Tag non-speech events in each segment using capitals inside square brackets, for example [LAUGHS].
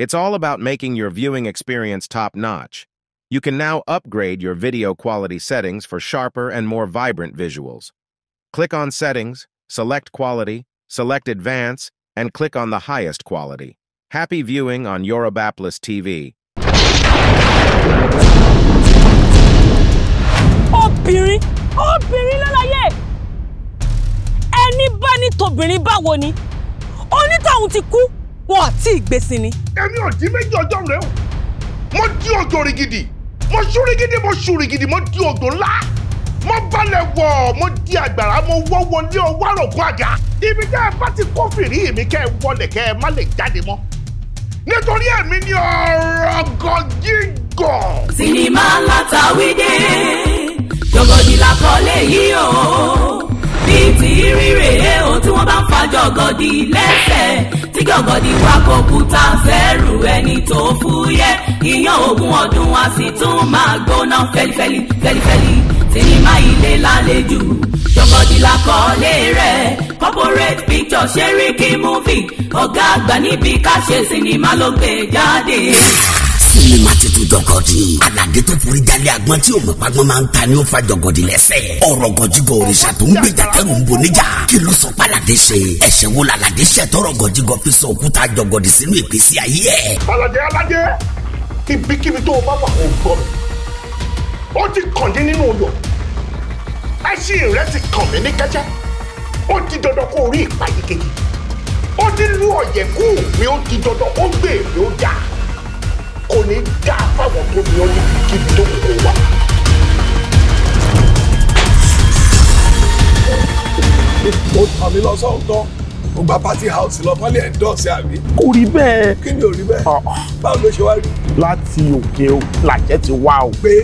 It's all about making your viewing experience top-notch. You can now upgrade your video quality settings for sharper and more vibrant visuals. Click on Settings, select Quality, select Advance, and click on the highest quality. Happy viewing on Yorubapolis TV. Obìnrin, obìnrin ló láyé. Ẹni bá ní tobìnrin báwo ni? Onítọ̀hún ti kú. wọn ò tí ì gbèsè ni. èmi ò méjì ọjọ́ rẹ o mo dín odò rigidi mo ṣú rigidi mo ṣú rigidi mo dín odò ńlá mo balẹ̀ wọ̀ mo di àgbàrá mo wọ́ wọlé ọwọ́ àrògùn àga ibi tẹ́ ẹ bá ti kófìrí mi kẹ́ ẹ wọlé kẹ́ ẹ má lè jáde mọ́ nítorí èmi ni ọ̀rọ̀ gọ̀gígọ̀. sinimá látàwí dé gbọ̀ngàn ìlàkọ́lé yìí o ní ti rírè ehò tí wọ́n bá ń fa jọ̀gọ̀dì lẹ́sẹ̀ tí jọ̀gọ̀dì wa kò kúta fẹ́rù ẹni tó fúyẹ́ ìyàn ogún ọdún wa sì tún máa gbóná fẹ́lifẹ́li fẹ́lifẹ́li sinimá ilé lálejò jọ̀gọ̀dì la kọ́lé rẹ̀ corporate picture ṣẹ́ríkì movie ọ̀gá àgbà níbi ká ṣe sinimá ló gbé jáde. sinimá ti jọgọdì. alade tó forí jalè agbọn tí o mọ̀ pagbọn máa ń ta ni ó fa jọgọdì lẹ́sẹ̀. ọ̀rọ̀ gọjigọ òrìṣà tó ń gbèjà kẹrù ń bonija. kí ló sọ pálade ṣe. ẹ̀ṣẹ̀ wo làlade ṣẹ̀ tọrọ gọjigọ fi sọ òkúta jọgọdì sínú ìpèsè ayé ẹ̀. alade alade ibikíbi tó o bá wà ó gbọ́ mi ó ti kàn nínú oyò ẹṣin rẹ ti kàn mí ní kẹ́kẹ́ ó di dandan kó rí ìpàdé kejì ó dín lú ọ̀yẹ̀kú mi ó di dandan ó gbé mi ó dáa kò ní dá fáwọn tó ní ọ níbi kíbi tó kò wá. ó tàn mí lọ sọ́ọ̀tàn mo gba party house lọ mọ́lẹ̀ ẹ̀ńdọ́ọ̀sì àbí. kò rí bẹ́ẹ̀. kí ni ò rí bẹ́ẹ̀. Ah, ah. báwo ló ṣe wá rí. láti òkè làjẹ́ ti wá o. pé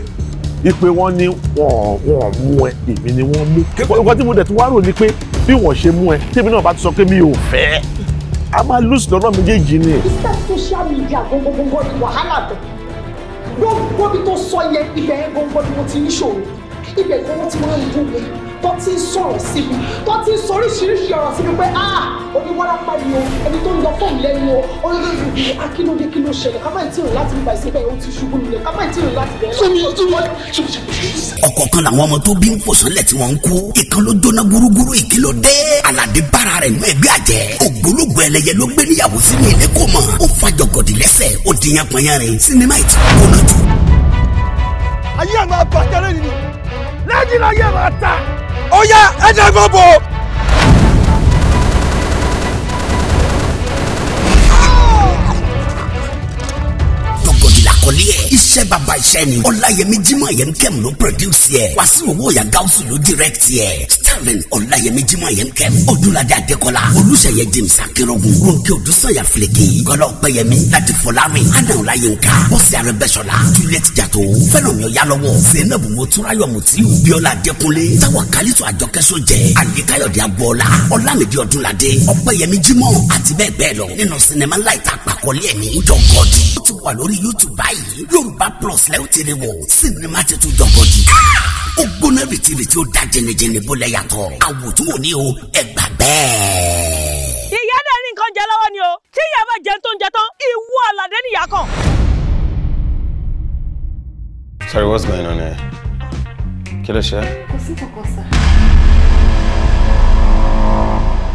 ipe wọn ní wọn wọn mú ẹ èmi ni wọn mú. nǹkan tí mo dẹ̀ tún wá rò ni pé bí wọ́n ṣe mú ẹ tèmi náà bá tún sọ pé mi ò fẹ́ a máa lose lọ́nà méjèèjì ni. iṣẹ́ social media gbogbogbò ni wàhálà bẹ̀ gbogbo ibi tó sọ yẹ ibẹ̀ gbogbo ni mo ti ń ṣòro ibẹ̀ gbogbo tí wọ́n ń dùn mí tó ti ń sọ̀rọ̀ sí mi tó ti ń sọ oríṣiríṣi ọ̀rọ̀ sí mi pé ah oníwárapá ni o ẹni tó ń lọ fóònù lẹ́nu o olórí ah, akínódé kí ló ṣẹlẹ̀ ká má ì tíì láti bá ìṣẹ́bẹ̀ ó ti ṣubú nílẹ̀ ká má ì tíì láti bẹ̀rẹ̀. sọmi ojú wọn. ọ̀kọ̀ọ̀kan làwọn ọmọ tó bí ń pòṣánlẹ̀ tí wọ́n ń kú ìkan ló jóná gúrúgúrú ìkìlọ̀ dé aládé bára rẹ̀ nú ẹgbẹ́ àjẹ́ ògbólógbò ẹlẹ́yẹ ló gbé níyàwó sínú ilé kó mọ̀ ó fa jọ̀gọ̀dì lẹ́sẹ̀ ó di yan pọ̀nyán rẹ̀ sinimá ìtì kóná jù. ayé àwọn abàjẹ́ lẹ́yìn ni lẹ́yìn láyé máa ta ó yá ẹ dàgbọ́ bò. àkọlé ẹ̀. iṣẹ́ bàbá iṣẹ́ ni ọláyẹmí jimoh yẹn kẹ́mi ló produce ẹ̀ wàsíù owó ọ̀yà gáúsù ló direct ẹ̀ kevin ọ̀làyẹmí jimoh yẹn kevin ọdúnladé adékọlá olùsẹ̀yẹ james akérògùn ronke odúsànyà fìlẹ̀kì gọlọ pẹ̀yẹmí láti fọlárin anáwòlá yẹn ká bọ́sì arẹ́bẹ́sọ̀la juliet jato fẹ́ràn mi ọ̀yá lọ́wọ́ zainabu motúráyọ̀ mutiu biola adékúnlé táwa kálítọ̀ àjọkẹ́sọ jẹ àdékáyọ̀dé agbọ́ọ́lá ọ̀làmídìí ọdúnladé ọ̀pẹ̀yẹmí jimoh àti bẹ́ẹ̀ bẹ́ẹ̀ lọ nínú sinimá láìta àpàkọ́lé ẹ̀mí jọ̀gọ́dì ó ti wà lórí youtube báyìí yorùbá plus lẹ́yìn tí ì ó gbóná rìtìrìtì ó da jẹnijẹni bó lẹ yàtọ̀ àwòtún òní o ẹ gbà bẹ́ẹ̀. ìyá náà ní nǹkan jẹ lọ́wọ́ ni o tí ìyá bá jẹun tó ń jẹ tán ìwọ àlàdé nìyá kan. sorry what's going on here kí ló ṣe. kò sí kòkó sá.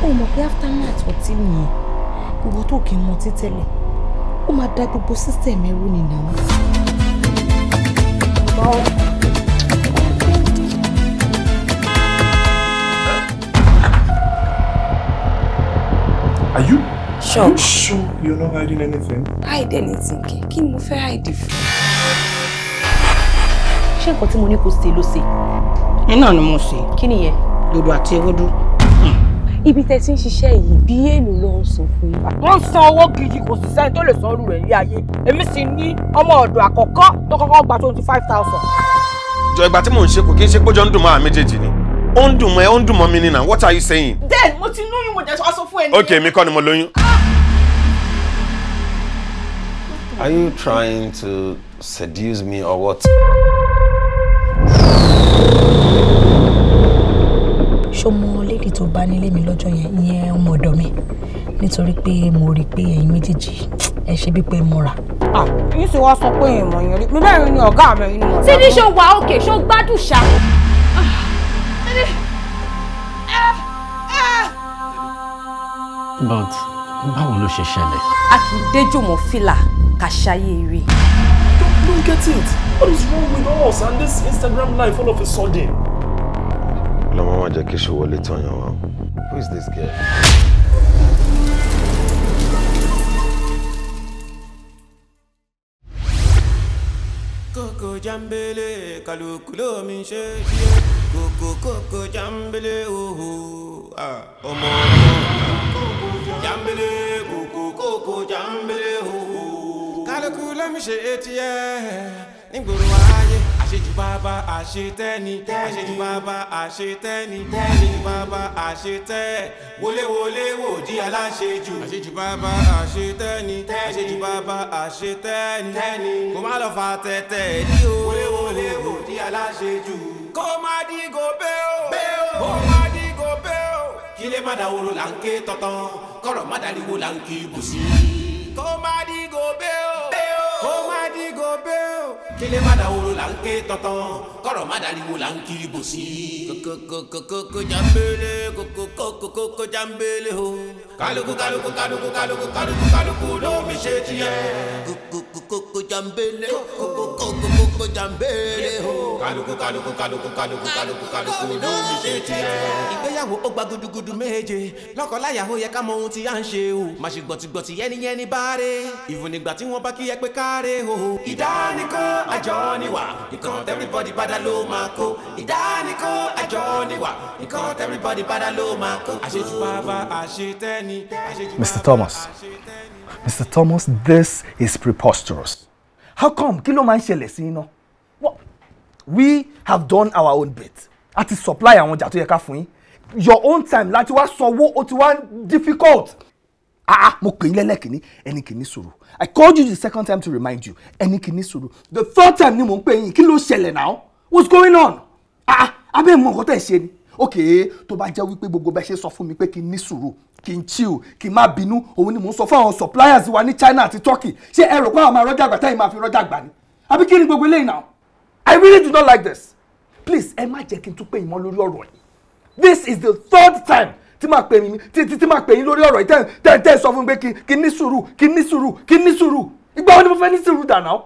o mọ̀ pé aftermath ọtí nìyẹn gbogbo tó kì í mọ títẹ̀lẹ̀ ó máa da gbogbo sísẹ̀mù ẹrú nìyẹn. Are you sure? Are you sure you're not hiding anything? Hide anything, kẹ̀? Kí ni mo fẹ́ hide fún? Ṣé nǹkan tí mo ní kó ṣe ló ṣe? Iná ni mo ṣe. Kí ni yẹn? Dòdò àti ewédú. Ibi tẹ́ ti ń ṣiṣẹ́ yìí bí èlò ló ń sọ fún yín. Wọ́n ń san owó gidi kò sì sẹ́ni tó lè san orú rẹ̀ ní ayé. Èmi sì ní ọmọ ọ̀dọ̀ àkọ́kọ́ tó kọ́kọ́ gba twenty five thousand. Jọ ìgbà tí mò ń ṣe kò kí n ṣe péjọ ń dùn mọ́ àmì méjèèjì ni ó ń dùn mọ́ ẹ ó ń dùn mọ́ mi nínà what are you saying. then mo ti lóyún mo jẹ aṣọ fún ẹni. okay mi kọ́ ni mo lóyún. are you trying to seduce me or what. ṣọmọ lady tó bá nílé mi lọ́jọ́ yẹn ìyẹn ọmọ ọ̀dọ̀ mi nítorí pé mo rí i pé ẹ̀yin méjèèjì ẹ ṣe bí pé Ah, yìí ṣe wá sọ pé èèmọ̀ yẹn rí mi bẹ́ẹ̀ ni ọ̀gá mi ni mo. ṣé ní ṣó wà òkè ṣó gbádùn ṣá but báwo ló ṣe ṣẹlẹ̀. a kì í déjò mọ́ fìlà ká ṣayé rí. I don't get it what is wrong with us and this Instagram life all of a sudden. ọlọ́mọ wa jẹ́ kí ṣe wọlé tán yàn wá who is this girl. Koko jámbélé kálukú ló mi ṣe Koko koko kókó jámbélé òhò ọmọ kókó jámbélé koko koko jámbélé òhò kálukú ló mi ṣe tiẹ̀ nígboro ayé àṣejù bàbá àṣetẹ́ni àṣejù bàbá àṣetẹ́ni àṣejù bàbá àṣetẹ́ wọléwọlé wòdí aláṣejù àṣejù bàbá àṣetẹ́ni àṣejù bàbá àṣetẹ́ni kò má lọ fa tẹ́tẹ́ ní o wọléwọlé wòdí aláṣejù kó má dìgò bẹ́ẹ̀ o kó má dìgò bẹ́ẹ̀ o kílé má dàwòrò là ń ké tọ̀tàn kọ̀rọ̀ má dàríwò là ń kí ibùsùn kó má dìgò bẹ́ẹ̀ o kílé má da woro la ń ké tọ̀tàn kọ̀rọ̀ má dariwo la ń kiri bò kokokokoko jambele kokokokoko jambele o. kálukú kálukú kálukú kálukú kálukú kálukú ló mi ṣe tiẹ̀. kokokokoko jambele kokokokoko jambele o. kálukú kálukú kálukú kálukú kálukú kálukú ló mi ṣe tiẹ̀. ìgbéyàwó ó gba gudugudu méje lọ́kọláya ó yẹ ká mọ ohun tí à ń ṣe o. má ṣe gbọ̀tìgbọ̀tì yẹ́niyẹ́ni bá rè. ìfúnigbà tí wọ́n bá kí ẹ pé káre o. ìd ìdánikọ́ àjọ níwà nǹkan tẹ́rìbọ́dì padà ló máa kó ìdánikọ́ àjọ níwà nǹkan tẹ́rìbọ́dì padà ló máa kó. àṣejù bàbá àṣetẹ́ni. Mr. Thomas, Mr. Thomas, this is preposterous. How come kí ló máa ń ṣẹlẹ̀ sí iná? We have done our own bit. A ti supply àwọn ọjà tó yẹ ká fún yín. Your own time láti wá sanwó ó ti wá difficult ah mo pè yín lẹ́lẹ́kìnní ẹni kìíní sùúrù i called you the second time to remind you ẹni kìíní sùúrù the third time ni mo ń pè yín kí ló ṣẹlẹ̀ now what's going on ah abẹ́ mọ nǹkan tẹ̀ ṣe ni ok tó bá jẹ́ wípé gbogbo bẹ́ẹ̀ ṣe sọ fún mi pé kí n ní sùúrù kí n chill kí n má bínú òun ni mò ń sọ fún àwọn suppliers wa ní China àti Turkey ṣé ẹ rò pé àwọn máa rọ́jà àgbà táyì máa fi rọ́jà àgbà ni àbí kí ni gbogbo eléyìí now i really do not like this please ẹ má jẹ́ kí n tún pè yín mọ́ lórí ọ̀rọ̀ yìí this is the third time tí màá pè yín tí tí màá pè yín lórí ọ̀rọ̀ yìí tẹ́ tẹ́ sọ fún mi pé kí ní sùúrù kí ní sùúrù kí ní sùúrù ìgbà wo ni mo fẹ́ ní sùúrù dànù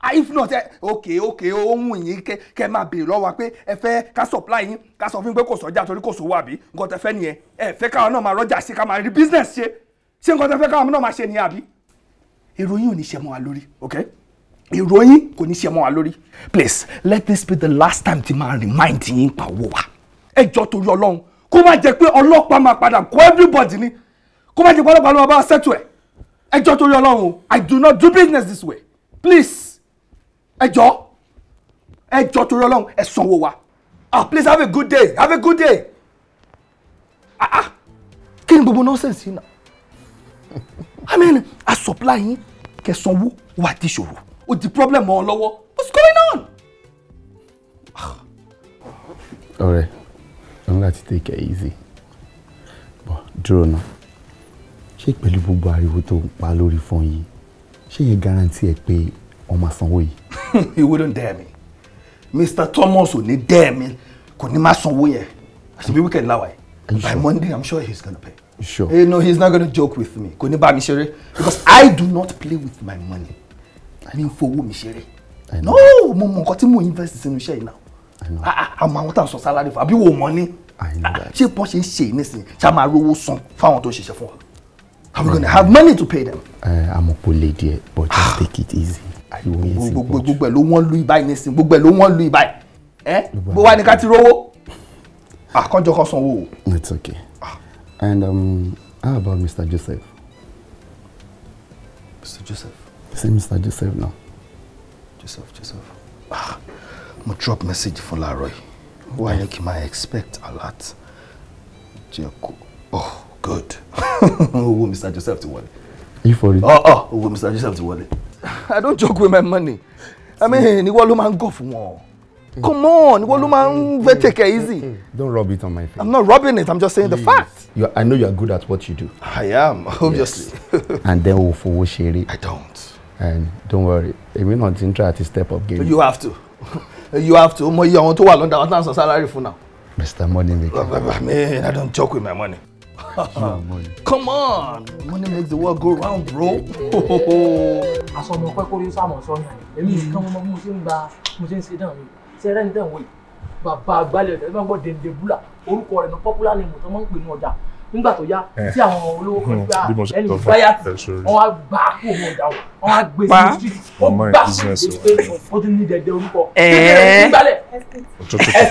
ah, if not ẹ òkè òkè ohun yìí kẹ kẹ máa béèrè lọ́wọ́ wa pé ẹ fẹ́ ká supply yín ká sọ fún mi pé kò sọ́jà torí kò sówó àbí nǹkan tẹ fẹ́ nìyẹn ẹ fẹ́ káwọn náà máa rọ́jà sí ká máa rí business ṣe ṣé nǹkan tẹ fẹ́ káwọn náà máa ṣe nìyẹn àbí. ìròyìn ò ní ṣe mọ́ wa lórí ok ìròyìn kò ní ṣe mọ́ wa lórí please let this be the last time ti máa remind yín pa owó wa ẹ jọ torí ọlọ́run kó má jẹ́ pé ọlọ́pàá máa padà kó everybody ni kó má jẹ́ pé ọlọ́pàá ló máa bá ṣètò ẹ̀ ẹjọ́ torí ọlọ́run o I do not do business this way please ẹjọ́ ẹjọ́ torí ọlọ́run ẹ sanwó wa ah please have a good day have a good day ah ah kí ni gbogbo nonsense yìí náà I mean a supply yín kẹsànwó wà tí ìṣòro o di problem mọ́ ọ lọ́wọ́ what's going on. Ah. ọ̀rẹ́. Right ń láti take it easy bọ́ dúró náà ṣé pẹ̀lú gbogbo ariwo tó ń pa lórí fún yìí ṣé yẹn guarantee ẹ pé wọ́n máa sanwó yìí. [LAUGHS] you wouldn't dare me Mr. Thomas ò ní dare me kò ní má sanwó yẹn àṣebí weekend láwa yìí by Monday I'm sure he's gonna pay. Sure. Hey, eh, no, he's not gonna joke with me. Kò ní bá mi ṣeré because I do not play with my money. I mean, fowó mi ṣeré. No, mo mọ nǹkan tí mo invest sínú iṣẹ́ yìí náà. Ah, ah, àmọ́ àwọn tá à ń sọ sálárì fún àbí wò mọ́ ní ah, ṣé bọ́ ṣe ń ṣe nísìnyí ṣá máa rówó san fáwọn tó ṣiṣẹ́ fún wa are we gonna have money to pay them. Eh, àmọ́ kò lè díẹ̀ but just take it easy. gbogbo gbogbo ẹ̀ ló wọ́n lu ibà nísìnyí gbogbo ẹ̀ ló wọ́n lu ibà eh? ẹ̀ bó wá ní ká ti rówó àkànjọ [LAUGHS] kan sanwó. it's okay and um, how about Mr. Joseph. Mr. Joseph. say Mr. Joseph now. Joseph, Joseph mo drop message fún láàárọ̀ yìí wà ní kí n máa expect alert jẹ́ kó oh good [LAUGHS] owó Mr. Joseph ti wọlé. ifori. ọ ọ owó Mr. Joseph ti wọlé. I don't joke with my money I mean ìwọ ló máa ń gò fún wọn mm. come on ìwọ ló máa ń mm. fẹ́ take it easy. Mm. don't rub it on my face. I'm not rubbing it I'm just saying Please. the fact. You're, I know you are good at what you do. I am obviously. Yes. [LAUGHS] and then o fowó ṣeré. I don't. and don't worry èmi náà ti ń try to step up game. you have to you have to mọ iye àwọn tó wà lọ́dà wọn tán san salary fún náà. Mr. Money Maker. Me, I don't talk with my money. Come on, money makes the world go round, bro. [LAUGHS] Aṣọ ọmọ ọpẹ́ kórìí sáwọn sọ́nà èmi ìsìnká mo mọ mo ṣe ń gba mo ṣe ń ṣe dàn mí ṣẹ́rẹ́ ní dàn wọ̀nyí bàbá àgbálẹ̀ ọ̀dọ́ ẹ máa ń gbọ́ orúkọ rẹ̀ ní popular name tó máa ń pè ní ọjà nígbà tó yá eh. tí àwọn olówó kan gbà hmm. ah, ẹni báyà tí wọn wá gbà kó wọn dà wọn wá gbé sí street wọn gbà sí street ó ti ní dẹdẹ orúkọ ẹẹ ìgbàlẹ ẹsẹ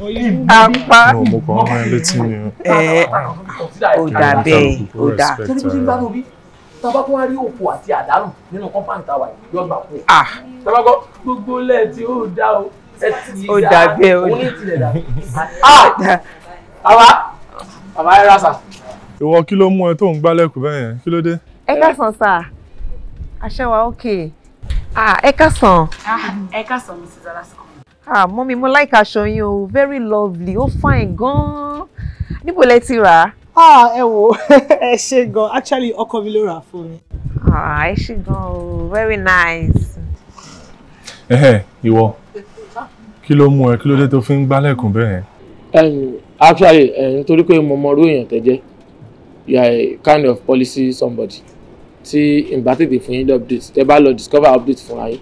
polisi apá ẹẹ eh. ah, ah, ó dà bẹ́ẹ̀ ó dà. torí kò sí nígbà tó bí tàbá kó wá rí òpó àti àdánù nínú kọ́ńpáǹtì tàwa yìí yọ gbà kú. tàbá kọ́ gbogbo lẹ́ẹ̀tì ó dá o ẹ ti dà ó ní tilẹ̀ dà. àwa. [LAUGHS] bàbá ẹ rà sà. ìwọ kí ló mú ẹ tó ń gbálẹ̀kùn bẹ́ẹ̀ yẹn kí ló dé. ẹ káàsán sà àṣẹwà òkè ẹ káàsán. ẹ káàsán mrs alaska. ah mọ́mi mo like aṣọ yín o very lovely ó fine gan-an níbo lẹ ti rà á. ah ẹ wo [LAUGHS] ẹ ṣe gan actually ọkọ mi ló rà fún mi. ah ẹ ṣe gan o very nice. ẹhẹ ìwọ kí ló mú ẹ kí ló dé tó fi ń gbálẹ̀kùn bẹ́ẹ̀ actually nítorí pé mo mọ irú èèyàn you are a kind of policy somebody tí n bá tètè fún yín update tẹ́ bá lọ discover update fúnra yín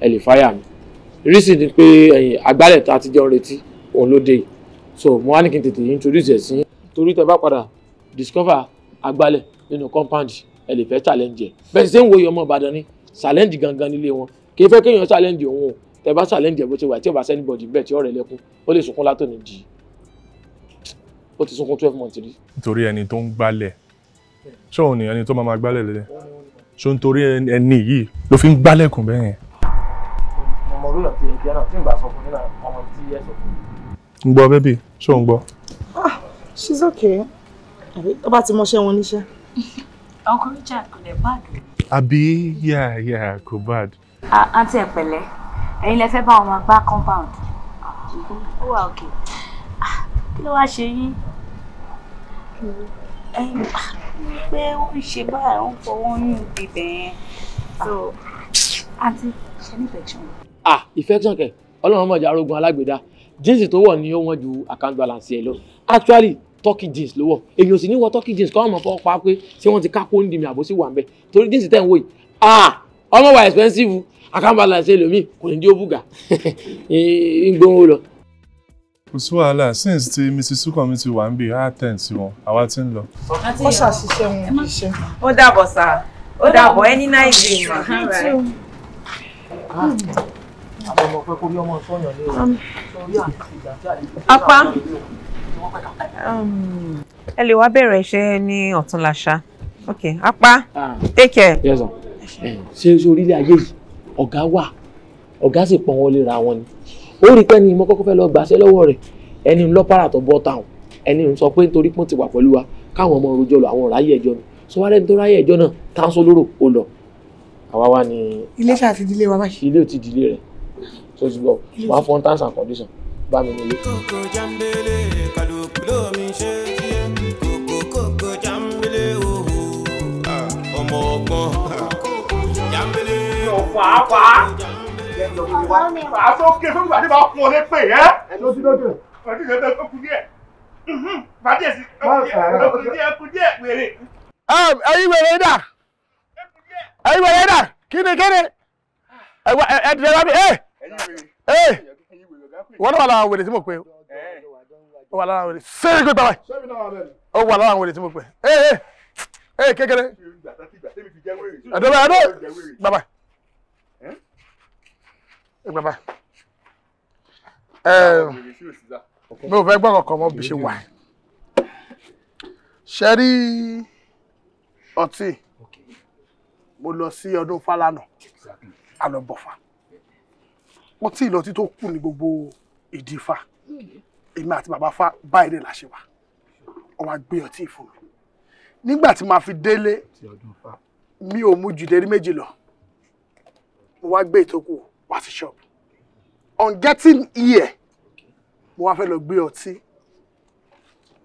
ẹ lè fáyà mi reason ni pé ẹ̀yìn agbálẹ̀ tá a ti jọ ń retí òun ló dé so mo wá ní kí n tètè introduce ẹ̀ sí yín torí tẹ́ bá padà discover agbálẹ̀ nínú compound ẹ lè fẹ́ challenge ẹ̀ bẹ́ẹ̀ sì ṣe ń wo iye ọmọ Ìbàdàn ni challenge gangan nílé wọn kì í fẹ́ kéèyàn challenge òun o tẹ́ bá challenge ẹ̀ bó ṣe wà tí ò bá sẹ́ni bọ̀dì bẹ́ẹ̀ tí ọ̀rẹ́ lẹ́kún ó lè sunkún látòní dì ó ti sunkún twelve months rí. nítorí ẹni tó ń gbálẹ̀ ṣé òun ni ẹni tó máa máa gbálẹ̀ lélẹ̀ ṣó nítorí ẹni yìí ló fi ń gbálẹ̀kùn bẹ́ẹ̀ yẹn. ọmọ olóòlà ti ẹgbẹ́ náà tí ń bá sọ fún nílà ọmọ tí ẹ sọ fún. ń gbọ́ bébì ṣó ń gbọ́. ah she's okay àbí tó bá ti mọṣẹ́ wọn níṣẹ́. uncle richard kò bad. àbí yà yà kò bad. Ah, àǹtí ẹ̀ pẹ̀lẹ́ ẹ̀yin lẹ fẹ́ bá wọn máa gbá compound. Ah, ó wà okay kí ló wá ṣe yín ah, pé ó ń ṣe báyìí ó ń fọwọ́ yún bíbẹ̀ yẹn ah. so àǹtí ṣe ní infection. ah infection kẹ ọlọ́run mọ̀jà arógun alágbèdá jíǹsì tó wọ̀ ni ó wọ́n ju account balance ẹ̀ lọ actually turkey jeans ló wọ̀ èyí ò sì ní wọ turkey jeans kọ́ ọmọ fọwọ́ pa pé ṣé wọ́n ti ká pọ́ńdì mi àbó sì wà ń bẹ̀ torí jíǹsì tẹ̀ ń wò yìí ah ọmọ wa expensive account balance ẹlòmíì kò ní dí ó bùgà [LAUGHS] ń gbóhùn lọ kò sí wàhálà since ti mrs sukan mi ti wà ń bì á tẹ̀ sí wọn àwa ti ń lọ. wọ́n ṣàṣìṣe wọn ṣe. ó dàbọ̀ sá ó dàbọ̀ ẹni náà ìdè ìwà. apá um, ẹ lè wá bẹ̀rẹ̀ iṣẹ́ ní ọ̀túnla ṣá ok apá ah. take care. Eh, ṣé orílẹ̀ ayé yìí ọ̀gá wà ọ̀gá sì pọ́n wọlé ra wọn ni ó rí pẹ́ni ìmọ̀ kọ́kọ́ fẹ́ lọ gbàṣẹ́ lọ́wọ́ rẹ̀ ẹni ń lọ para tó bọ́ táwọn ẹni ń sọ pé nítorí pọ́n ti wà pẹ̀lú wa káwọn ọmọ rojọ́ lọ àwọn ráyè ẹjọ́ ni sọ wá lẹ́ni tó ráyè ẹjọ́ náà táńsó lóró ó lọ àwa wá ní. ilé ṣáà ti dilé wa báyìí. ilé ò ti dilé rẹ̀ tó ti gbọ́ wàá fọ́n terms and conditions bá mi nílé. kókó jámbélé kàlùkù lómi ṣe àtọ́kẹ́ fún ìgbà tí fún ọ lépè ẹ́. lójú lójú. ọdún yẹn bẹ kókú díẹ̀. fàdíyèsí ọkùnrin díẹ̀ kú díẹ̀ wèrè. ẹ̀yin wèrè dà ẹ̀yin wèrè dà kí ni kí ni ẹ ẹ ẹ wọ́n náà wà lára wèrè tí mo pè ó wà lára wèrè sẹ́yìn pé bàbá ó wà lára wèrè tí mo pè é kékeré. àdébẹ̀ àdébẹ̀ bàbá ẹ gbà báyìí mi ò fẹ́ gbọ́ kankan mọ́ bí ṣe wà ṣe rí ọtí mo lọ sí ọdún Fálànà alọ́bọ̀fà ọtí ìlọtí tó kù ní gbogbo ìdí Ifá èmi àti bàbá Ifá báyìí lè láṣẹ wa ó wá gbé ọtí fún mi nígbà tí màá fi délé mi ò mú jùdẹ́rí méjì lọ mo wá gbé ìtókù o wá sí shop on getting here mo wá fẹ́ lọ gbé ọtí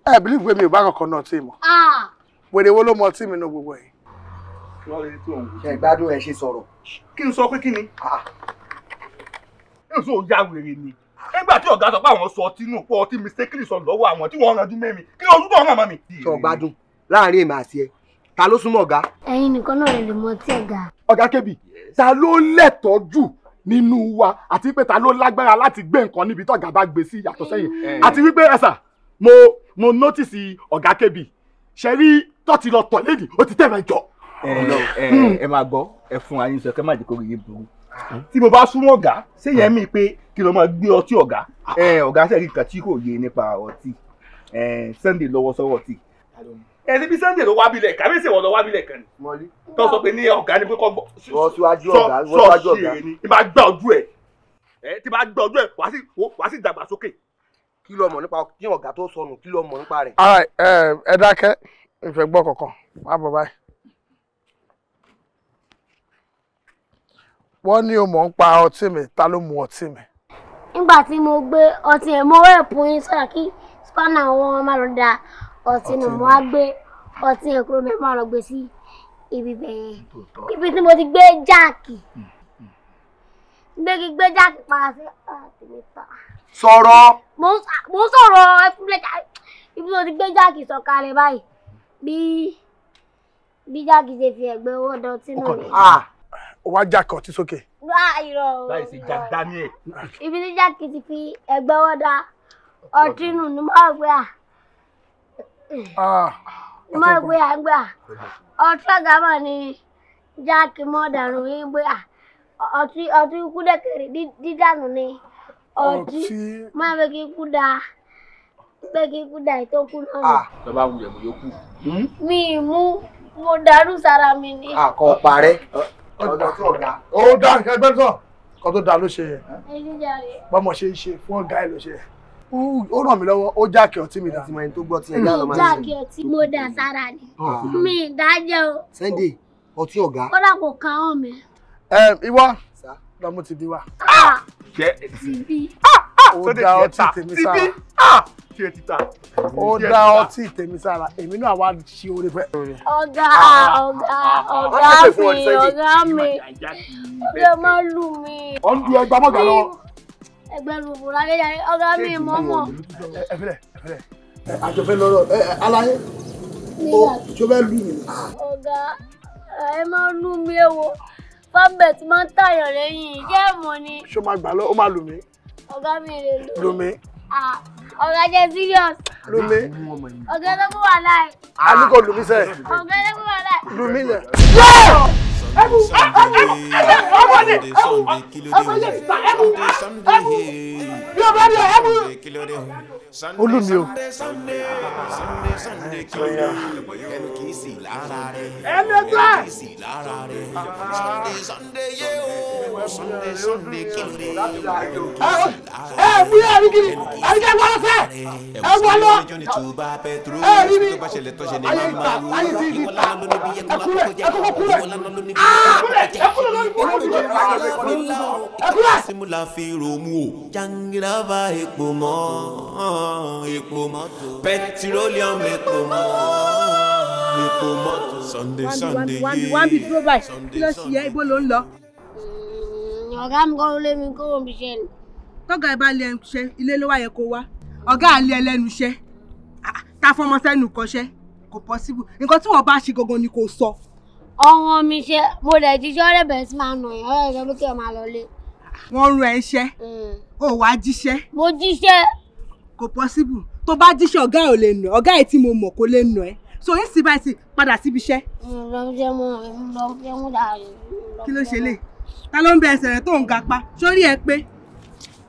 ẹ believe we mi ò bá kankan náà tí mọ̀ ah. wèrè wo ló mọ ọtí mi náà gbogbo yìí. ṣe gbádùn ẹ ṣe sọ̀rọ̀. kí n sọ pé kí ni. èso ah. ya wèrè ni nígbà tí ọ̀gá sọ pé àwọn sọ ọtí nù pọ̀ ọtí mistakenly sọ lọ́wọ́ àwọn tí wọ́n ranjú mẹ́mi kí ojú tó hàn mami. sọ gbádùn láàrin èmi àti ẹ ta ló súnmọ́ ọ̀gá. ẹ̀yin nìkan náà lè mọ ọtí ọ̀gá. ọ̀gá kébì ta ló lẹ́tọ̀ọ́ jù nínú wa àti wípé ta ló lágbára láti gbé nǹkan níbi tọ́gà bá gbé sí yàtọ̀ sẹ́yìn mm. àti wípé ẹ̀sà mo mo nọ́tìsì ọ̀gá kébì ṣe rí tọ́tì lọ tọ̀ lédi ó ti tẹ̀mẹ̀ jọ. Hmm. ẹ máa gbọ́ ẹ fún ayé sọ kẹ́ má jẹ́ kó rí i burú hmm. tí mo bá súnmọ́ ọ̀gá ṣé yẹn hmm. mi pé kí ló máa gbé ọtí ọ̀gá ah. ọ̀gá sẹ́yìn kan tí kò yé nípa ọtí Sunday lọ́wọ́ sọ́wọ́ ọtí ẹni bí Sunday ló wábílẹ̀ kábíyèsí ìwọ lọ wábílẹ̀ kan ni tó sọ pé ní ọ̀gá ni gbọ́ sọ ṣe ni ìbá gbà ojú ẹ̀ tí bá gbà ojú ẹ̀ wá sí ìdàgbàsókè. kí ló mọ̀ nípa kí ọ̀gá tó sọnù kí ló mọ̀ nípa rẹ̀. ẹ dákẹ́ ìfẹ́ gbọ́ kọ̀ọ̀kan bọ̀ báyìí. wọ́n ní o mọ̀ ń ọtí mi ta ló mu ọtí mi. nígbà tí mo gbé ọtí ẹ̀ mo rẹ̀ ọtí nù mo á gbé ọtí yẹn kúrò mẹ́fà lọ gbé sí ibi bẹ̀yẹn ibi tí mo ti gbé jáàkì gbégi hmm, hmm. gbé jáàkì padà sí ọtí mi tà. sọ̀rọ̀. mo ń sọ̀rọ̀ ibi tí mo ti gbé jáàkì sọ̀kalẹ̀ báyìí bí bí jáàkì ṣe fi ẹ̀gbẹ́ owó dọ̀tí nù rẹ̀. ó wá jáàkì ọtí sókè. láì sí jack daniel. ibi tí jáàkì ti fi ẹ̀gbẹ́ owó dá ọtí nù ni mo rò à. Ah, ah, mo gbé àgbà ọtí ọ̀gá mọ̀ ni jáàkì mọ́ dànù yín gbé à ah, ọtí ọtí ikú dẹ̀kẹ̀rẹ̀ dídànù ni ọtí má bẹ kí ikú da bẹ kí ikú da ètò kú náà. lọ́ba wulẹ̀ mo yóò kú. Hmm? mi mú mo dàrú sára mi ni. àkọ́ parẹ́ ọ̀dọ̀ tó ọ̀gá. ó dá ẹgbẹ́ sọ kó tó dá ló ṣe yẹn. bọ́mọ̀ ṣe ń ṣe fún ọ̀gá ẹ̀ ló ṣe yẹn ó ràn mí lọ́wọ́ ó jáàkì ọtí mi dáa. ẹni tó gbọ́ ti ẹja lọ máa ń sọ. jáàkì ọtí mo dà sára ni mi ìdájẹ́ o. Sunday ọtí ọ̀gá. kódà kò ká ọ̀ mi. ẹ ìwọ lọmú ti bí wa. Ah! jẹ ti bí. Ah! Ah! ó dá ọtí tèmi sára. tiẹ̀ ti ta. ó dá ọtí tèmi sára èmi náà wá ṣe oore fẹ́. ọ̀gá ọ̀gá ọ̀gá mi ọ̀gá mi ọ̀gá má lù mí. ọ̀ ń ẹgbàá mọ́gà lọ ẹgbẹ́ rògbò lálẹ́ yàrá ọ̀gá mi mọ́mọ́. ẹ fẹ́lẹ̀ ẹ fẹ́lẹ̀ àjọfẹ́ lọ́rọ̀ ẹ aláyé tó fẹ́ lù mí. Ah. ọ̀gá ẹ máa lù mí ewo fábẹ́t máa ń tàyàn lẹ́yìn ìjẹ́ ẹ̀mọ́ ni. ṣé o máa gbà lọ ó máa lù mí. ọ̀gá mi lè lù. lù mí. Ah, ọ̀gá jẹ́ serious. lù mí. ọ̀gá ẹlẹ́gbẹ́ wà láì. àlùkò lù mí sẹ́ẹ̀. ọ̀gá ẹlẹ́gbẹ́ wà láì. lù mí lẹ̀ ẹmu ẹmu ẹmu ọmọ ni ẹmu ẹmu yẹ ti ta ẹmu ẹmu bí o bá rí ọ ẹmu olùmí o. ẹni tó ẹ ẹni kì í sì lára rẹ ẹni kì í sì lára rẹ Sunday Sunday yé o Sunday Sunday kiri ẹni kì í sì lára rẹ. ẹ mú yẹ àríkìrì àríkìrì ẹ wọlé fẹ ẹ wọlé ẹ rí mi ayé ìta ayé ti di ta ẹ kúrẹ ẹ kúkọ kúrẹ ẹ kúrẹ lórí bọ́ọ̀lù mi ẹ kúrẹ. simula fi romu o jangiraba epo mọ́ epo mọ́tò pẹtiróleum epo mọ́ epo mọ́tò sunday sunday yé sunday sunday. Mm, ọ̀gá mi kọ́ lé mi kó omi ṣe ni. tọ́gà ẹ bá lé ẹnu iṣẹ́ ilé ló wá yẹ kó wá ọ̀gá à ń lé ẹlẹ́nu iṣẹ́ ah, tá a fọmọ sẹ́nu kọ́ṣẹ́ kò pọ́síbù nǹkan tí wọ́n bá ṣe gangan ni kò sọ. ọ̀ràn mi ṣe mo dẹ̀ jíṣẹ́ rẹ̀ bẹ̀rẹ̀ sí máa nà yàn ọ̀rẹ́ rẹ̀ lókè máa lọ lé. wọ́n rún ẹ iṣẹ́ mm. o wàá jíṣẹ́. mo jíṣẹ́ kò possible tó bá jíṣẹ́ ọ̀gá ẹ̀ ò lè nà ọ̀gá ẹ̀ tí mo mọ̀ kó lè nà ẹ́ so yín sì báyìí sì padà síbi iṣẹ́. kí ló ṣe lè ta ló ń bẹ ẹsẹ̀ rẹ tó ń ga pa sórí ẹ pé.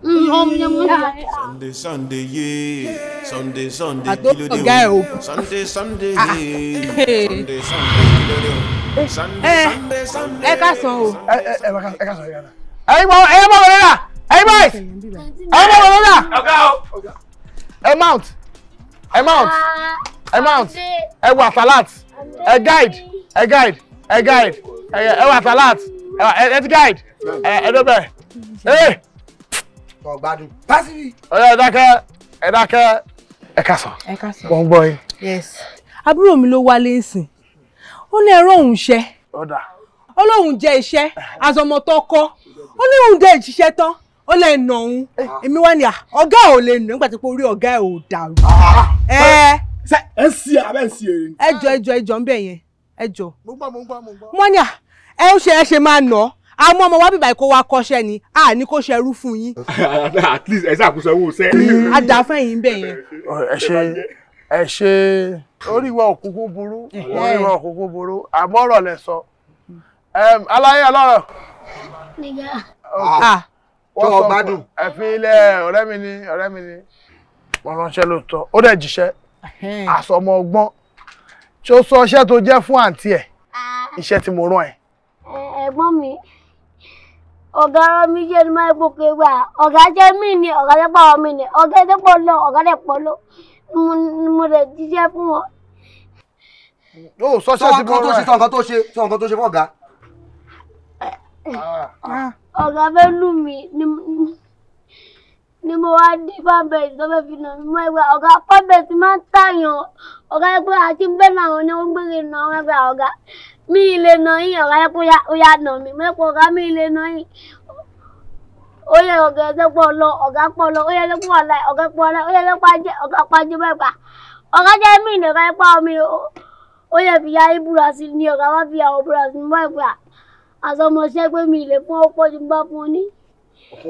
Sunday Sunday yee ah, ah. Sunday Sunday kí ló dé o eh, Sunday Sunday yee Sunday Sunday kí ló dé o Sunday Sunday Sunday. ẹ ká sọ o. ẹ ẹ eh, eh, ẹ ká sọ yàrá. ẹyin bọ ẹyin bọ wọlé rà ẹyin bọ ẹyin bọ wọlé rà. ọ̀gá o. Amount, amount, amount. mount ẹ mount wà salat ẹ guide ẹ guide ẹ guide ẹ wà salat ẹ ti guide ẹ dọ́bẹ̀ ẹ. ọgbadun pásítì. ọyọ ẹ dákẹ́ ẹ dákẹ́ ẹ kásán. ẹ kásán. wọ́n yín. yes àbúrò mi ló wálé nsìn ó ní ẹ̀rọ òun ṣe. ọ̀dà. ó lóun jẹ iṣẹ́ àzọmọtọ́ kọ́ ó ní òun dẹ̀ ìṣiṣẹ́ tán ó lè nà òun èmi wá ní à ọ̀gá ò lè nà nígbà tí pé orí ọ̀gá ẹ̀ ò dàrú. Ah, ah, ah. ẹ ẹ si abẹ́ ń si èrè. ẹ jọ ẹ jọ ẹ jọ ń bẹ̀ yẹn ẹ jọ. mo gbọ́ mo gbọ́ mo gbọ́. wọ́n ní à ẹ ó ṣe ẹ ṣe máa nà ọ́ àmọ́ ọmọ wa bíbá ìkó wa kọ́ṣẹ́ ni a ní kó ṣerú fún yín. [LAUGHS] at least ẹ ṣàkóso owó sẹ́. a dà fún ẹ̀yìn bẹ́ẹ̀ yẹn. ẹ ṣe ẹ ṣe orí wa òkúkú burú orí wa òkúkú burú àmọ́ ọ̀rọ̀ lẹ sọ aláyé ọlọ́rọ̀. nígbà tó o gbádùn. ẹ̀fín ilẹ̀ ọ̀rẹ́ mi ni ọ̀rẹ́ mi ni wọ́n ránṣẹ́ lóòótọ́ ó dẹ̀ jíṣẹ́ àsọmọ ọgbọ́n tí ó sọ iṣẹ́ tó jẹ́ fún àǹtí ẹ̀ ah. iṣẹ́ tí mo rán ẹ̀. ẹ̀gbọ́n mi ọ̀gá ara mi jẹ́ ní máa ń pò pé wà ọ̀gá jẹ́ mí ni ọ̀gá jẹ́ pàwọ́ mi ni ọ̀gá jẹ́ pọ̀ lọ ọ̀gá jẹ́ pọ̀ lọ mo lè jíṣẹ́ fún wọn. sọ iṣẹ́ tó ṣe sọ nǹkan tó ṣe fún ọ̀gá. Eh, eh. Ah, ah ọ̀gá fẹ́ lù mí ni mo wá dé fábẹ́ẹ̀tì tó fẹ́ fi nà mí mọ́ ẹgbẹ́ ọ̀gá fábẹ́ẹ̀tì máa ń tààyàn ọ̀gá ẹgbẹ́ àti bẹ́ẹ̀ náà ni wọ́n gbére nà wọ́n ẹgbẹ́ ọ̀gá mi ilé nà yín ọ̀gá ẹgbẹ́ ó yà nà mí mẹ́pọ̀ ọ̀gá mi ilé nà yín ó yẹ ọ̀gá ẹgbẹ́ pọ̀ lọ ọ̀gá pọ̀ lọ ó yẹ ẹgbẹ́ pọ̀ láì ọ̀gá pọ̀ láì ó yẹ ẹgbẹ́ pàjẹ́ ọ̀gá pàjẹ́ mẹ́pa ọ̀gá jẹ́ mí ìnà ọ̀gá ẹgbẹ́ omi ó yẹ fìyà ibùdó àti ní ọ̀gá wá fìyà òbúrò àti mọ́ ẹgbẹ́ àsọmọṣẹ́ pé mi lè fún ọ̀pọ̀ tí mo bá fún ọ ní.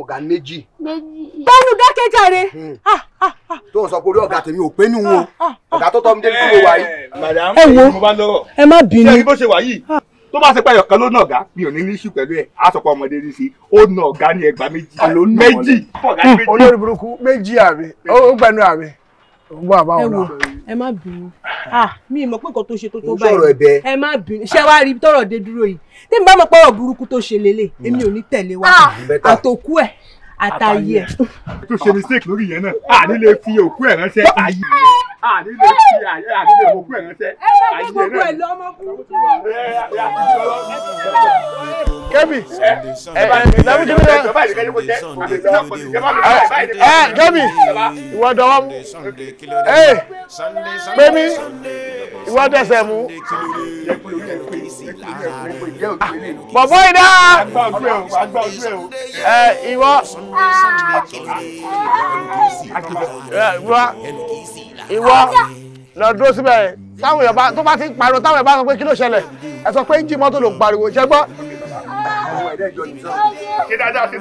ọ̀gá méjì. méjì. bẹ́ẹ̀ni dákẹ́ jàre. tó ń sọ pé orí ọ̀gá tèmi ò pé nìwọ̀n ọ̀gá tó tọ́ mi débi kúrò wáyé. ẹ wo ẹ má bínú. ṣé ẹni bó ṣe wà yìí tó bá ṣe pé ẹyọkan ló nà ọ̀gá mi ò ní ní ṣù pẹ̀lú ẹ̀ àsọpọ̀ ọmọdé ní sí ó nà ọ̀gá ní ẹgbàá méjì. Hmm. méjì olórí burúkú méjì àmì ó gbẹnu àmì wà báwọn náà. ẹ má bínú ah. Ah, mi mọ̀ pé nǹkan tó ṣe tó tó báyìí ẹ má bínú ṣé wàá rí tọrọ dé dúró yìí tí n bá mọ̀ pé ọ̀rọ̀ burúkú tó ṣe lélẹ̀ mm. èmi ò ní tẹ̀lé wa ah. àtòkú ẹ̀ àtàyè ẹ̀. tó ṣe mistake lórí yẹn náà a nílé fi òkú ẹ̀ ránṣẹ́ ayé a nílé fi ayé a nílé òkú ẹ̀ ránṣẹ́ ayé náà. Kẹ́mi ẹ lẹ́mí kí ni ẹ ẹ Kẹ́mi ìwọ dọwọ́ mú ẹ pé mi ìwọ dẹsẹ̀ mú. Bọ̀bọ̀ ìdá ẹ ìwọ ìwọ lọ dúró síbẹ̀ táwọn èèyàn bá tó bá ti ń pariwo táwọn èèyàn bá sọ pé kí ló ṣẹlẹ̀ ẹ sọ pé ń jí mọ́tò ló ń pariwo ṣẹ gbọ́.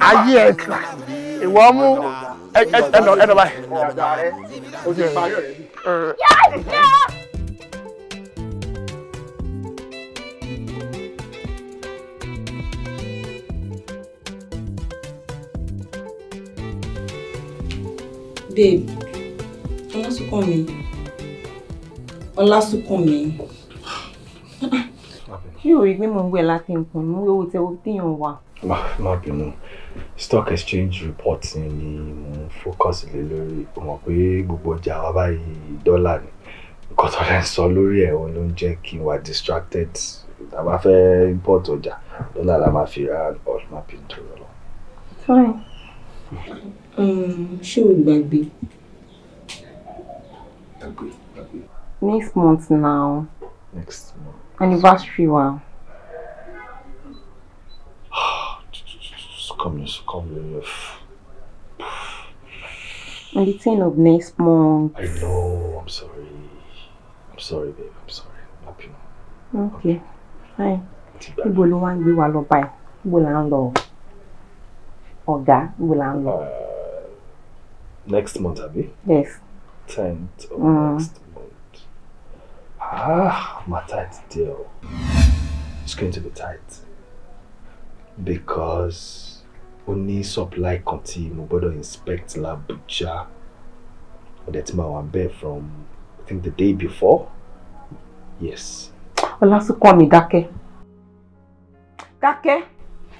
ayé ẹ ìwọ mú ẹnà báyìí. Babe, Ọlásùnkànmí. Ọlásùnkànmí. Mi ò rí pé mò ń gbé láti nǹkan mú owó tẹ́wọ́ téèyàn wà. Má má bínú. Stock exchange report ni mo focus lé lórí. Mo mọ̀ pé gbogbo ọjà wa báyìí dọ́là ni. Nǹkan tó lẹ́ sọ lórí ẹ̀ ló ń jẹ́ kí n wà distracted. Tá a bá fẹ́ import ọjà, dọ́là la máa fi ra ọ̀ṣun máa fi dúró lọ. Fine. Ah, ṣé o gbàgbé. gbàgbé gbàgbé. next month now. next month. anniversary wa. [SIGHS] Come, come, [SIGHS] On the 10th of next month. I know, I'm sorry. I'm sorry, babe, I'm sorry. I'm happy now. Okay, fine. Ibo ló wá ń gbé wa lọ báyìí? Ibo là ń lọ? Ọ̀gá, ibo là ń lọ? Uh, next month Abby. yes. tenth of mm. next month. ah my tight deal it's going to be tight because ó ní supply kan tí mo inspect l'Abuja mo dẹ̀ ti máa wà from I think the day before yes. We'll ọlásùnkàn mi dákẹ́ dákẹ́.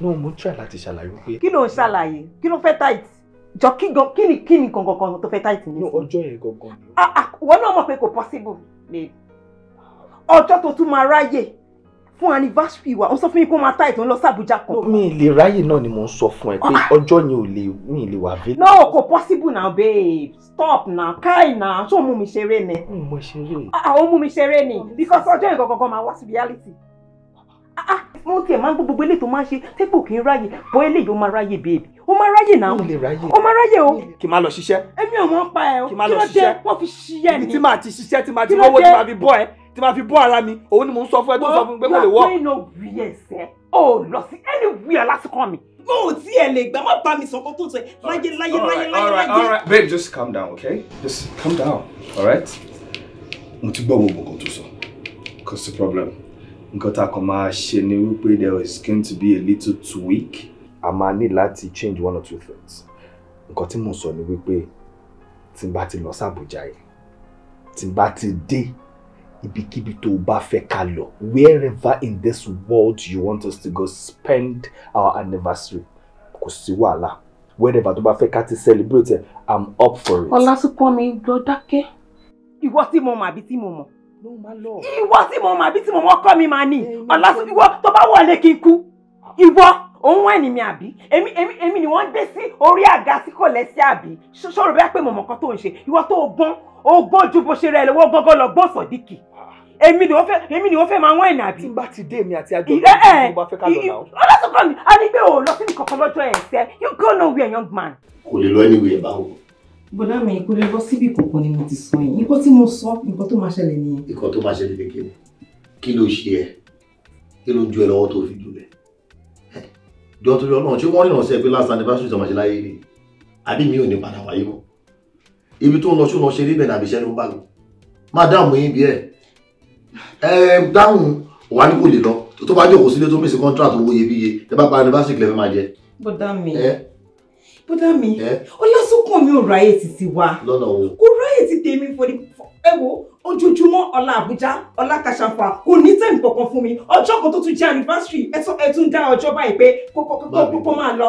no mo try láti ṣàlàyé wípé. kí ló ń ṣàlàyé kí ló fẹ́ tight jọ kí gan kí ni kí ni gangan gan tó fẹ́ tight ní. ọjọ́ yẹn gangan ni. Ah, ah, wọ́n náà mọ̀ pé kò possible babe ọjọ́ tó tún máa ráyè fún anniversary wa ó sọ fún mi pé ó máa tight ń lọ sí Àbújá kan. mi lè ráyè náà ni mò ń sọ fún ẹ pé ah, ọjọ́ yẹn ò lè mi lè wà bí. no kò possible now babe stop now kai now ṣé o mú mi ṣeré ni. mo mọ ṣeré. àwọn mú mi ṣeré ni because ọjọ́ yẹn gangan gan máa wá sí reality mo tiẹ̀ máa ń gbọ́ gbogbo eléyìí tó máa ń ṣe tẹ́pọ̀ kì í ráyè bọ́ eléyìí ó máa ráyè babe o máa ráyè náà o máa ráyè o. kì í máa lọ ṣiṣẹ́. èmi ò mọ̀ pa ẹ o kí ló dé wọ́n fi ṣiṣẹ́ ni. ibi tí màá ti ṣiṣẹ́ tí màá ti rówó tí màá fi bọ́ ẹ tí màá fi bọ́ ara mi òun ni mò ń sọ fún ẹ tó ń sọ fún mi pé kò lè wọ́. wọ́n yóò gbé iná wí ẹ̀sẹ̀ o lọ sí ẹni wí ẹ lásìkò mi. mo ò tí ẹ lè gbà má bá mi sọ̀kọ́ tó tẹ láyé láyé láyé láyé. babe just calm down okay just calm down alright mo ti gbọ́ gbogbo nǹkan tó sọ cause the problem nǹkan tá a kàn máa ṣe ni wípé there is going to be a little tweak a máa ní láti change one or two things nǹkan tí mo sọ ni wípé tí n bá ti lọ sí Àbújá yìí tí n bá ti dé ibikíbi tó o bá fẹ́ ká lọ wherever in this world you want us to go spend our anniversary kò sí wàhálà wherever tó bá fẹ́ ká ti celebrate it i'm up for it. ọlásùpọ̀nmi lọ dákẹ́. ìwọ tí mo mọ àbí tí mo mọ ìwọ tí mo mọ àbí tí mo mọ ọkọ mi máa ní ọlásùpọ̀ ìwọ tó bá wọlé kí n kú ìwọ òun wà ní mi àbí èmi èmi èmi ni wọ́n gbé sí orí àga sí kò lẹ́sí àbí sọ̀rọ̀ bẹ́ẹ̀ pé mọ̀mọ́ kan tó ń ṣe ìwọ tó o gbọ́n o gbọ́n ju bó ṣe rẹ̀ lọ́wọ́ gángan lọ gbọ́n sọ̀díkì èmi ni wọ́n fẹ́ èmi ni wọ́n fẹ́ máa wọ́n ẹ̀nà àbí. tí n bá ti dé mi àti àjọ mi tí mo bá fẹ́ ká lọ náà. ọlọ́sùn kan ni a ní pé o lọ sí you go nowhere young man. kò lè lọ anywhere báwo. bọ̀dá mi kò lè lọ síbi kankan ni mo ti sọ yìí nǹkan tí mo sọ nǹkan tó máa ṣẹlẹ̀ nìyẹn. nǹkan tó máa ṣẹlẹ̀ nìyẹn kí ló ṣe ẹ kí ló ju ẹ lọ́wọ́ tó fi jùlẹ̀ jọ torí ọlọ́run tí wọ́n ríran sí ẹgbẹ́ last anniversary tó máa ṣe láyé ni àbí mi ò ní padà wáyé mọ́ ibi tó ń lọ ṣúná ṣe rí bẹ̀rẹ̀ àbíṣẹ́ ló ń bá lọ máa dáhùn yín bí ẹ ẹ dáhùn wà ní kò lè lọ tó bá jókòó sílé tó mèsì contract owó iyebíye tẹ bá pa anniversary lẹ́fẹ̀ẹ́ máa jẹ. bọ́dá mi bọ́dá mi ọlásùnkàn mi ò ráyè títí wa kò ráyè títí mi for the ẹ wo ojoojúmọ́ ọlá àbújá ọlá kàṣàfà kò ní tẹ̀mí kankan fún mi ọjọ́ kan tó tún jẹ́ anniversary ẹ tún ẹ tún dá ọjọ́ báyìí pé kókó kó máa lọ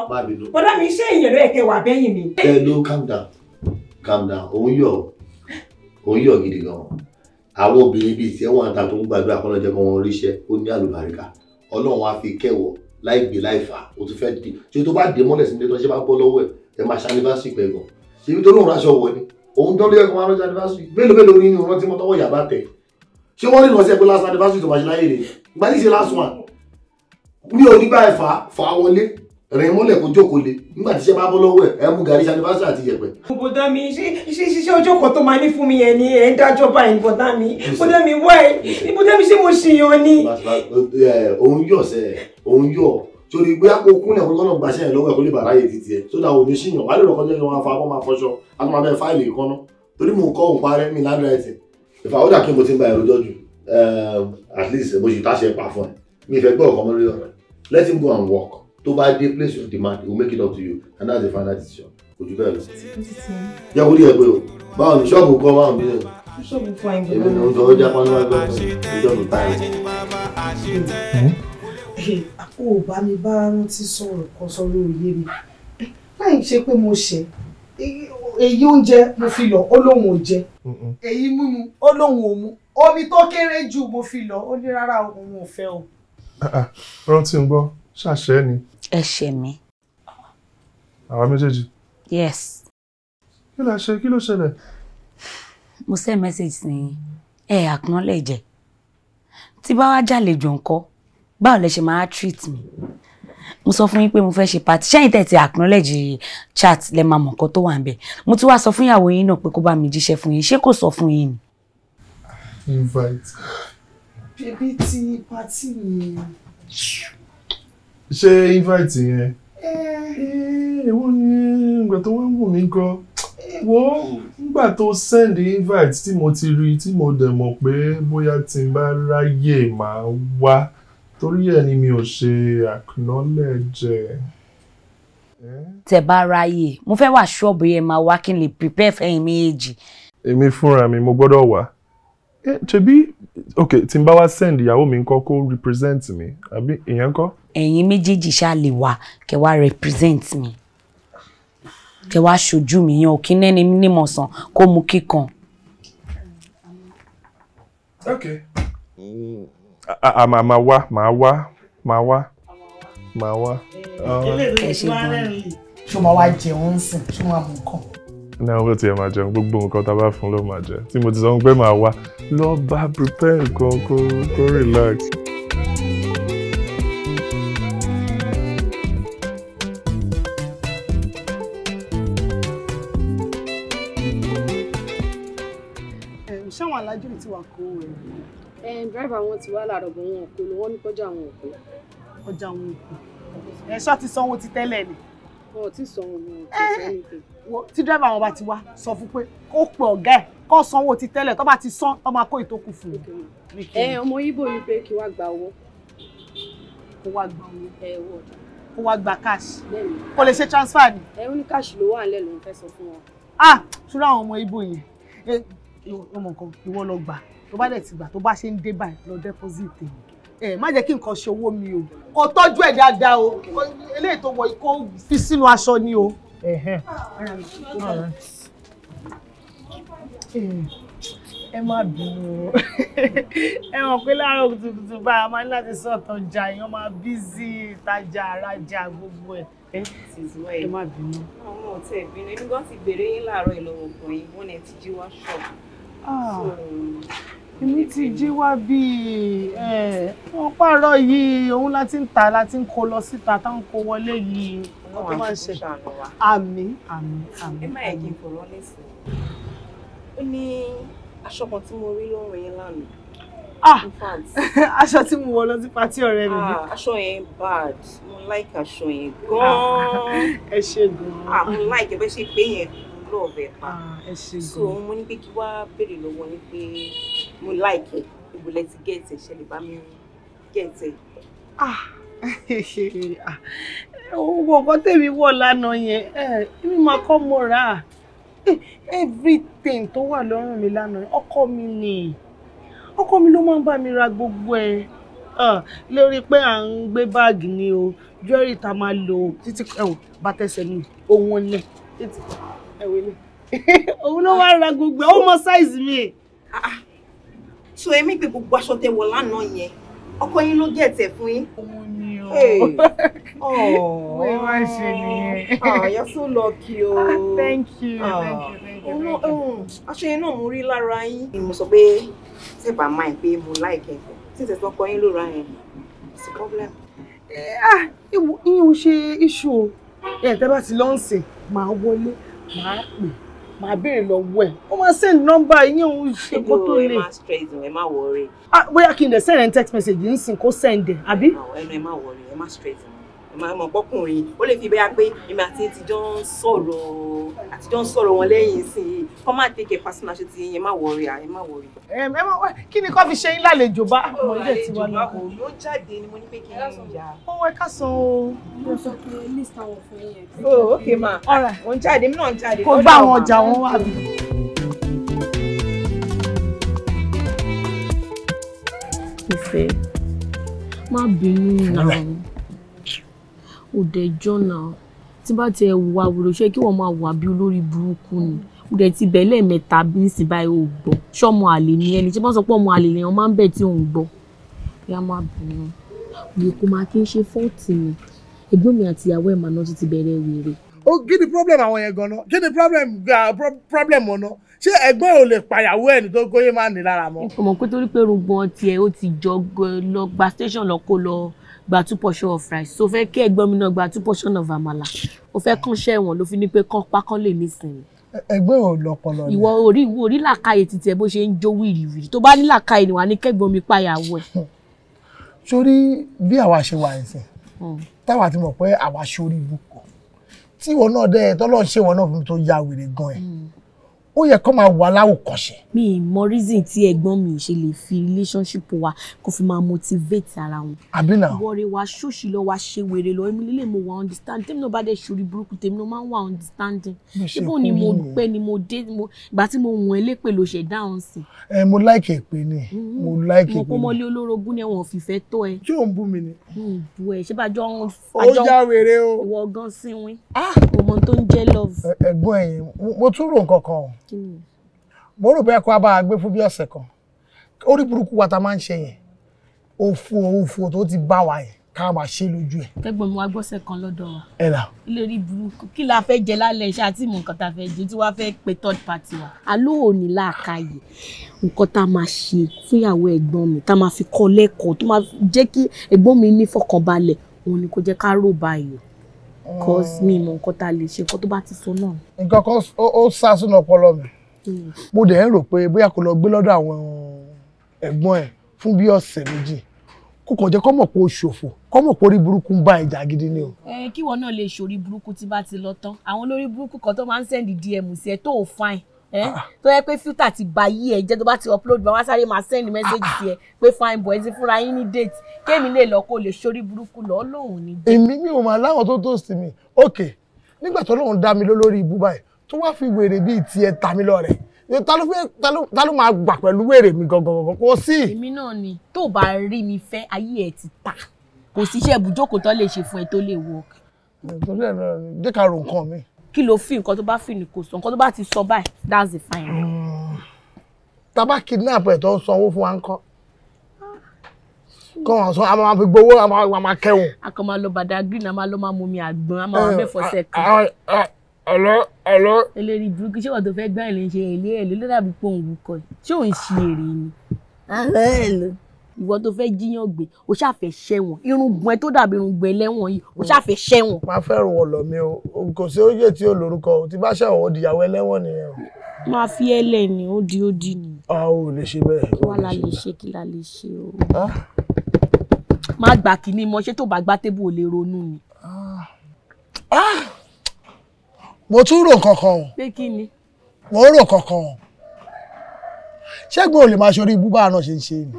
bọ́dá mi iṣẹ́ ìyẹn ló yẹ kẹ́ wà bẹ́yìn mi. ẹ ló calm down calm down òun yọ òun yọ gidi gan àwọn obìnrin bíi tiẹ̀ wọn àtà tó ń gbàdúrà kọ́ lọ́jọ́ kan wọn ríṣẹ́ ó ní àlùbáríkà ọlọ́run á fi kẹ́wọ̀ láì gbé láì fà ó tún fẹ́ dé tí o tó bá dé mọ́lẹ̀ sí ní tó ṣe bá bọ́ lọ́wọ́ ẹ̀ ẹ máa ṣe anniversary pẹ̀ gan ṣèbí tó lóun aṣọ wọ ni òun tó lé ẹ̀kọ́ marriage anniversary mélòó mélòó ní ìrántí tí mo tọwọ́ ìyàbá tẹ̀ ṣé wọ́n nìlọ sí ẹgbẹ́ last anniversary tó bá ṣe láyé rẹ̀ ìgbà tí ṣe last one ní onígbà ẹ̀ fà fà wọlé rẹ̀ mọ́lẹ̀ kó jókòó le nígbà tí ṣe bá bọ́ lọ́wọ́ ẹ̀ ẹ̀ mú gàrí anniversary àti yẹ̀pẹ̀. bọ̀dá mi ṣe ṣe ṣe ọjọ́ kan tó máa ní fún mi yẹn ni ẹ̀ ń dájọ́ báyìí bọ̀dá mi bọ̀dá mi wá ẹ̀ bọ̀dá mi ṣé mo ṣèyàn ni. òun yọ̀ sẹ́ òun yọ̀ torí pé àpò kúnlẹ̀ kó tọ́lọ̀ gbàṣẹ́ yẹn lọ́wọ́ ẹ̀ kó lè bàrá yìí títí ẹ̀ tó dà òní ṣìyàn wálé lọ́kọ́ jẹ́ wọn afa kó máa fọṣọ a tó máa bẹ fáìlì ìkọ́nà torí mò ń kọ́ òun parẹ́ mi land writing ìfà ó dà kí n mo ti ń ba ẹ̀rọ jọ́jú ehm, at least mo sì táṣẹ pa fún ẹ mi ìfẹ́ gbọ́ ọ̀kan lórí ọ̀rẹ́ let him go and work tó bá dé place of demand he will make it up to you and that's the final decision kò jù bẹ́ẹ̀ lọ. yẹ kó rí ẹ pé o báwo ni ṣọ́ọ̀bù kọ́ báwo ni ṣe. ṣọ́ọ̀bù fún àyìnbó. èmi ni ó ń sọ ó jápá níwájú ọ̀sán ìjọba ìtàn o ò bá mi bá rántí sọ̀rọ̀ kan sọ̀rọ̀ òye mi láì ṣe pé mo ṣe èyí oúnjẹ mo fi lọ ó lóun ò jẹ èyí mímu ó lóun ò mu omi tó kéré jù mo fi lọ ó ní rárá òun ò fẹ́ o. Ah, ah, rántí ń gbọ́ ṣàṣẹ ni. ẹ ṣe mi. àwa méjèèjì. yes. kí ló ṣe kí ló ṣẹlẹ̀. mo send message sí ẹ acknowledge tí bá wá jàlejò ńkọ́ báwo lẹ ṣe máa treat me. mo sọ fún yín pé mo fẹ́ ṣe party ṣẹ́yìn tẹ̀ ti acknowledge chat lẹ máa mọ̀ nǹkan tó wà ń bẹ̀ mo ti wá sọ fún ìyàwó yín náà pé kó bá mi jíṣẹ́ fún yín ṣé kò sọ fún yín ni. invite. bèbí ti pati yẹn. ṣé invite yẹn. èwo ni ìgbà tó wá ń wù mí gan wo nígbà tó send invite tí mo ti rí Ti mo dẹ̀ mọ̀ pé bóyá tí n bá ráyè máa wá torí ẹ ni mi ò ṣe acknowledge tẹ bá ráyè mo fẹ́ wá ṣọ́ọ̀bù yẹn máa wá kí n lè prepare fẹ́yìn méjèèjì. èmi fúnra mi mo gbọ́dọ̀ wá ṣebí ok tí n bá wá send ìyàwó mi ńkọ́ kó represent mi àbí ìyẹn ńkọ́. ẹ̀yin méjèèjì ṣáà lè wá kẹ́ wá represent mi kẹ́ wá ṣojú mi yan òkín nẹ́ni nímọ̀sán kó mu kíkan. okay. Mm àmà máa wá máa wá máa wá máa wá. ẹ ṣe gan ṣó máa wá jẹun ń sìn ṣó máa mú nǹkan. ní àwọn bó tiẹ̀ máa jẹun gbogbo nǹkan tá a bá fún ló máa jẹ tí mo ti sọ pé máa wá lọ́ọ́ bá prepare nǹkan kó relax. driver wọn ti wá láàárọ̀ bọ̀ wọn kò lọ wọ́n ní kọjá àwọn òkú. ọjà àwọn òkú ẹ ṣọ́ ti sanwó ti tẹ́lẹ̀ ni. wọn ò tí ì sanwó wọn ò tí ì eh, sanwó nìkan. tí driver wọn bá ti wá sọ fún pé ó pe ọ̀gá ẹ̀ kó sanwó ti tẹ́lẹ̀ tó bá ti san tó máa kó ìtókù fún mi. ẹ eh, ọmọ Ìgbò ni pé kí wàá gba owó. kó wàá gba owó. ẹ eh, wọ kó wàá gba cash. kó lè ṣe transfer ni. ẹ ó ní cash ló wà nílẹ̀ ló ń fẹ́ sọ fún wọn. ah ṣúra àwọn ọmọ Ìgbò yẹn ọmọ kan ìwọ lọ gbà tó bá dẹ̀ ti gbà tó bá ṣe ń dé báyìí lọ deposit tèmi ẹ má jẹ́ kí nǹkan ṣe owó mi o kò tọ́jú ẹ̀ dáadáa o eléyìí tó wọ ikó fi sínú aṣọ ni o. ẹ má bínú o ẹ mọ̀ pé láàárọ̀ kùtùkùtù báyìí a máa ń láti sọ̀tàn jà èèyàn máa bízí ìtajà arajà gbogbo ẹ̀ ẹ má bínú. àwọn ọ̀tẹ̀ ìbínú ẹni gan ti bèrè yín láàárọ̀ ìlọ́wọ̀ kan yìí wọ́n ẹ̀ ti jí wá ṣọ́ọ̀bù. Ah èmi ti jí wá bí wọn pààrọ̀ yìí òun láti ń ta láti ń kó lọ síta tá ń kó wọlé yìí wọn tó máa ń ṣe àmì àmì àmì. ẹ má yẹ kí n fọ̀rọ̀ lẹ́sìn ó ní aṣọ kan tí mo rí lọ́rùn yín lánàá. Ah, [LAUGHS] aṣọ tí mo wọ lọ sí pátí ọ̀rẹ́ mi. Aṣọ yẹn bad, mo like aṣọ yẹn gan-an. Ẹ ṣe gan-an. Mo like ẹ bẹ́ ṣe pé yẹn lọ́ọ̀bẹ̀ pa. Ẹ ṣe gan-an. So mo ní pé kí wá béèrè lọ́wọ́ ní pé mo láìkẹ́ ìbùlẹ̀ ti gẹ̀ẹ́tẹ̀ ṣe lè bá mi gẹ̀ẹ́tẹ̀. owó nǹkan tèmi wọ̀ lánàá yẹn èmi máa kọ́ mo rà á everything tó wà lọ́rùn mi lánàá ọkọ mi ni ọkọ mi ló máa ń bá mi ra gbogbo ẹ̀ ah, lórí pé à ń gbé báàgì ni o jewelry tá máa lò títí ẹ̀wọ̀n bàtẹ́sẹ̀ ni òun ni títí ẹ̀wọ̀n ni [LAUGHS] òun ló wá ra gbogbo ẹ̀ ó mọ size mi. Ah, ah so ẹ mí pé gbogbo aṣọ tẹ wọ̀ lánàá yẹn ọkọ yín ló gẹ̀ tẹ̀ fún oh. òun ni o wẹ́ẹ́ oh máa you're so lucky Oh. Ah, thank you ah. thank you thank you. Oh, oh. yẹn náà mo rí lára yín. mo sọ pé sẹ́bà máa ń pé mo láìkẹ́ títí ọkọ yín ló ra yẹn it's a problem. Eh, ah, ìyẹn ò ṣe iṣu o ẹ̀ tẹ́ bá ti lọ́ǹsì máa wọlé máa pè é màá béèrè lọ́wọ́ ẹ̀ ó máa send number yín òun ṣe kó tó lè. ẹ má stress ẹ má worry. Ah, bóyá send text message ń sìn kó send ẹ àbí. ẹ má worry ẹ má stress màá mọ̀ pọ́kùnrin ó lè fi bẹ́yà pé èmi àti ìtìjọ́ ń sọ̀rọ̀ àtijọ́ ń sọ̀rọ̀ wọn lẹ́yìn sí i kọ́ máa tẹ̀kẹ̀ pásínà ṣe ti yẹn má wọrí à ẹ má wọrí. ẹ ẹ mọ kí ni kò fi ṣe ń lálejò bá ọmọ ilé tiwa lọ. mo jáde ni mo ní pé kí n yà. ó wẹ ká san o. mo sọ pé list àwọn fún yẹn. o oh, ok ma ọ̀rà mo ń jáde mi náà ń jáde. kò gbá àwọn ọjà wọn wá bí. ìfẹ́ má bínú náà ó dẹ̀ jọ́nà tí bá tiẹ̀ wà wúlò ṣé kí wọ́n máa wà bí olórí burúkú ni ó dẹ̀ ti bẹ̀lẹ̀ mẹ́ta bí ní sìn báyìí ò gbọ́ ṣọ́mọ àlè ni ẹni ṣé wọ́n sọ pé ọmọ àlè ni wọ́n máa ń bẹ̀ tí òun gbọ́ yá má bínú mi kò máa kí n ṣe fọ́ọ̀tì mi ẹgbẹ́ mi àti ìyàwó ẹ̀ màná ti bẹ̀rẹ̀ wèrè. ó kí ni problem àwọn yẹn gan-an kí ni problem problem ọ̀nà ṣé ẹ̀gbọ́n ò lè pàyàwó ẹ̀ ní tó góyè máa ń ní lára mọ́. ọmọ pé torí pé rúgbọ́n tiẹ̀ ó ti jọ lọ gba gba two portion of rice so fẹ́ kí ẹ̀gbọ́n mi náà gba two portion of amala. ó fẹ́ kánṣẹ́ ẹ̀wọ̀n ló fi ní pé kán pákán lè nísìnyí. ẹgbẹ́ ò lọpọlọ ni. ìwọ orí ìwọ orí làkàyè títí ẹ bó ṣe ń jó wìrìwìrì tó bá ní làkàyè ni wà ní kẹ́gbọ́n mi pàyàwó ẹ. [LAUGHS] sórí bí àwa ṣe wà ẹsẹ hmm. táwa ti mọ̀ pé àwa ṣorí ibùkún tíwọ náà dẹ tọlọ ṣe wọn náà fún mi tó ya wèrè gan ẹ ó yẹ kó máa wà láwòkọ́ṣe. mi mọ reason tí ẹ̀gbọ́n mi ṣe lè fi relationship wa kó fi máa motivate ara wọn. àbí náà. wọ́ọ̀rẹ́ wa ṣòṣì lọ wa ṣe wèrè lọ èmi lè mo wà understand tèmi náà bá dẹ̀ ṣorí burúkú tèmi náà máa ń wà understanding. ibo ni mo pẹ́ ni mo dé ìgbà tí mo wọ̀n ẹ́ lépè ló ṣẹ̀ dáhùn sí. ẹ mo láìkè pé ni mm-hmm. mo láìkè pé ni. mo kó mọ́lé olórogún ni ẹ̀wọ̀n fìfẹ́ tó ẹ. ṣé òun bú mi ni. bú ẹ ṣé bá jọ ń. ó já wèrè o. ìwọ gan sínwín. ah òmò tó ń jẹ́ love. ẹ̀gbọ́n ẹ̀yin mo tún rò nǹkan kan o mo rò bẹ́ẹ̀ kó a bá a gbé fún bí ọ̀sẹ̀ kan orí burúkú wa ta máa ń ṣe yẹn òfò òfò tó ti bá wa yẹn ká máa ṣe lójú ẹ̀. fẹ́gbọ́n mi wá gbọ́sẹ̀ kan lọ́dọ̀ wa. ẹ là. ilé orí burúkú kí la fẹ́ jẹ lálẹ́ iṣẹ́ àti ìmọ̀ nǹkan tá a fẹ́ jẹ tí wàá fẹ́ pe third party wa. àló ò ní láàkàyè nǹkan tá a máa ṣe fúnyàwó ẹ̀gbọ́n mi tá a máa fi kọ́ lẹ́kọ̀ọ́ tó máa jẹ́ kí ẹ̀gbọ́n mi ní fọkànbalẹ̀ òun ni kò jẹ́ ká rò báyìí cause mm. mi mọ nǹkan tá a lè ṣe nǹkan tó bá ti sọ náà. nǹkan kan ó sá sínú ọpọlọ mi hmm. mo dẹ̀ ń rò pé bóyá kò lọ gbé lọ́dọ̀ àwọn ẹ̀gbọ́n ẹ̀ fún bí ọ̀sẹ̀ méjì kò kàn jẹ́ kọ́ mọ̀ pé o ṣòfò kọ́ mọ̀ pé orí burúkú ń bá gidi ni o. ẹ kíwọ náà lè ṣorí burúkú tí bá ti lọ tán àwọn olórí burúkú kan tó máa ń DM sí ẹ tó Eh? Ah. tó yẹ pé filter ti ba yí ẹ jẹ́ tó bá ti upload bá wá sáré máa send message sí ẹ pé fine boy ti fúnra yín ní date kémi lè lọ kó lè sórí burúkú lọ lóhùn ní. èmi mi ò máa láwọn tó toast mi ok nígbà tó lóun dá mi lólórí ibú báyìí tó wá fi wèrè bíi tiẹ̀ ta mi lọ rẹ̀ ta ló fẹ́ ta ló máa gbà pẹ̀lú wèrè mi gangan kò sí. èmi náà ni tó bá rí mi fẹ́ ayé ẹ̀ ti ta kò sí iṣẹ́ ibùjókòó tó lè ṣe fún ẹ tó lè wọ. jẹ́ ká ro nǹkan mi kí ló fi nǹkan tó bá fi ní kò sọ nǹkan tó bá ti sọ báyìí that's the fine. tábà kidnap ẹ̀ tó ń sanwó fún wa ń kọ́ kọ́ wọn sọ àwọn máa fi gbowó àwọn máa kẹ́wọ̀n. a kàn máa lọ bàdá green a máa lọ máa mú mi àgbọn a máa wà bẹ́ẹ̀ fọ́sẹ̀ kan. ọ̀lọ́ ọ̀lọ́. eléyìí burúkú ṣé wọ́n tó fẹ́ gbá ẹ̀ lè ṣe èlé ẹ̀ ló dàbí pé òun kọ́ ṣé òun ṣe èrè ni. àlọ́ ẹ̀ ló ìwọ tó fẹ́ jíyàn gbé o ṣàfẹ́ ṣẹ̀wọ̀n irùngbọ̀n ẹ tó dàbí irùngbọ̀n ẹlẹ́wọ̀n yìí o ṣàfẹ́ ṣẹ̀wọ̀n. máa fẹ́ràn wọn lọ mi o kò sí oúnjẹ tí o lórúkọ o ti bá ṣẹ̀wọ̀n o dìyàwó ẹlẹ́wọ̀n nìyẹn o. máa fi ẹlẹ ni ó di ó di ni. a ò lè ṣe bẹ́ẹ̀. wà á lè ṣe kí la lè ṣe o. má gbà kínní mọ ṣé tó bá gbá tébù ò lè ronú ni. mo tún rò kankan o. pé kí ni. mo rò kankan o ṣẹ́gun ò lè máa ṣorí ibú báà náà ṣe ń ṣe ni.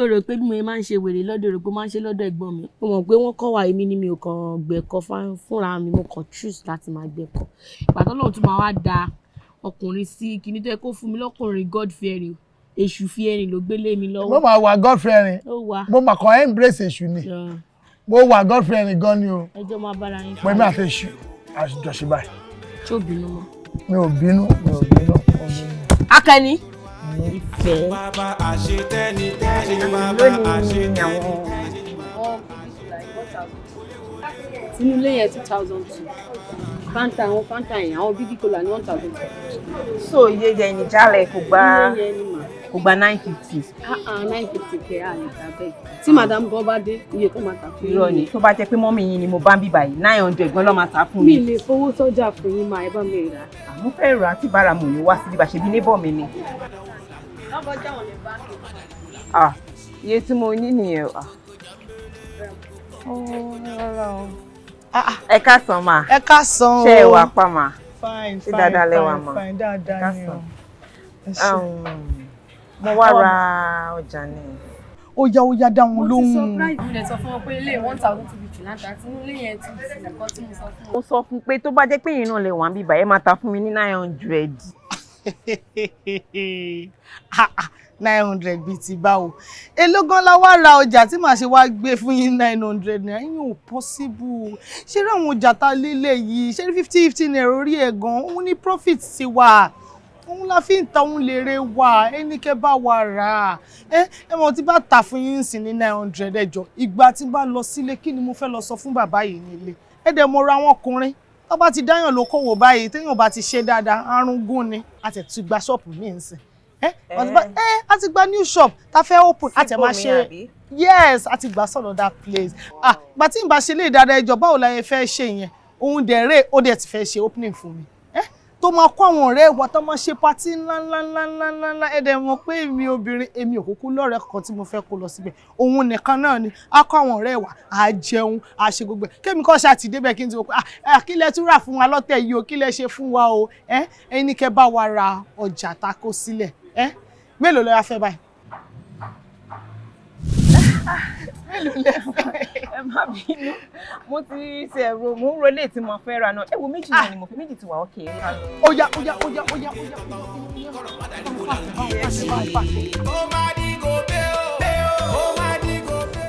o rò pé mo máa ń ṣe wèrè lọ́dọ̀ rò pé máa ń ṣe lọ́dọ̀ ẹ̀gbọ́n mi mo mọ̀ pé wọ́n kọ́ wa èmi ni mi ò kàn gbẹ̀kọ́ fúnra mi mo kàn choose láti máa gbẹ̀kọ́ ìpàtọ́ lóhun tún máa wá da ọkùnrin sí kinní tó yẹ kó fún mi lọ́kùnrin god fearing èṣù fearing ló gbélé mi lọ́wọ́. mo máa wà god fearing mo máa kàn embrace èṣù ni mo wà god fearing gan ni o. ẹjọ́ máa bára yín. pẹ̀lú àti èṣù àjọṣe báyìí. tí ò bínú mọ́. mi ò bínú mi ò bínú. Akẹni ìfẹ́ ìlú ilé yẹn two thousand two fanta àwọn fanta yẹn àwọn bíbí kola ní one thousand two. so iye yẹn ní jálẹ̀ kò gba kò gba nine fifty. Ah, ah, nine fifty kẹ àyíká bẹ́ẹ̀ tí madam gan bá dé iye tó máa ta fún mi. irọ́ ni tó bá jẹ́ pé mọ́mì yín ni mo bá ń bì báyìí nine hundred gan ló máa ta fún mi. mi lè fowó sọ́jà fún yín máa ẹ bá mi rà. àmúfẹ́ rà tí bára mò ń wá sí bá ṣe bí nébọ̀ mi ni lágbọ́jà ò lè bá ah iye tí mo ní nìyẹn o. rárá o. ẹ káàsán ma. ẹ káàsán o. ṣé ẹ fine fine fine fine dáadáa ni o. Um, mo wá ra ọjà ni ó yá ó yá dá wọn lóhùn. mo ti sọ price mi only sọ one thousand two fifty láti àtinú ilé yẹn ti ti nǹkan tí mo sọ fún ọ. mo sọ fún nine hundred. [LAUGHS] nine hundred bíi ti báwo elógan la wá ra ọjà tí màá ṣe wá gbé fún yín nine hundred naira yín ò possible ṣé rí àwọn ọjà tá a lélẹ̀ yìí ṣé rí fifty fifty naira orí ẹ̀ gan òun ní profit ti wà òun la fi ń ta òun lèrè wà ẹnikẹ́ bá wa rà á ẹ ẹ mọ̀ tí bá tà fún yín sí ní nine hundred ẹjọ́ ìgbà tí bá lọ sílé kí ni mo fẹ́ lọ sọ fún bàbá yìí nílé ẹ dẹ̀ mọ̀ ra wọn ọkùnrin tó bá ti dáyàn ló kówó báyìí téèyàn bá ti ṣe dáadáa arúngún ni àtẹ̀tù gba ṣọ́ọ̀pù míì ń sìn ẹ a ti gba new shop ta fẹ́ open a tẹ̀ máa ṣe yes a ti gba sọ̀rọ̀ that place ah gbàtí n bá ṣe lè dáadáa ìjọba ò láyé fẹ́ ṣe yẹn òun dẹ̀ rè ó dẹ̀ ti fẹ́ ṣe opening fún mi tó máa kó àwọn ọ̀rẹ́ ìwà tó máa ṣe patí ńláńláńláńláńlá ẹ̀dẹ̀ mọ̀ pé èmi obìnrin èmi òkúkú lọ́rẹ̀ẹ́ kan tí mo fẹ́ kó lọ síbẹ̀ òun nìkan náà ni a kó àwọn ọ̀rẹ́ ìwà à jẹun à ṣe gbogbo ẹ̀ kémi kọ́ ṣáà ti débẹ̀ kí n ti wò pé à ah, ah, kí lẹ tún rà fún wa lọ́tẹ̀ yìí o kí lẹ ṣe fún wa o ẹ ẹni kẹ́ bá wa ra ọjà ta kó sílẹ̀ ẹ mélòó lọ́ya fẹ́ báyìí mélòó lẹ fẹ́. ẹ má bínú mo ti ṣe ẹ̀rọ mo ń rolé tí mo fẹ́ ra náà ẹ̀wọ̀ méjì ni mo fi méjì ti wà ókè. óyá óyá óyá óyá óyá.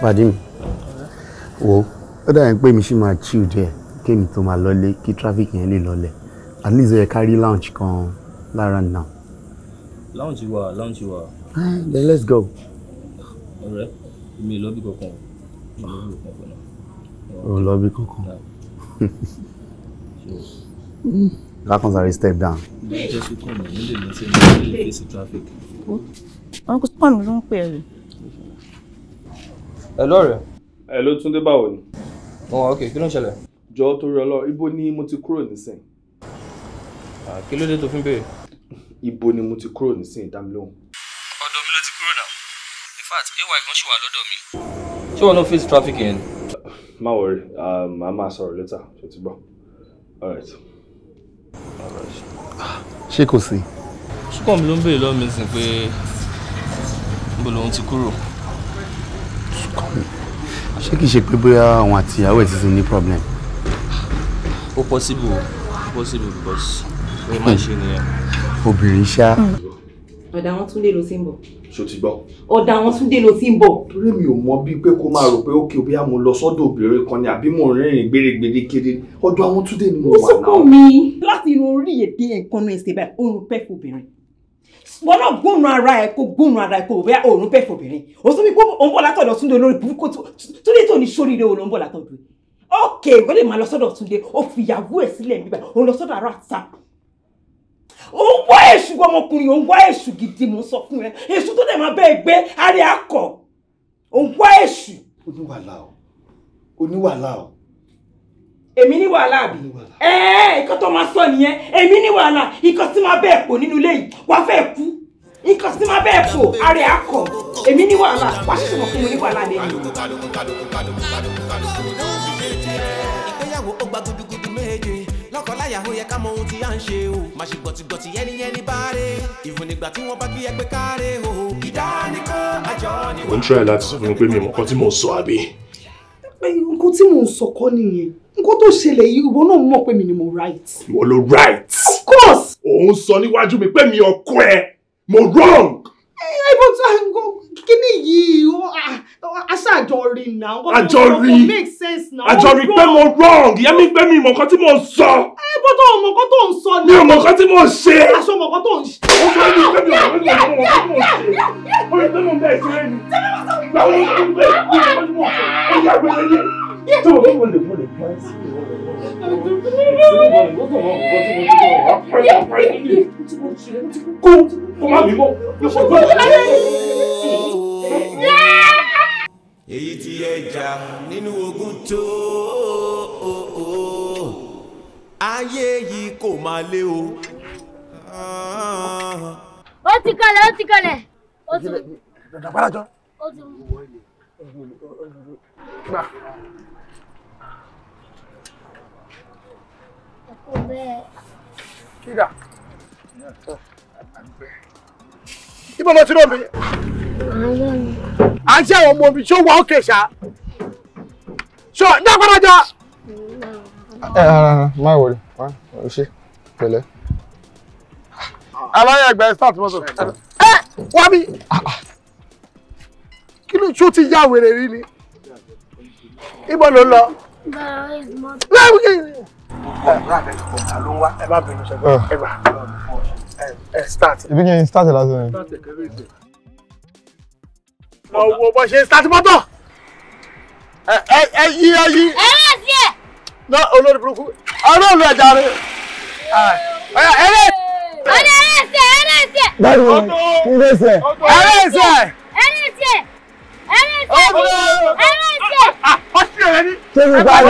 pàdé mi wo ó dàbí pé mi ṣì máa chill díẹ̀ kémi tó máa lọlé kí traffic yẹn lè lọlẹ̀ at least ó yẹ ká rí lounge kan lára náà. lounge wa lounge wa. then let's go. ọ̀rẹ́. Right èmi lọ́bì kankan lọ́bì kankan náà. o lọ́bì kankan. lákàn sáré step down. bẹ́ẹ̀ jẹ́ kí kọ́ọ̀mù mi lè lọ sí ẹni tó lè fèsì traffic. wọn kò sọ́kàn mi ló ń pè é ẹ lọ́ọ̀rẹ́ ẹ ló Túndé báwo ni. ọ̀hún ok kí ló ń ṣẹlẹ̀. jọ torí Ọlọ́run ibo ni mo ti kúrò nísìn. kí ló dé tó fi ń béèrè. ibo ni mo ti kúrò nísìn ìdámilóhùn wa ẹ̀gbọ́n ṣì wà lọ́dọ̀ mi. ṣé wọn náà face trafficking. yẹn. má worry a um, máa sọ̀rọ̀ later ṣe ti gbọ́ alright. ṣé kò sí. ṣùgbọ́n mi ló ń béèrè lọ́wọ́ mi sìn pé níbo lòun ti kúrò. ṣé kìí ṣe pé bóyá àwọn àti ìyàwó ẹ̀ ti ti ní problem. ó possible ó possible because ó máa ṣe nìyẹn. obìnrin ṣá. ọ̀dà wọn tún lè lọ sí ń bọ̀ ṣó ti gbọ́. ọ̀dà àwọn Túndé ló ti ń bọ̀. torí mi ò mọ bíi pé kó máa rò pé ókè bóyá mo lọ sọ́dọ̀ obìnrin kan ni àbí mo rìnrìn gbèrègbèrè kiri ọ̀dọ̀ àwọn Túndé ni mo wà náà. sọ́kọ̀ mi láti inú orí èdè ẹ̀kan náà ẹ̀sẹ̀ báyìí oorun pẹ́ fobìnrin wọn náà gbóòórùn ara ẹ kó gbóòórùn ara ẹ kó bóyá oorun pẹ́ fobìnrin o tún fi kó òun bọ̀ látọ̀dọ̀ Túndé olórí burúkú Túndé tó ní sóríire òun ló ń bọ̀ látọ̀dọ̀ ok ìwé lè máa lọ sọ́dọ̀ Túndé ó fi ìyàwó ẹ̀ sílẹ̀ níbẹ̀ òun lọ sọ́dọ̀ àrà àtà ó ń wá èṣù ọmọkùnrin ó ń wá èṣù gidi mò ń sọ fún ẹ èṣù tó dẹ̀ máa bẹ́ẹ̀ gbé àárẹ̀ akọ ó ń wá èṣù. oníwàlá o oníwàlá o. èmi ní wàhálà àbí ẹ̀ẹ́ nǹkan tó máa sọ nìyẹn èmi ní wàhálà nǹkan tí máa bẹ́ẹ̀ pò nínú ilé yìí wàá fẹ́ kú nǹkan tí máa bẹ́ẹ̀ pò àárẹ̀ akọ èmi ní wàhálà wàá ṣẹ̀ṣẹ̀ mọ̀ fún mi ní wàhálà lẹ́yìn. ìgbéyàwó ó gba gudugudu méje lọ́kọ̀láyà ó yẹ ká mọ ohun tí à ń ṣe o má ṣe gbọ̀tìgbọ̀tì yẹ́niyẹ́ni báre ìfún nígbà tí wọ́n bá kí ẹgbẹ́ káre o. ìdánikọ́ àjọ ni. mo ń try láti sọ fún mi pé mi mọ̀ kọ́ tí mò ń sọ àbí. nǹkan tí mò ń sọ kọ́ nìyẹn nǹkan tó ṣẹlẹ̀ yìí ìwọ náà mọ̀ pé mi ni mo right. ìwọ ló right. of course. òun sọ níwájú mi pé mi ọkọ ẹ mo wrong. ẹ ẹ bọ́tà kíní yìí ah, aṣáàjọ rí na àjọ rí àjọ rí pé mo wrong ìyá mi gbé mi ìmọ̀ kan tí mo sọ. ẹ bó tó mọ̀ kan tó ń sọ ni. mi ò mọ̀ tí mo ṣe. aṣọ mọ̀ tó ń ṣe. ó sọ èmi pé mi ò tí mo ṣe. ó lè pé mo ṣe é ni. ìgbà wo ló ń bẹ ìgbà wo ló ń bẹ ó yà gbé lé tó o lè mo lè pa ẹ́ sí i. Kó má bímọ. Yeah! èyí tí ẹ jà nínú ogun tó ayé yìí kò máa lé o. ó ti kọlẹ̀ ó ti kọlẹ̀. ó ti dàgbàrà ibo ló ti rò mí à ń ṣe àwọn ọmọ mi ṣó wà ókè ṣá ṣó dá padà jọ. ẹ ara máa wọlé wá o ṣe pẹ̀lẹ́. aláyẹ ẹgbẹ start mọ́tò. ẹ wá mi kí ló ṣó ti yá wèrè rí ni ibo ló lọ. báwo ni ẹ má bínú ṣẹgbọn ẹ gbà ẹ start. ibi yẹn start lásán lọ wo ṣe start mọ́tò. ẹ yí ẹ yí. ẹ má sí ẹ. ná olórí burúkú olóòlù ẹja rẹ. ẹ lè. ọ̀dọ̀ ẹ lè ṣe ẹ lè ṣe. báyìí wọn kí lè ṣe. ẹ lè ṣe. ẹ lè ṣe. ẹ lè ṣe. ẹ lè ṣe. ọtí rẹ ni. ṣé mi bá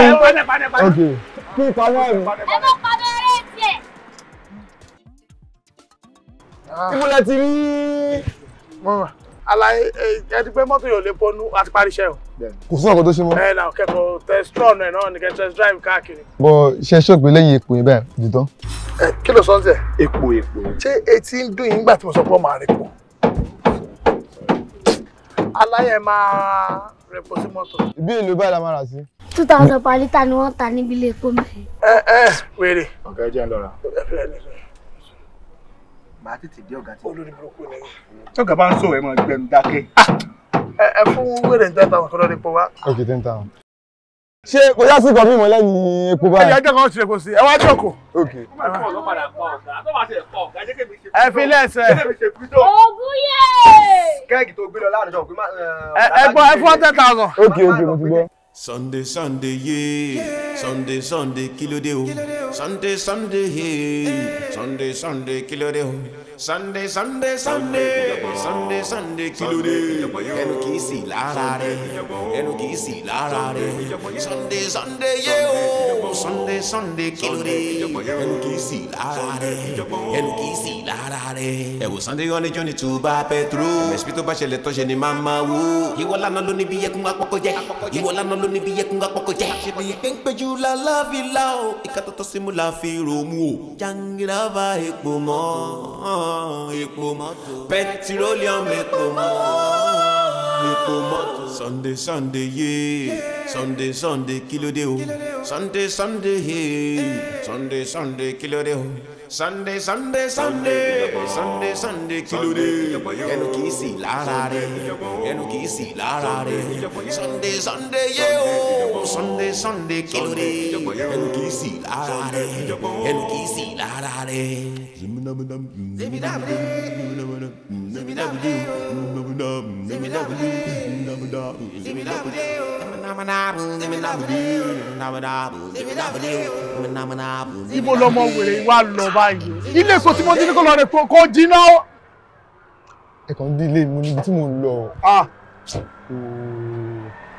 rẹ ok kí ipa náà rẹ. ẹ bá pa bẹ́ẹ̀ rẹ̀ tiẹ̀. ìmúlẹ̀ ti rí alaye ẹni pé mọ́tò yóò lè pọnú àti parí iṣẹ́ o. kò sí ọkọ tó ṣe mọ. ẹ náà kẹkọọ tẹsítọọ náà náà nìkan test drive káàkiri. bọ ṣe ṣọ́ọ̀pù lẹ́yìn epo yẹn báyìí jù tán. ẹ kí ló sọ ń tẹ. epo epo. ṣé etí ń dùn yín gbà tí mo sọ pé ọmọ rẹ pọ. alaye máa rẹpọ sí mọ́tò. ibi èlò báyìí la máa rà sí. two thousand per litre ni wọ́n ta níbi ilé epo mi. ẹ ẹ wèrè. ọ̀gá ẹ jẹ́ ń lọ màá tètè dé ọ̀gá tí. olórí burúkú ni ọ̀gá bá ń sọ̀rọ̀ ẹ̀ mọ̀ gbẹ̀rù dákẹ́. ẹ fún wẹ́rẹ̀ ń tẹ́ta ọ̀kọ́ lọ́dẹ pọ̀ wá. ok ten thousand. ṣé kò yá sí ìgbà mímọ lẹ́yìn epo báyìí. ẹ̀yà ẹjọ́ kan ṣe kò sí ẹ wá jókòó. ok. ẹ fi lẹ́sẹ̀. ògúnyè. kẹ́ẹ̀kì tó gbé lọ láàrin ọ̀gbìn. ẹ gbọ́ ẹ fún ten thousand. ok ok mo ti gbọ́. Sunday, Sunday, yeah. yeah. Sunday, Sunday, kilo deo. dé Sunday, Sunday, yeah. Sunday, Sunday, kilo deo. dé sunday sunday sunday sunday sunday kí ló dé ẹnu kì í sì lára rẹ ẹnu kì í sì lára rẹ sunday sunday yé o sunday sunday kí ló dé ẹnu kì í sì lára rẹ ẹnu kì í sì lára rẹ. ẹ wo sunday yọ ní johnny tó bá petro ẹsibí tó bá ṣẹlẹ̀ tọ́ṣẹ ni máa máa wo. ìwọ lánàá ló níbi yẹkun apọkọ jẹ ìwọ lánàá ló níbi yẹkun apọkọ jẹ. ṣèlè yìí pé ń péjú lálàáfíà o ìkàtọ̀tọ̀ símú la fi rò mú o. jàǹgìrà bá epo mọ́. petroleum sunday sunday yeah. sunday sunday kí ló o sunday sunday yee yeah. sunday sunday kí o. Sunday, Sunday, Sunday, Sunday, Sunday, kilo de. Ẹnu kì í sì lára rẹ̀, ẹnu kì í sì lára rẹ̀. Sunday, Sunday, yé o. Sunday, Sunday, kilo de. Ẹnu kì í sì lára rẹ̀, ẹnu kì í sì lára rẹ̀. ibo lọmọ wèrè wa lọ báyìí ilé èso tí mo ti ní kó lọ rẹ kó jiná. ẹ̀kan dílé mi níbi tí mò ń lọ. Ah.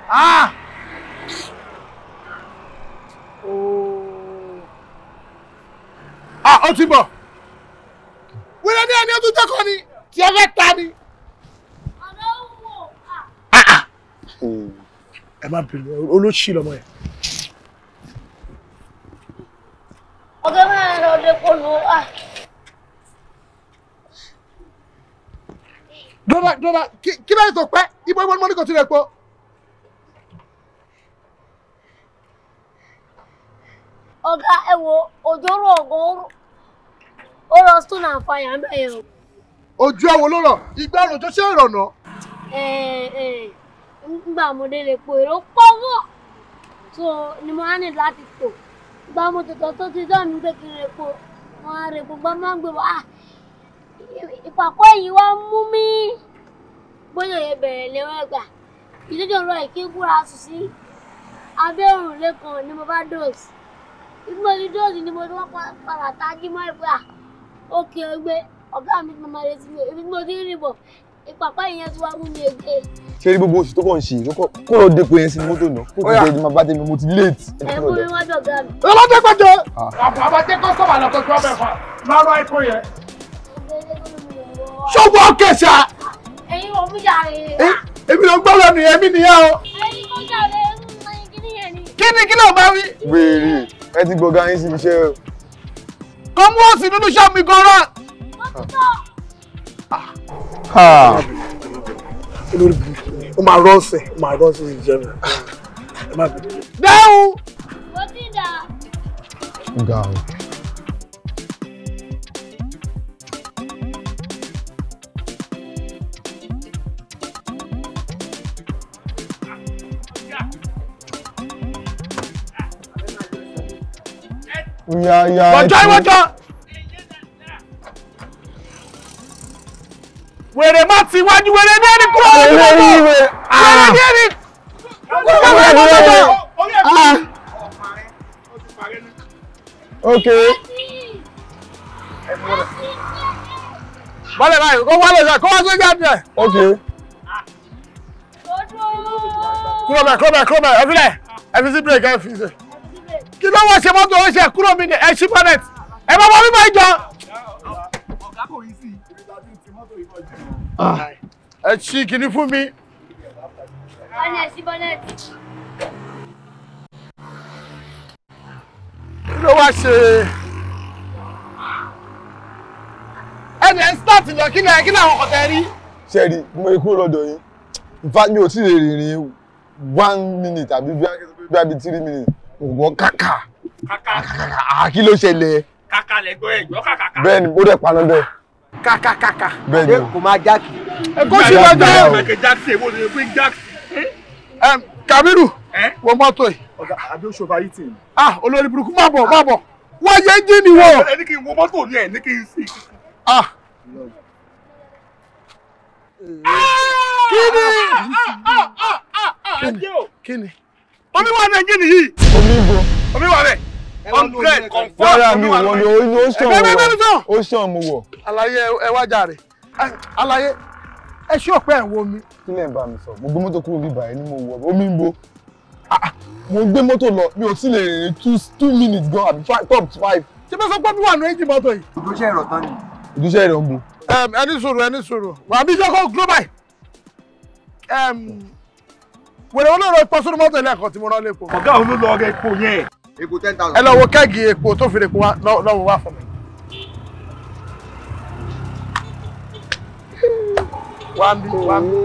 Ah. Ah, ó ti bọ̀ wíwá ní ẹni ó tún jẹ́kọ̀ọ́ ni tí ẹ fẹ́ ta ni. ọ̀rọ̀ wò á. Ah, ah. ẹ má bínú olóṣì lọmọ yẹn. ọ̀gá máa lọ dé kó lu wá. dọ́bà dọ́bà kí lóye tó pẹ́ ibo ibo ni mo ní kò tilẹ̀ pọ̀. ọ̀gá ẹ wo òjò rọ̀ gan-an ó lọ stone and fire ojú ẹ̀wò ló igba ìgbà òjò ṣe ìrọ̀nà. ẹ ẹ ngbà mo èrò pọ́wọ́ ni mo á ní láti tò gbà mo tètè tó ti dán mi pé kí n lè po á gbé wá ah, ìpàkọ́ yìí wá mú mi bóyá bẹ̀rẹ̀ ẹ̀gbà ọ̀rọ̀ abẹ́ òrùn lẹ́kan ni mo bá ní ọ̀gá mi ti máa retí mi èmi mo ti ń rìn bọ̀ ìpàpá ìyẹn ti wá mú mi ege. ṣé rí gbogbo oṣù tó kàn ń ṣe kó lọ dépò yẹn sí mọ́tò náà kó kò jẹ́ máa bá tẹ̀mí mo ti late. ẹ mú mi wá dọ̀gá mi. ẹ lọ́dẹ pẹ̀jẹ́. àbá jẹ́ kó sọ̀rọ̀ àlọ́ kọjú ọbẹ̀ fà lọ́rọ̀ ẹ̀kọ́ yẹn. ṣọ́ọ̀bù ọ̀kẹ́ sà. ẹ̀yin ò mú jàre. èmi ló ń gbọ́ lọ́nu yẹn mí nìyẹn o. ẹ̀yin kò jàre kí ni kí ló bá wí. wèrè ẹ ti gbọ̀ngàn yín síbi iṣẹ́ o. Ah, burúkú ó máa rán ọ̀sẹ̀ ó máa rán ọ̀sẹ̀ ìjẹun ẹ má bẹ̀rẹ̀. dáhùn. mo ti dà. ga o. Oya ya. Wọ́n jẹ́ wọ́n jẹ́. wèrè má ti wájú wèrè ní ẹni kúrò lórí ah. ah. ọmọ wèrè ní ẹni kúrò lórí ọmọ ọmọ. ok. bọ́lẹ̀ báyìí kó wálé sọ kó wá sí gàdìẹ̀. ok. kúrò bẹ́ẹ̀ kúrò bẹ́ẹ̀ kúrò bẹ́ẹ̀ ẹ̀fílẹ̀ ẹ̀físí bírèkì ẹ̀físí. kí ló wọ́n ṣe mọ́tò ó ṣe kúrò mi ní ẹ̀ṣin pọ́nẹ̀tì ẹ̀ bá bọ́ mímọ́ ìjọ. ọ̀gá kò yí sí. Ah. ẹ ṣí kinní fún mi. wọ́n ní ẹ ṣí bọ́nẹ́ẹ̀tì. kí ló wá And ẹni start lọ kí ni kí ni àwọn ọ̀tẹ̀ rí. sẹ́ẹ̀rì mo kúrò lọ́dọ̀ yín in fact mi ò tí ì one minute àbí be a bí three minutes ògbọ́n kàkà kàkà kàkà ah, kí ló ṣẹlẹ̀. kàkà lẹ́gbọ́ ẹ̀gbọ́ kàkà. bẹ́ẹ̀ ni ó dẹ̀ pa lọ́dọ̀ ẹ̀ kàkàkàkà bẹ́ẹ̀ni kò máa jákì. kó sì wọ́n jẹ́ o. jákì èwo ni pé jákì. Kabiru wọ mọ́tò yìí. ọ̀gá àbí oṣù ọba yìí tì í. ah olórí burúkú má bọ̀ má bọ̀ wọ́n yẹ ẹ́ńjìnì wọ. ẹ ní kí n wọ mọ́tò ní ẹ̀ ní kí n sì. ah. kí ni kí ni. omi wà ní ẹ́ńjìnì yìí. omi bo. omi wà bẹ́ẹ̀ hundred confam. rárá mi wọ ni o sàn wọ o sàn mo wọ. alaye ẹ wá jàre alaye ẹ ṣí òpẹ́ ẹ̀ wo mi. kí lè bá mi sọ mo gbé mọ́tò kúrò bíbá ẹ ni mo wọ omi ń bo ah, ah, mo gbé mọ́tò lọ mi ò sì lè rìn two two minutes gan àbí top five. ṣé bá sọ pé bí wà ní ẹjì mọ́tò yìí. ìdúṣẹ́ ìrọ̀ tán ni. ìdúṣẹ́ ìrọ̀ ń bu. ẹni sùúrù ẹni sùúrù wà á bí jọ́kọ́ global yìí. wèrè olóró epo sórí mọ́tò ilé ẹ̀kọ́ tí mo rán lépo. ọ̀gá òun ló lọ ọ̀rẹ́ epo yẹn epo ten thousand. ẹ lọ wo kẹ́ẹ̀gì epo tó fi epo lọ́wọ́ wá fún mi. wá mi wá mi.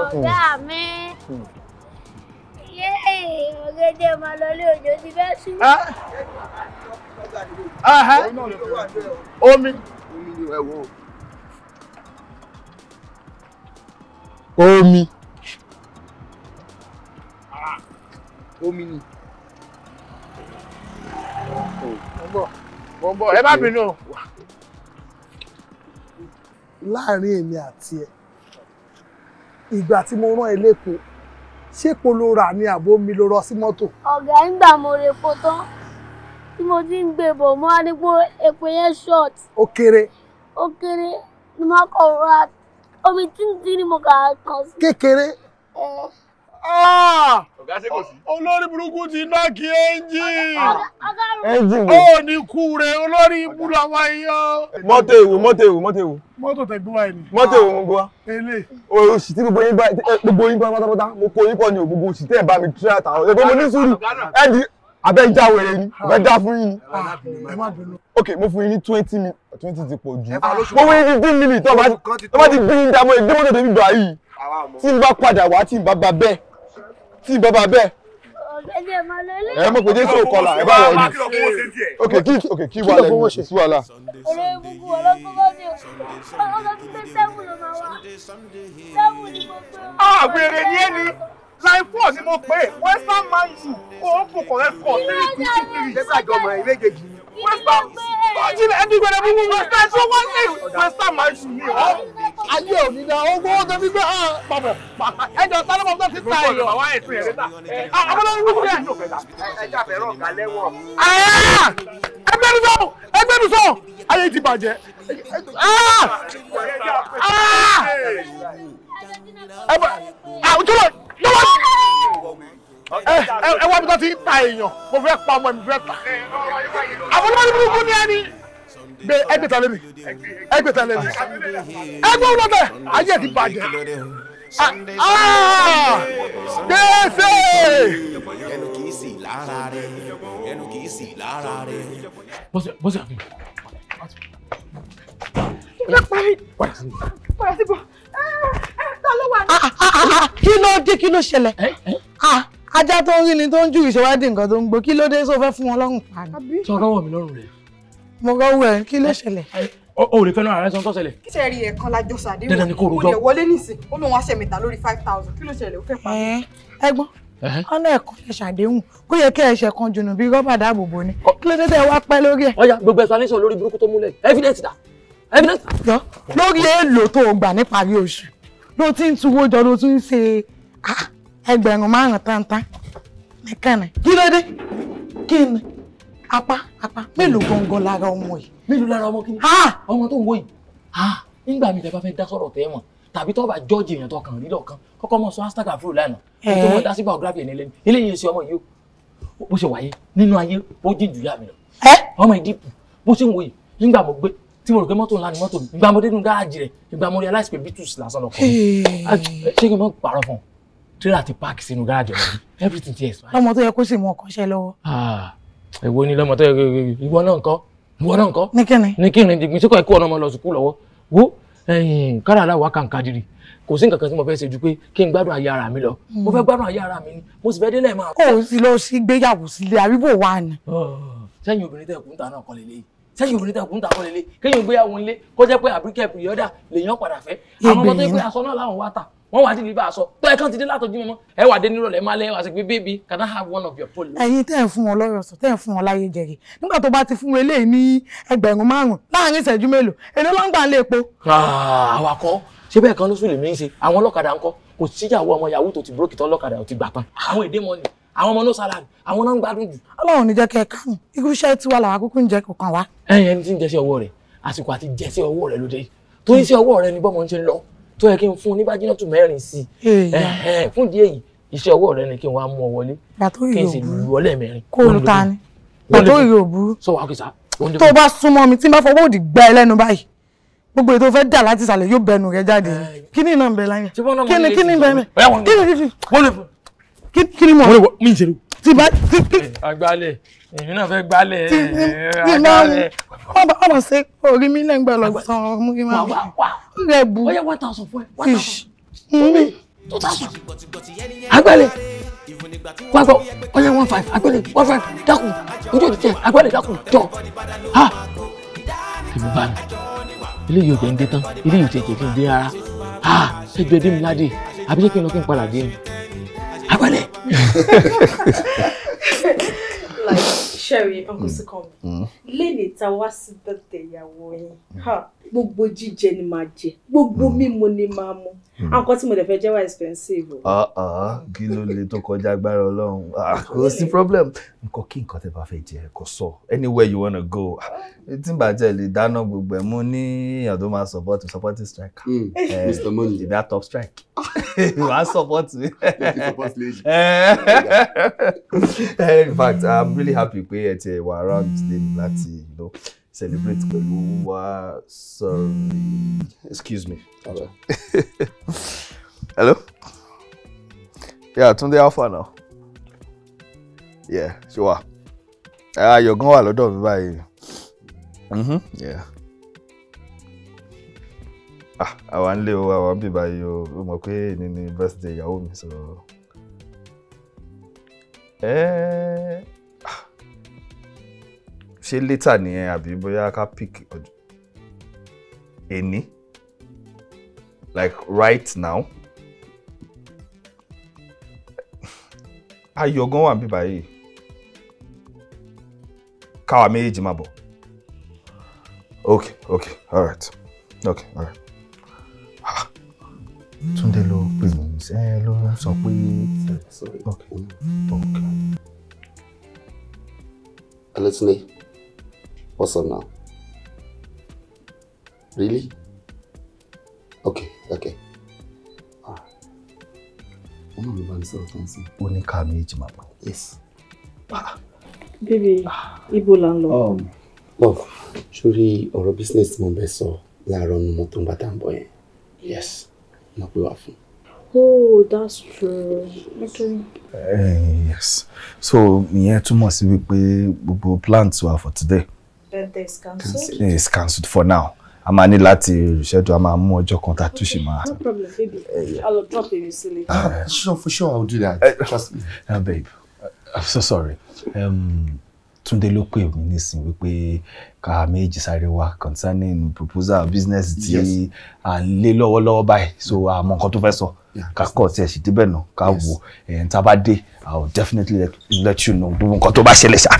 ọ̀gá mi yé ọ̀gẹ̀dẹ̀ máa lọ lé òjò ti fẹ́ sùn. omi. omi. omi ni. mo ń bọ̀ ẹ má bínú. láàárín èmi àti ẹ ìgbà tí mo rán ẹ lẹ́kọ̀ọ́ ṣé epo ló rà ní àbó mi ló rọ sí mọ́tò. ọ̀gá ń gbà mo rè po tán tí mo ti ń gbé bọ̀ mo á epo yẹn short. ó kéré. ó kéré ni mo kọ̀ ra omi tí ń dín ní mo kà á kàn sí. kékeré. Ah! ọ̀gá ṣe kò sí. olórí burúkú ti nọ́ọ̀kì ẹ́ńjìn. ẹ́ńjìn wo. ó ní kú rẹ̀ olórí ibú làwọn èèyàn. mọ́tò èwo mọ́tò èwo mọ́tò èwo. mọ́tò tẹ gbówá yìí ni. mọ́tò èwo mo gbówá. èlé. Ah, oṣù tí eh, gbogbo yín bá pátápátá mo kó yín kọ́ ni gbogbo oṣù tẹ́ ẹ̀ bá mi tú àtàwọn ẹgbẹ́ mo ní sùúrù ẹ̀dí abẹ́ ìjà wẹ̀rẹ̀ ni abẹ́ dá fún yín ni. Ah, ok mo fún yín ní twenty minutes twenty ti pọ̀ jù. mo fún yín ní fifteen minutes tó bá ti gbé yín dá mo ẹgbẹ́ mọ́tò tó ti gbà yìí tí n bá padà wá tí n bá ba bẹ́ẹ̀ tí bàbá bẹ́ẹ̀. ẹ mọ̀ pé jésù kọlà ẹ bá wọ̀ ọ́ ok kí ok kí wà lẹ́nu sí wàhálà. ọ̀rẹ́ egungun ọlọ́gbọ́n bá mi ọ̀rọ̀ mi pé sẹ́wù ló máa wà sẹ́wù ni mo pé. àgbèrè ah, ni ẹni line four ni mo pè western man u oògùn correct four three two two three. ṣé káàjọ ọmọ ẹ méjèèjì ni. western tọ́jú ẹni gbẹdẹ fún western tó wọ́n ní western man u ni ọ. ayé ò ní da owó ọdún mi gbé hàn ah, papọ̀ ẹjọ sálọ mọ̀ tó ta ẹ̀ lọ. àbọ̀lọ́ ń ẹja fẹ́ràn ọ̀gá lẹ́wọ̀n. Ah! ẹgbẹ́ mi ayé ti bàjẹ́. Ah! ẹ wá mi tó ti ń ta èèyàn mo fẹ́ pa ọmọ mi fẹ́ ta àfọlọ́wọ́n burúkú ni ẹni gbé ẹgbẹ̀ta lẹ́mi ẹgbẹ̀ta lẹ́mi ẹgbẹ́ wọn lọ́tẹ̀ ayé ti bàjẹ́ ah, ah, gbèsè. ẹnu kì í sì lára rẹ ẹnu kì í sì lára rẹ. bọ́sẹ̀ bọ́sẹ̀ àfihàn. padà sí bọ́. Ah, ah, ah, kí ló dé kí ló ṣẹlẹ̀ eh, eh. ajá tó ń rí ni tó ń júwèé ṣèwádìí nǹkan tó ń gbó kí ló dé sọ fẹ́ fún wọn lọ́rùn pa ni. sọ rọwọ mi lọ́rùn rẹ. mo rọwọ ẹ kí ló eh, ṣẹlẹ̀. o ò lè fẹ́ náà rẹ sọ ń tó ṣẹlẹ̀. kí ṣe rí ẹ̀kan lajọ sàdéhùn dandan ni wọlé nísìn ó lóun aṣẹ mẹ́ta lórí five thousand kí ló ṣẹlẹ̀ ó fẹ́ pa. ẹ̀gbọ́n ọ̀nà ẹ̀kọ́ ṣe ṣàdéhùn kó yẹ kẹ́ ẹ ṣe kan jùnú bí rọ́bà dáàbò bò ni kí ló dé tẹ́ wá pẹ́ lórí ẹ̀. ọ̀ya gbogbo ẹ̀sán evidence jọ lórí èèlò tó o gbà níparí oṣù ló ti ń tuwó jọ ló tún ń ṣe ẹgbẹ̀rún márùn-ún tántán nìkan náà kí ló dé kí ni apá apá mélòó gangan lára ọmọ yìí. mélòó lára ọmọ kí ni ọmọ tó ń wò yìí nígbà mi tẹ bá fẹ́ dá sọ̀rọ̀ tẹ́wọ̀n tàbí tọ́ba jọ́ọ̀jì èèyàn tọkàn rí lọ́kàn kọ́kọ́ mọ̀ sọ áṣítàkà fúru lánàá tó mọ̀ dá sí biography ẹ̀ nílẹ̀ nílẹ̀ yìí ṣe ọmọ yìí bó ṣe wáyé nínú ayé ó jìn jù yá mi lọ ọmọ ìdìbò bó ṣe ń wòye nígbà mo gbé tí mo rò pé mọ́tò ńlá ni mọ́tò mi ìgbà mo dénú gáàjì rẹ̀ ìgbà mo realize pé bitus lásán lọkọ̀ ṣé kí n mọ̀ pààrọ̀ fún un tírà ti páàkì sínú gáàjì rẹ̀ everything ti expire. lọmọ tó yẹ kó sì mú ọkọ ṣe lọ́wọ́. ìwọ ah, ni lọmọ tó yẹ kó ìwọ náà ńkọ́ ìwọ náà ńkọ́. ní kíni. ní kíni ní sẹ́kọ̀ọ́ ẹ̀kọ́ ọ̀nà ọmọ lọ sùkúl lọ́wọ́ wo kára aláwọ̀ kàǹkàdìrì kò sí nǹkan kan tí mo fẹ́ ṣe ju pé kí n gbádùn ayé ara mi lọ mo fẹ́ hmm. gbádùn ayé ara mi ni mo sì fẹ́ délẹ̀ máa. kò sí lọ sí gbéyàwó sílé àríwó wa ni. sẹ́yìn oh, obìnrin tẹ̀ kúńtà náà kọ́ lélẹ́yìí sẹ́yìn òní dàkún tàwọn lélẹ̀ kéyìn gbé àwọn ilé kó jẹ́ pé àbíkẹ́ ìyọ́dà lèèyàn padà fẹ́ àwọn ọmọ tó ń pè aṣọ náà láwọn wá tà wọ́n wá dìlíbà aṣọ tó ẹ̀kan ti dé látọjú mọ́mọ́ ẹ wà dé nírọ̀lẹ́ máa lẹ́yìn wá sí pé bébí can I have one of your polo. ẹ̀yin tẹ́ ẹ̀ fún wọn lọ́rọ̀ sọ tẹ́ ẹ̀ fún wọn láyé jẹ̀rẹ̀ nígbà tó bá ti fún eléyìí ní ẹgbẹ̀rún márùn-ún láàrin ìṣẹ́jú mélòó èdè ló ń gbà ń lé epo. Ah, àwàkọ́ ṣé bẹ́ẹ̀ kan ló sùn lèmi ń ṣe àwọn ọlọ́kadà ńkọ́ kò síyàwó ọmọ yahoo tó ti brókìtọ́ ọlọ́kadà ò ti gbà tán àwọn èdè mọ́ni àwọn ọmọ no salary àwọn náà ń gbádùn jù. Ọlọ́run ní jẹ́ kẹ́ ẹ kánú ikú iṣẹ́ tiwa làwọn akókó ń jẹ kọ̀ọ̀kan wa. ẹyin ẹni tí ń jẹsẹ ọwọ́ rẹ̀ àsìkò àti jẹsẹ ọwọ́ rẹ̀ lóde tó yí sí ọwọ́ rẹ̀ ni bọ́mọ ń ṣe lọ tó yẹ kí n fún oníbàjínà tù mẹ́rin sí i fún díẹ̀ yìí iṣẹ́ ọwọ́ rẹ̀ ni kí n wá mú ọ wọlé kí n sì lù ọ lẹ́ẹ̀mẹ́rin. kó o ta ni pàtó ìrè òbúrú tó bá súnmọ́ mi tí n bá fọwọ́ òdì gbá ẹ lẹ́nu báyìí gbogbo ètò fẹ́ dà láti ìsàlẹ̀ yóò bẹnu rẹ jáde kí ni iná ń bẹ láyé kí ni kí ni bẹ́ẹ̀ kí ni kí ni kí kí ni mo. mo ní wọ mi ń ṣerú. ti bá ti. agbálẹ̀ èmi náà fẹ́ gbálẹ̀ agbálẹ̀. ọba ọba ṣe orí mi lẹ́gbẹ̀ẹ́ lọ sàn ọmú kí n máa wà wà rẹ̀ bu. ọyẹ one thousand fún ẹ one thousand two thousand agbálẹ̀ gbàgbọ́ ọyẹ one five agbálẹ̀ one five dákun ojú òjijì agbálẹ̀ dákun jọ ha èmi bá mi ilé yóò jẹ́ ń dé tán ilé yóò jẹ́ jẹ́ kí n dé rárá ha ẹgbẹ́ dé mi ládé àbí jẹ́ kí n lọ kí n padà dé mi. Abale. like Sherry, Uncle hmm. Sukom. Hmm. Lenny, ta wá sí bẹ́tẹ̀ ìyàwó yín. Hmm. Ha! gbogbo jíjẹ ni màá jẹ gbogbo hmm. mímu ni màá mu hmm. àwọn tí mo lè fẹ́ jẹ́ wà expensive. Ah, ah, kí ló lè tó kọjá agbára ọlọ́run ah, kò sí problem nǹkan kí nǹkan tẹ́ bá fẹ́ jẹ kò sọ anywhere you wanna go tí n bá jẹ lè dáná gbogbo ẹ̀ mú ní èèyàn tó máa support supporting strike. Hmm. Eh, mr money ìdá top strike wà [LAUGHS] á support [LAUGHS] mi. [LAUGHS] Eh, in fact i'm really happy pé ẹ ti wà around today láti you celebrate pẹ̀lú hmm. wa sorry excuse me. Right. [LAUGHS] hello yeah Túndé alpha now yeah ṣe wa ah, you're going wà lọ́dọ̀ mi báyìí mhm yeah ah I want to o I want to báyìí o o mọ̀ pé èmi ni birthday ìyàwó so. Eh, ṣé later nìyẹn àbí bóyá ká pick ẹni like right now ayọ̀ gan wà bíbá yìí káwa méjèèjì máa bọ̀ okay okay alright okay alright. Ah. Túndé ló pè mí ẹ ló sọ pé okay okay. Alẹ́túndé. What's up now? Really? Okay, okay. Wọ́n náà ló bá mi sọ̀rọ̀ tó Yes. Ah. Bébí, ah. ibo là ń lọ? Um, Love, sórí ọ̀rọ̀ business mo bẹ sọ láàárọ̀ nu mo tó ń bá tá Yes, mo pè wá Oh, that's true. Okay. Uh, eh, yes. So, ìyẹn túmọ̀ sí wípé gbogbo plans wà for today birthday is eh, cancelled. for now a máa ní láti reschedule a máa mú ọjọ́ kan tá a tún máa. no problem baby eh, i'll drop you silly. Uh, sure for sure i'll do that eh, trust me. Uh, babe i'm so sorry. Um, Túndé ló pè mí nísìn wípé ká méjì sáré wá concerning proposal business tí à ń lé lọ́wọ́lọ́wọ́ báyìí so àmọ́ nǹkan tó fẹ́ sọ ká kọ̀ tí ẹ̀ sì débẹ̀ náà ká wò ẹ̀yìn tá a dé i will definitely let, you know gbogbo nǹkan tó bá ṣẹlẹ̀ ṣá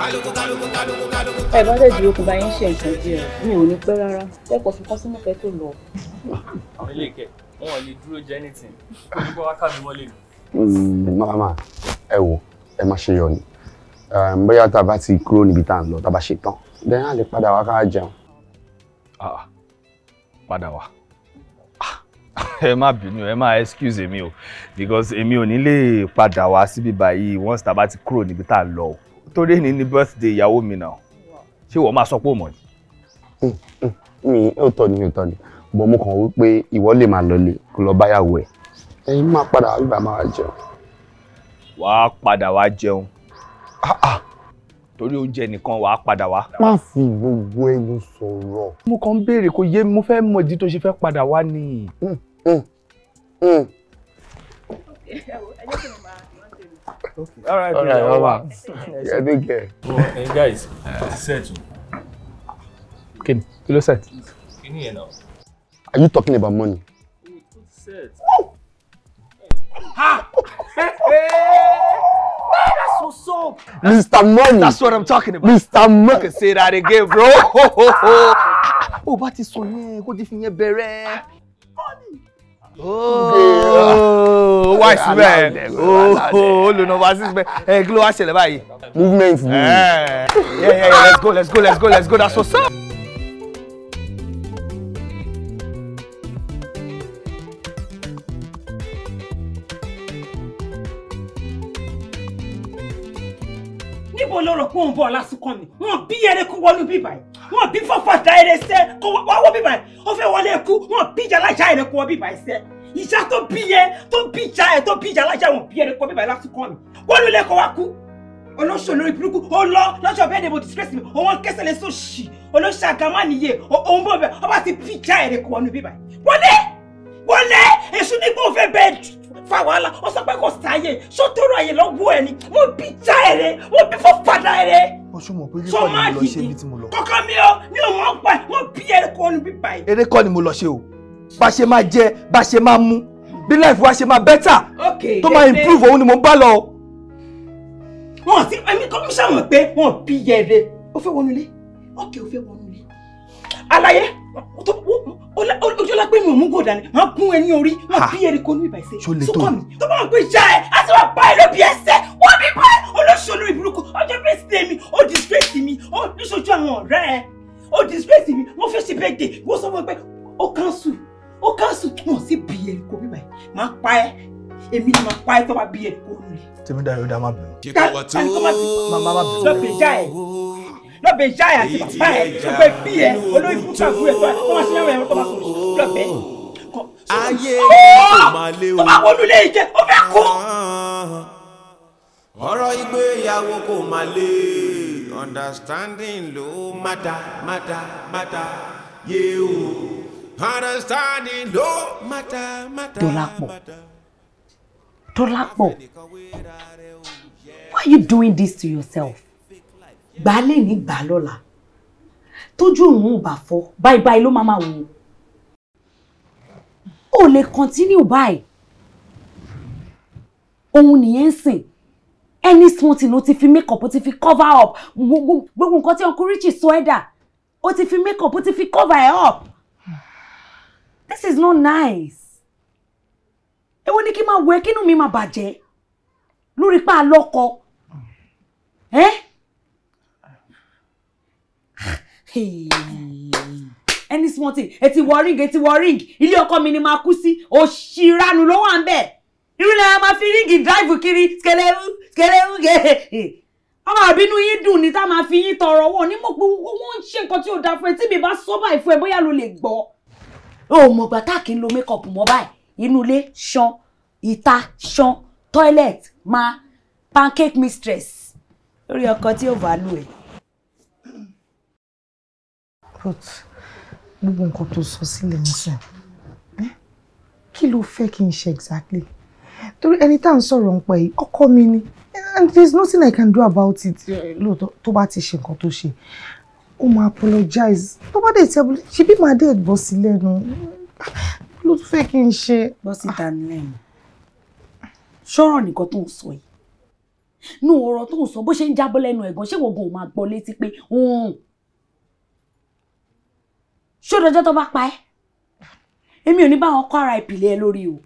ẹ bá dẹ̀ dúró kó bá yín ṣe nǹkan díẹ̀ mi ò ní pẹ́ rárá lẹ́kọ̀ọ́ fi kọ́sínú fẹ́ tó lọ. àwọn ilé ìkẹ́ wọn ò lè dúró jẹ anything nígbà wákà mi wọlé ni. màmá ẹ wò ẹ má ṣe yọ ni bóyá tá a bá ti kúrò níbi tá à ń lọ tá a bá ṣe tán then a lè padà wá ká jẹun. Ah, ah. padà wá ah, [LAUGHS] ẹ má bínú ẹ má excuse èmi o because èmi ò ní lè padà wá síbí báyìí once tá a bá ti kúrò níbi tá a lọ o torí èyí ni birthday ìyàwó mi náà ṣé wọ́n máa sọ pé ò mọ̀ ni. Hmm, hmm. mi ò tọ́ ni ò tọ́ ni bọ́n mo kàn wí pé ìwọ lè máa lọlé kó lọ báyàwó ẹ̀ ẹ̀yin máa padà wá gbà máa jẹun. wàá padà wá jẹun ah, ah. torí oúnjẹ nìkan wàá padà wá. má fi gbogbo ẹnu sọ̀rọ̀. mo kàn ń béèrè kò yé mo fẹ́ mọ̀ ìdí tó ṣe fẹ́ padà wá ni. Hmm, [LAUGHS] ẹ jẹ́ kí n máa Okay. All right, all right, all right. Yeah, take care. So, hey guys, uh, set Okay, Kini, kí ló set? Kini yẹn Are you talking about money? Set. Ha! Hey! That's so. up. Mr. Money. That's what I'm talking about. Mr. Money. can say that again, bro. Oh, but it's Ó bá ti sọ yẹn, Money. Oh wá síbẹ̀ ó six bẹ́ẹ̀ ẹ kí wá ṣẹlẹ̀ báyìí. movement ni. let's go let's go let's go let's go that's what's up. níbo ló pé òun bọ̀ lásìkò ni wọn bí ẹrẹ wọnú bíbá wọn bí fọfọ da ẹrẹ sẹ kó wá wọ bíbá ó fẹ́ wọlé kú wọn bí jalaja ẹrẹ wọ bíbá sẹ ìṣá tó bí yẹ tó bí ìjà ẹ tó bí ìjà alájà wọn bí ẹni kọ bíbá ilá fún kàn mí wọn ló lẹkọọ wa kú olóṣù olórí burúkú ó lọ lọ́jọ́ bẹ́ẹ̀ ni mo disgrace mi òun kẹsẹ̀ lè sọ̀ṣì olóṣù àgàmà nìyẹ òun bọ̀ bẹ́ẹ̀ ọba ti bí ìjà ẹ̀rẹ̀ kọ wọnú bíbá wọlé wọlé èṣù nígbà òfẹ́ bẹ́ẹ̀ fa wàhálà ó sọ pé kò sáyè sótòrò àyè lọ́wọ́ ẹ̀ ni wọ́n bí já ẹ̀rẹ́ wọ́n bí fọ́ padà ẹ̀rẹ́. oṣù mọ̀ pé eré kọ́ ni mo lọ ṣe bí ti mo lọ. kọ́kọ́ mi ò mi ò mọ̀ pa wọ́n bí ẹ̀rẹ́ kọ́ ni bíbá yìí. eré kọ́ ni mo lọ ṣe o bá ṣe máa jẹ bá ṣe máa mu bí life wa ṣe máa better tó máa improve òun ni mo bá lọ. wọn ti ẹni kọ́ mi ṣàmọ̀ pé wọn bí yẹre ó fẹ́ wọnú ilé ọkẹ́ ó fẹ́ wọnú ilé alaye ojúlá mi ò mú gòdà ni wọn gún ẹni orí wọn bí yẹre kó ní ìbà ẹsẹ sókọ mi tó bá wọn pé ìjà ẹ àti wọn bá ẹ lóbi ẹsẹ wọn bí bá olóṣèlú olórí burúkú ọjọ́ bẹ́ẹ̀ sílẹ̀ mi ó disgrace mi ó níṣojú àwọn ọ̀rẹ́ ẹ ó disgrace mi wọ́n fẹ́ ṣe bẹ́ẹ̀ dé wọ́n sọ fún mi pé ó cancel ó káàsù kí wọ́n sì bí ẹ̀rí kó bíbá yìí máa pa ẹ́ èmi ni máa pa ẹ́ tó bá bí ẹ̀rí kó nù rẹ̀. tèmi dayọ̀ dá má bínú. ká ká tó má bínú. má má bínú. lọ́bẹ̀ já ẹ̀ lọ́bẹ̀ já ẹ̀ àti bàbá ẹ̀ tó bẹ bí ẹ̀ olórí fún kàgbó ẹ̀ tó máa ṣe ẹ̀rọ ẹ̀rọ tó máa sọ̀rọ̀ lọ́bẹ̀. ayé kò máa lé o. tó bá wọlé ilé ìjẹ ó fẹ́ kú. ọ̀rọ̀ ìgbéyàwó kò máa lé understanding ló mátà mátà mátà yé o. Dolapo. Dolapo. Why are you doing this to yourself? Gbà lè ní gbà lọ́la. Tójú òun ò bá fọ́, báyìí O lè continue báyìí. Òun nìyẹn ń Any small thing o ti fi make up, o ti fi cover up. Gbogbo nǹkan tí ọkùnrin chì sọ ẹ́ dà. O ti fi make up, o ti fi cover up this is not nice Ewo ni kí n máa wọ ẹ kínú mi máa bàjẹ́ lórí pa àlọ́kọ ẹ. any small thing ẹ ti wọ ring ẹ ti wọ ring ilé ọkọ mi ni máa kú sí òṣìranu ló wà ń bẹ irú ni a máa fi ríngì dráìvù kiri skelewu skelewu gẹ̀ẹ́ ọmọ àbínú yín dùn ní tá a máa fi yín tọrọ owó onímọ̀ pé owó ń ṣe nǹkan tí ò dáa fún ẹ tí mi bá sọ́ báyìí fún ẹ bóyá lo lè gbọ́ o mọ̀ gbà tá kì í lo makeup mọ́ báyìí inú ilé ṣan ìta ṣan toilet ma pancake mistress lórí ọkọ tí ò bá lù ẹ́. but gbogbo nǹkan tó sọ sílẹ̀ ń sìn kí ló fẹ́ kí n ṣe exactly torí ẹni tá à ń sọ̀rọ̀ ń pẹ́ yìí ọkọ mi ni and there is nothing I can do about it eh, lóòótọ́ tó bá ti ṣe nǹkan tó ṣe ó máa apologize tó bá dé tẹ́bù ṣe bí màá dé bọ́ sí lẹ́nu ló tún fẹ́ kí n ṣe. bọ́ sí dání lẹ́yìn ṣọ́rọ̀ nìkan tó ń sọ yìí nù ọ̀rọ̀ tó ń sọ bó ṣe ń jábọ́ lẹ́nu ẹ̀gbọ́n ṣé wọ́n gan ò máa gbọ́ létí pé ṣó dọjọ́ tó bá pa ẹ́ èmi ò ní bá wọn kọ́ ara ìpìlẹ̀ ẹ lórí o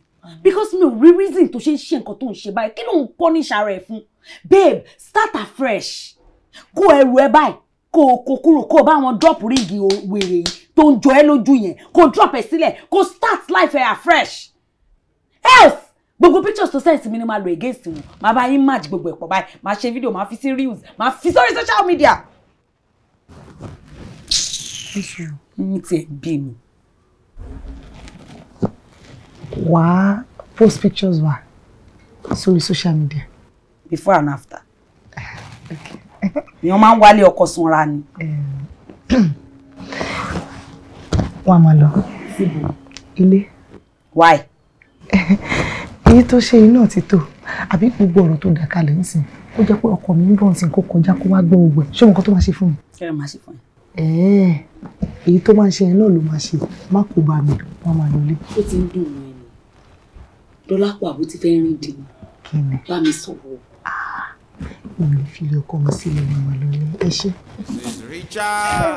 because mi ò rí reason tó ṣe ń ṣe nǹkan tó ń ṣe báyìí kí ló ń punish ara ẹ̀ fún babe start afresh kó ẹrù ẹ báyìí kó kó kúrò kó bá wọn drop ríìgì wèrè yìí tó ń jọ ẹ lójú yẹn kó drop ẹ sílẹ̀ kó start life ẹ afresh else gbogbo pictures to sẹ́ǹsì mi ni máa lò against wọn máa bá yín match gbogbo ẹ̀pọ̀ báyìí máa ṣe fídíò máa fi sí reels máa fi sórí social media. mi tiẹ̀ bí mi. wàá post pictures wa sórí social media. before and after. Ah, okay èèyàn máa ń wálé ọkọ sanra ni. wọ́n á máa lọ ilé. why. èyí tó ṣe iná ti tò àbí gbogbo ọ̀rọ̀ tó dà kalẹ̀ ń sìn ó jẹ́ pé ọkọ mi ń bọ̀ sí kó kọjá kó wá gbọ́ ogbẹ̀ ṣé nǹkan tó máa ṣe fún mi. kí ló máa ṣe fún mi. ẹ̀ẹ́ èyí tó máa ń ṣe yẹn náà ló máa ṣe má kó bá mi wọ́n máa lọlé. ó ti ń dùn mọ́ ẹni dọ́lápọ̀ àbó ti fẹ́ rìn dì bá mi sọ̀rọ̀ mo lè fi ilé ọkọ mi sílẹ̀ ní wọn lọ́lẹ́ Mrs. Richard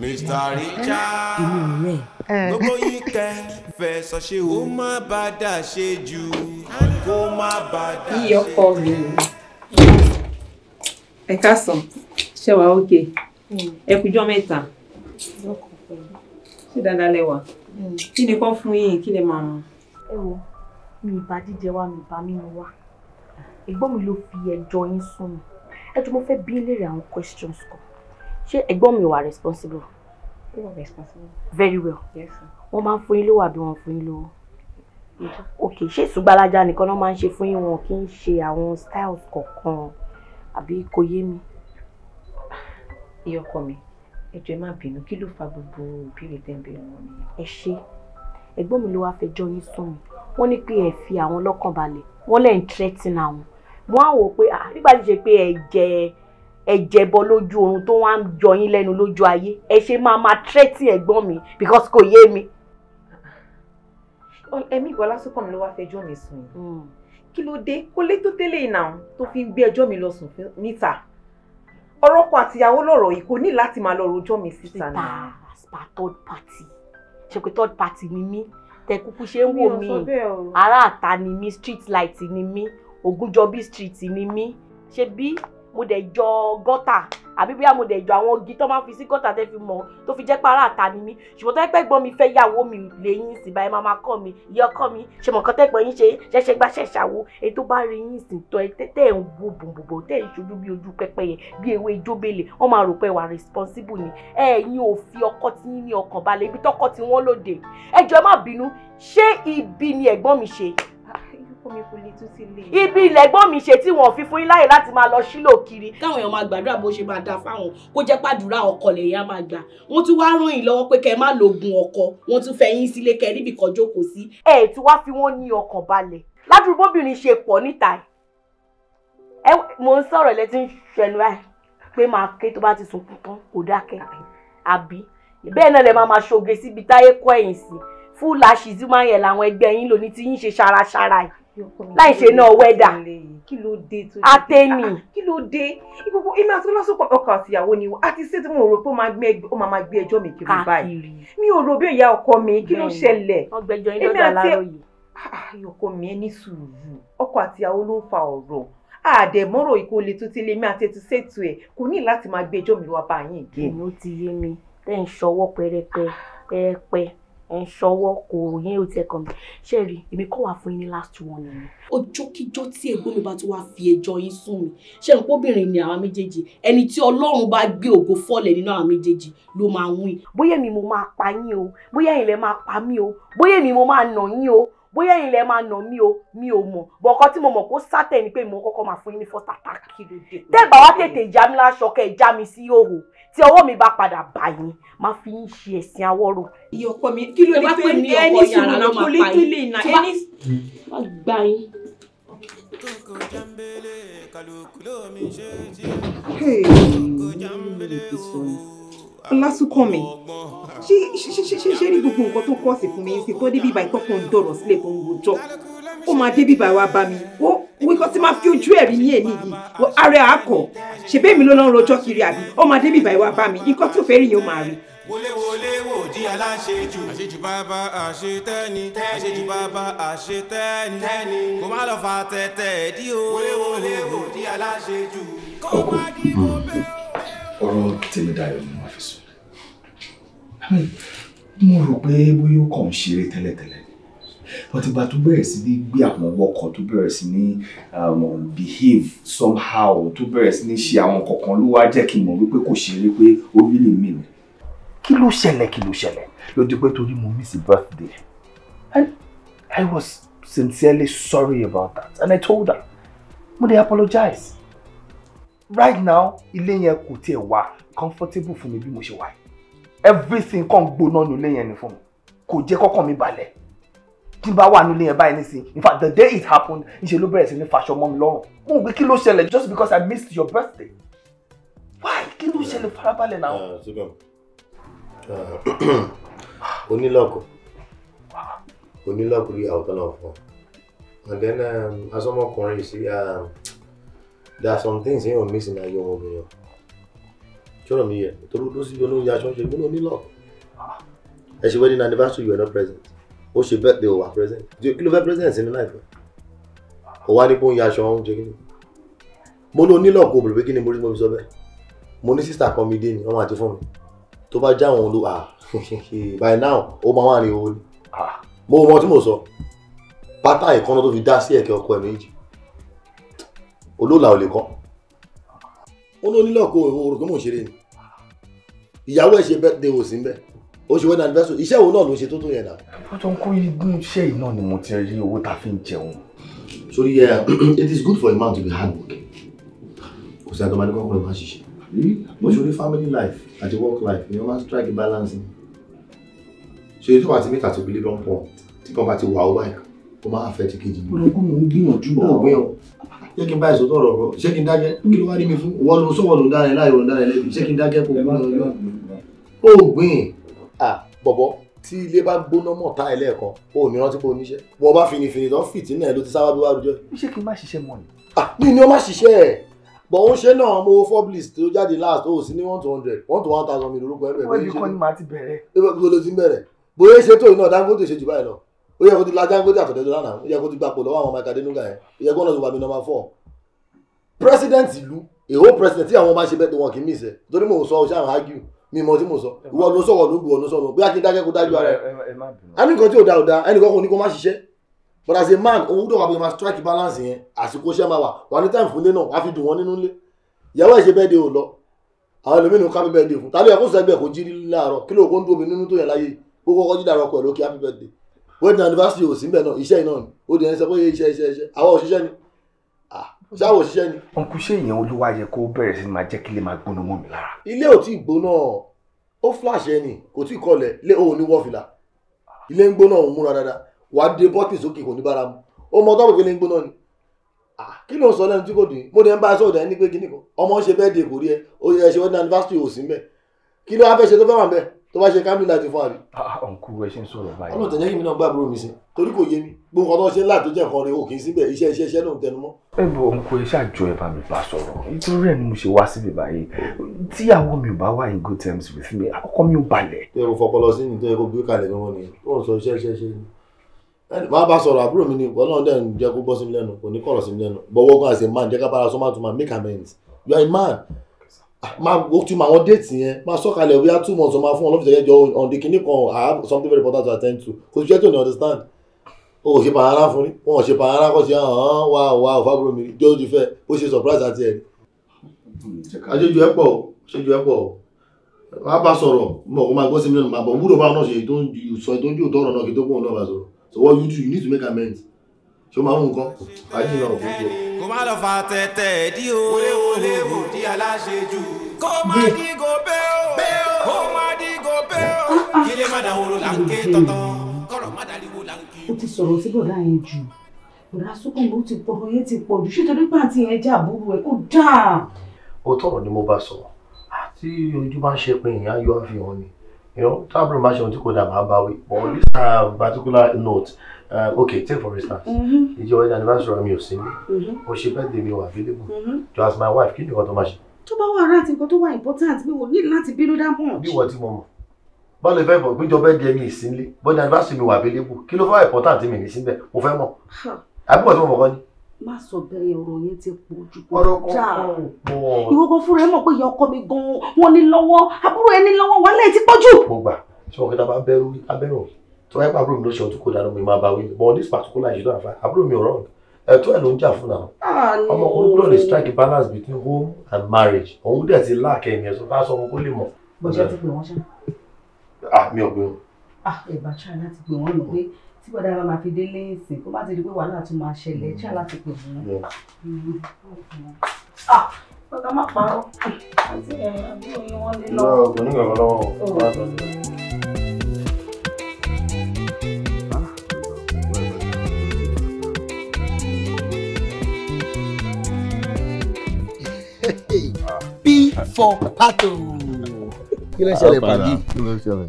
Mr. Richard gbogbo yín kẹ́ fẹ̀sọ̀ ṣe ó má bá dà ṣe jù kó má bá dà ṣe jù. iyọkọ mi ẹ káàsán ṣe wà ókè ẹ kújọ mẹ́ta ṣé dáadáa lẹ́wà mm. kí ni kán fún yín kí lè máa mú. ẹ wo mi ìbá jíjẹ wa mi ìbá mímu wa ẹ̀gbọ́n mi ló fi ẹjọ́ yín sùn mí ẹjọ́ mo fẹ́ bí léèrè àwọn questions kan ṣé ẹ̀gbọ́n mi wà responsible. ó wà responsible. very well. yes sir. wọ́n máa ń fún yín lówó àbí wọ́n fún yín lówó. ok ṣé ìsúgbàlájà nìkan náà máa ń ṣe fún yín wọn kì í ṣe àwọn styles kọ̀ọ̀kan àbí kò yé mi. ìyọkọ mi ẹjọ́ ẹ má bínú kí ló fa gbogbo ìbéèrè tẹ́ wọn ẹ ṣe ẹ̀gbọ́n mi ló wáá fẹjọ́ yín sùn mí wọ́n ní pé ẹ fi àwọn lọ́kàn balẹ̀ wọ́n lẹ́ ń threaten àwọn mo á wò pé nígbà tí ṣe pé ẹ̀jẹ̀ ẹ̀jẹ̀ bọ lójú oorun tó wá ń jọ yín lẹ́nu lójú ayé ẹ ṣe máa máa tírẹ́tì ẹ̀gbọ́n mi because kò yé mi. ẹ̀mí ìwà lásìkò mi ló wá fẹjọ́ mi sùn hmm. kí ló dé kó lé tó tẹ́lẹ̀ iná tó fi ń gbé ẹjọ́ mi lọ sùn níta ọ̀rọ̀ kan àtìyàwó lọ̀rọ̀ yìí kò ní láti máa lọ rojọ́ mi síta náà. síta third party ṣe pé third party ni mí tẹkùkù ṣe ń wò mí ará àta ni mí street light ni mí Ògúnjọbí street ni mí ṣe bí mo dẹ̀ jọ gọ́tà àbí bóyá mo dẹ̀ jọ àwọn igi tó máa fi sí gọ́tà tẹ́ fi mọ̀ tó fi jẹ́ para àta ni mí ṣùgbọ́n tó yẹ pé gbọ́n mi fẹ́ yàwó mi lẹ́yìn ìsìn báyìí máa máa kọ́ mi ìyá ọkọ mi ṣe mọ̀ nǹkan tẹ́gbọ́n yín ṣe ṣẹ̀ṣẹ̀ gbá ṣẹ̀ṣẹ̀ àwo èyí tó bá rí yín ìsìn tọ́ ẹ tẹ́ ẹ̀ ń wo bòbòbò tẹ́ ẹ̀ ń ṣojú bí ojú pẹ́pẹ́yẹ bí ewé jóbélé wọ́n máa rò pé wà responsible ni ẹ̀yin ò fi ọkọ tí yín ní ọkàn balẹ̀ ibi tọ́kọ tí wọ́n lòdè ẹ jọ̀ọ́ má bínú ṣé ibi ni ẹ̀gbọ́n mi ṣe ibi ilẹ̀gbọ́n mi ṣe tí wọ́n fi fún yín láyè láti máa lọ sílò kiri. káwọn èèyàn máa gbàdúrà bó ṣe máa da fáwọn kó jẹ́ pàdúrà ọkọ lẹ́yìn á máa gbà wọ́n tún wá ràn yín lọ́wọ́ pé kẹ́ ẹ má lògùn ọkọ wọ́n tún fẹ́ yín sílé kẹ́ níbi kan jókòó sí. ẹ ẹ tí wàá fi wọn ní ọkàn balẹ̀ ládùúgbòbìnrin ṣe pọ̀ níta ẹ mò ń sọ̀rọ̀ lẹ́tí ń ṣẹnu ẹ pé máa ké tó bá ti sùn kú tán kò dákẹ́ àbí bẹ́ẹ̀ náà lẹ máa máa ṣoge láì ṣe náà wẹ́dà àtẹnì kí ló dé gbogbo ah, èmi àti ọlọ́sùn pọ̀ ọkọ àtìyàwó ni àti ṣé tí mo rò pé ó máa gbé ẹjọ́ mi kiri báyìí mi ò rò bí ìyá ọkọ mi kí ló ṣẹlẹ̀ èmi àti ah, ah, ọkọ mi ní sùúrù ọkọ àtìyàwó ló ń fa ọ̀rọ̀ àdẹ̀mọ́rọ̀ ìkó le tó ti lé mi àti ètò ṣètò ẹ̀ kò ní láti máa gbé ẹjọ́ mi wá báyìí. èmi ó ti yé mi tẹ́ ń ṣọwọ́ pẹ́rẹpẹ pẹ́rẹpẹ ẹ̀ ń ṣọwọ́ kò yẹn ò tiẹ̀ kàn mí ṣé rí èmi kọ́ wà fún yín ní last one ni. ọjọ́kíjọ́ tí ẹ̀gbọ́n mi bá ti wá fi ẹjọ́ yín sùn mí ṣé n kóbìnrin ni àwa méjèèjì ẹni tí ọlọ́run bá gbé ògo fọ́lẹ̀ nínú àwa méjèèjì ló máa wín. bóyá mi mo máa pa yín o bóyá ilẹ̀ máa pa mí o bóyá mi mo máa nà yín o bóyá ẹ̀yin lẹ máa nà mí o mi ò mọ̀ bọ̀ ọkọ tí mo mọ̀ kó sátẹ̀ ni pé mo kọ́kọ́ máa fún yín ní fọ́tàtà kí ló dé. wá tètè já mi láṣọ kẹ́ ẹ̀ já mi sí ìhòhò tí ọwọ́ mi bá padà bà yín máa fi ń ṣe ẹ̀sìn awọ́rò. iye ọkọ mi kí ló ní pé ní ẹni sùn náà kó lè kí lè nà ẹni. wọ́n gbà yín. Ọlásùkọ̀ mi, e. ṣé ní gbogbo nǹkan tó kọ́ sí fún mi sí tó débi ìbá ìtọ́kùn dọ̀rọ̀ sílẹ̀ tó ń rojọ́? Ó máa débi e. ìbá wa bá mi. Ó wí kọ́ tí máa fi ojú ẹ̀rí ní èmi yìí ààrẹ àkọ́ ṣèbí èmi ló lọ́n rojọ́ kiri àbí ó máa débi ìbàyẹ̀ wá bá mi nǹkan tó fẹ́ẹ́ rí yẹn ó máa rí. wọléwọlé wò di aláṣejù àṣejù bàbá àṣetẹ́ni àṣejù bàbá àṣetẹ́ni kò má lọ fa tẹ́tẹ́ dí o. wọléwọlé wò di aláṣejù. ọkọ hmm. ọ̀rọ̀ tèmi dayọ̀ ni wọn fi sùn mo rò pé bóyá ó kàn ń ṣeré tẹ́lẹ̀tẹ́lẹ̀ ọtìgbà tó bẹ̀rẹ̀ sí ní gbé àwọn ọkọ̀ tó bẹ̀rẹ̀ sí ní um, behave somehow tó bẹ̀rẹ̀ sí ní ṣe àwọn kọ̀ọ̀kan ló wá jẹ́ kí n mọ̀ wípé kò ṣeré pé ó rí lè mí mi. kí ló ṣẹlẹ̀ kí ló ṣẹlẹ̀ lójú pé torí mo miss birthday and I was sincerely sorry about that and I told her mo dey apologize right now ilé yẹn kò tiẹ̀ wá comfortable fún mi bí mo ṣe wà everything kan gbóná nílé yẹn ni fún mi kò jẹ́ kọ́kàn mi balẹ̀ tí n bá wà nílé yẹn báyìí nísìn in fact the day it happened níṣẹ́ ló bẹ̀rẹ̀ sí ní faṣọ mọ́ mi lọ́rùn mo rò pé kí ló ṣẹlẹ̀ just because I missed your birthday why kí ló ṣẹlẹ̀ farabalẹ̀ náà. onílọ̀kọ̀ onílọ̀kọ̀ rí àwòtán náà fún ọ and then um, asọmọkùnrin sí um, there are some things yẹn ò mí sí ní ayé ọmọbìnrin o ṣọ́rọ̀ mi yẹ torí ó sì gbóná ìyá aṣọ ṣe gbóná onílọ̀kọ̀ ah. ẹ ṣe wedding anniversary you are not present ó ṣe birthday ó wà present kí ló fẹ́ present sínú láì fẹ́ ó wá ní kó ń ya aṣọ oúnjẹ kí ni mo ló nílò kó bèrè pé kí ni mo rí mo fi sọ bẹ́ẹ̀ mo ní sister kan mi dé ni ọmọ àti fún mi tó bá já òun ló ah, [LAUGHS] by now ó máa wà ní owó ni ah. mo mọ tí mo sọ pátá ìkànnà tó fi dá sí ẹ̀kẹ́ ọkọ ẹ̀ méjì olóòlà ò lè kọ́ ó ló nílò kó òun rò pé mò ń ṣeré ni ìyàwó ẹ̀ ṣe birthday ò sí bẹ́ẹ̀ oṣù wedding anniversary iṣẹ́ òun náà ló ṣe tó tó yẹn náà. bọ́tọ̀ ń kó igun iṣẹ́ iná ni mo ti rí owó tá a fi ń jẹun. sori yẹ [CLEARS THROAT] it is good for a man to be hardworking kò sí àtọ́mọdé kọ́kọ́ ló máa ṣiṣẹ́ bó ṣe orí family life àti work life ni wọ́n máa strike balance ni ṣe ètò àti mẹ́ta tó bilé lọ́n pọ̀ tí kan bá ti wà ó báyìí ó máa fẹ́ ti kejì. olùkọ́ mò ń gbìyànjú náà ọ̀gbìn ọ̀ ṣé kí n bá ìsòtò ọ̀rọ̀ rọ ṣé kí n dákẹ́ kí ló wá rí mi fún wọ́n lọ sọ́wọ́ ló láì rọ̀ ń lẹ́bi ṣé kí n dákẹ́ kó gbọ́n ọ̀gbìn bọ̀bọ̀ tí ilé bá gbóná mọ̀ tá ẹ lẹ́ẹ̀kan o ò ní rántí pé o níṣẹ́ bọ́ bá finifini tán fìtí náà ló ti sábà bí wàá rújọ́. ṣé kí n má ṣiṣẹ́ mọ́ ni. mi ni ó má ṣiṣẹ́ ẹ̀ bọ̀ ó ṣe náà mo fọ́blis tó jáde last o sí ní one two hundred one to one thousand mi lórúkọ ẹ̀ bẹ̀rẹ̀. wọ́n di kọ́ ni màá ti bẹ̀rẹ̀. ibo ló ti ń bẹ̀rẹ̀ bóyá ṣe tó iná Dangote ṣe jù báyìí lọ ó yẹ kó ti la Dangote àtọ̀dẹ́dọ́ lánàá ó yẹ kó ti gbapò mi mọ tí mo sọ ìwọ ló sọ̀rọ̀ ló bu ọ̀nà sọ̀rọ̀ bí akin dákẹ́ kó dájú ara ẹ̀ ẹni nǹkan tí ò da ò da ẹnì kọ́kọ́ ní kó má ṣiṣẹ́ but as a man owó tó wà bí ma strike balance yẹn àsìkò iṣẹ́ máa wà wà ní time fúnlé náà wà fi dùn wọ́n nínú ilé ìyàwó ẹ̀ ṣe bẹ́ẹ̀ de o lọ àwọn ẹlòmínú ká bẹ́ẹ̀ de fún tàbí ẹ̀kọ́ sẹ́gbẹ̀ kó jí láàárọ̀ kí ló kó ń dúró mi nínú tó yẹn láyé kó kọ́kọ́ jí ṣáwọ ṣiṣẹ́ ni. ọ̀nkú ṣé ìyẹn olúwa yẹ kó bẹ̀rẹ̀ sí máa jẹ́ kí lè máa gbóná mọ́ mi lára. ilé ò tí ì gbóná ó flash ẹni kò tí ì kọlẹ̀ lé òun ní wọ́fìlà ilé ń gbóná òun múra dáadáa wà á dé bọ́tì sókè kò ní bára mu ó mọ tọ́pọ̀ ilé ń gbóná ni. kí ló ń sọ lẹ́nu tí kò dùn mo ní ẹ bá aṣọ ọ̀dà ẹni pé kíní kan ọmọ ṣe bẹ́ẹ̀ dé kò rí ẹ ó yẹ ṣe wedding anniversary ò sí mẹ́ kí ló wá fẹ́ ṣe tó fẹ́ wà mẹ́ tó bá ṣe kámílì láti fún àbí. ọ̀nkú ah, ẹ ṣe ń sọ̀rọ̀ báyìí. ọlọ́tẹ̀jẹ́ kí mi náà gbàgbọ́ mi sí torí kò yé mi gbogbo ọ̀dọ́ ṣe ńlá tó jẹ́ nǹkan rẹ̀ òkè síbẹ̀ iṣẹ́ iṣẹ́ iṣẹ́ lòún tẹnu mọ́ ẹ bọ nkú ẹ ṣàjọ ẹ bá mi bá sọ̀rọ̀ nítorí ẹ ni mo ṣe wá síbi báyìí tíyàwó mi ò bá wà in good terms with me àkọ́kọ́ mi ò balẹ̀. ṣé fọpọlọ sí ní tó yẹ kalẹ̀ gan-an ni ó ń sọ iṣẹ́ iṣẹ́ iṣẹ́ ni máa bá sọ̀rọ̀ àbúrò mi ni ọlọ́run dẹ̀ ń jẹ́ kó bọ́ sí mi lẹ́nu kò ní kọ̀rọ̀ sí mi lẹ́nu bọ́wọ́ gan as a man jẹ́ ká bára sọ́mà tó máa make amends you are a man máa o ti máa wọn déètì yẹn máa sọ kalẹ̀ wíyá two months o máa fún ọ lọ́fíìsì ẹ̀jọ̀ on the kìnnìkan I have something very important to attend to kò sí jẹ́ tó ní understand o ò ṣe pàrọ̀ fún ni wọn ò ṣe pàrọ̀ kọ́ ṣe hàn án wà wà òfàbúrò mi jọ́ ojú fẹ́ ó ṣe surprise àti ẹ̀. àjọjù ẹ pọ̀ ṣojú ẹ pọ̀ wà á bá sọ̀rọ̀ mọ̀ kó máa gbọ́ sí mílíọ̀nù máa bọ̀ wúlò bá náà ṣe tó ń sọ tó ń jù tọ̀rọ̀ náà kí tó pọ̀ náà bá sọ̀rọ̀ so what you do you need to make amends ṣé o máa mú nǹkan fàájì náà kò jẹ. kó má lọ fa tẹ̀tẹ̀ dí o wọléwọlé bò kọ̀rọ̀ má dariwo là ń kí. ó ti sọ̀rọ̀ sí bọ̀dá yẹn jù bọ̀dá sókòǹgbò ti pọ̀ ọ̀rọ̀ yẹn ti pọ̀ jù ṣètò nípa àti yẹn jẹ́ àbúrò ẹ̀ kó dáa. òótọ́ ọ̀rọ̀ ni mo bá sọ àti ojú bá ń ṣe pé èèyàn ayọ̀ àfihàn ni tábìlì máa ṣe ohun tí kò dàbà bá wí but on this uh, particular note uh, okay take for instance mm-hmm. ìjọ ẹni anniversary mi ò sí ní mm-hmm. o ṣe birthday mi wà available mm-hmm. to ask my wife kí ni nǹkan tó máa ṣe. tó bá wà rántí nǹkan tó wà important mi ò ní láti bínú dá mọ́. bí wọ́n ti mọ̀ mọ̀ báwo lè fẹ́ bọ̀ gbíjọba ẹ̀dí ẹ̀mí ìsínlé bọ́dí anniversary mi wà abẹ́lẹ́bù kí ló fẹ́ important mi ní síbẹ̀ mo fẹ́ mọ̀ àbúrò tí mo mọ̀ kọ́ ni. má sọ bẹ́ẹ̀ ọ̀rọ̀ yẹn ti pọ̀ jù kó já ìwọ kan fúnra ẹ mọ̀ pé ìyá ọkọ mi gan-an wọn ní lọ́wọ́ àbúrò ẹni lọ́wọ́ wàhálà ẹ ti pọ̀ jù. mo gbà ṣé wọn kí n dábàá bẹ̀rù abẹ́rù tó wáyé pé àbúrò mi ló ṣe ọdún kó dáná mi máa bá wí but on this particular issue don't affect àbúrò mi ò rọrùn ẹ̀tọ́ ẹ̀ ló ń jà fún náà ah, ọmọ olùkọ́ lè strike a balance between home and marriage òun dẹ̀ ti láàkẹ́ ìyẹn tó bá sọ fún kó lè mọ̀. bọ̀dé ti pè wọ́n ṣáà ah mi ò gbé o. ah ìbá ṣá láti pè wọ́n lọ pé tí bọ́dá bá máa fi dé lẹ́yìn sìn kó má ti di pé wàhálà tún máa ṣẹlẹ̀ ṣá láti pè wọ́n. ah bọ́dá má parọ́ àti eh, àbí oyin wọn lé lọ. ọ̀gbìn nígbà kan lọ́wọ́ B oh. for pato kí ló ṣẹlẹ̀ pàdé kí ló ṣẹlẹ̀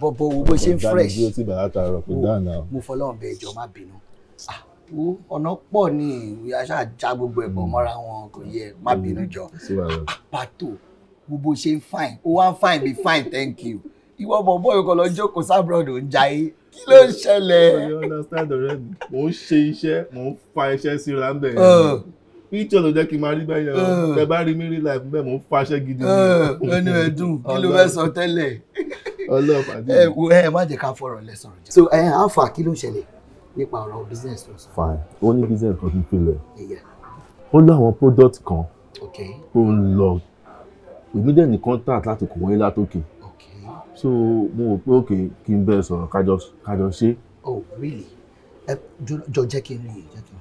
bọ̀bọ̀ wo bó ṣe ń fresh mo fọlọ́run bẹ ẹjọ́ má bínú ah, ọ̀nà pọ̀ ní ìwé aṣáà já gbogbo ẹ̀bọ̀ hmm. mọ́ra wọn kò yẹ má hmm. bínú jọ pàtó gbogbo ṣe ń fine ó wá fine be fine thank you ìwọ bọ̀bọ̀ yòókọ̀ lọ jókòó sábrọ̀dù ń jayé kí ló ń ṣẹlẹ̀. mo ń ṣe iṣẹ́ mo ń fa iṣẹ́ síra ń bẹ̀rẹ̀ picture ló jẹ́ kí n máa rí bẹ́yẹn o eh. tẹ bá rí mi rí life bẹ́ẹ̀ mò ń faṣẹ́ gidi. Eh, ẹnu ẹ dùn kí ló fẹ́ sọ tẹ́lẹ̀. ọlọ́pàá ẹ eh, wo ẹ má jẹ́ ká fọ̀rọ̀ lẹ sọ̀rọ̀ jẹ́. so ẹ alpha kí ló ń ṣẹlẹ̀ nípa ọ̀rọ̀ business tó sọ. fine ó ní business kan tó fi lẹ ó láwọn product kan tó ń lọ èmi dẹ̀ ní contact láti kò wọlé látòkè so mo rò pé òkè kí n bẹ́ẹ̀ sọ̀rọ̀ kájọ ṣe. oh really ẹ jọ jẹ́ kí n rí i jẹ́ kí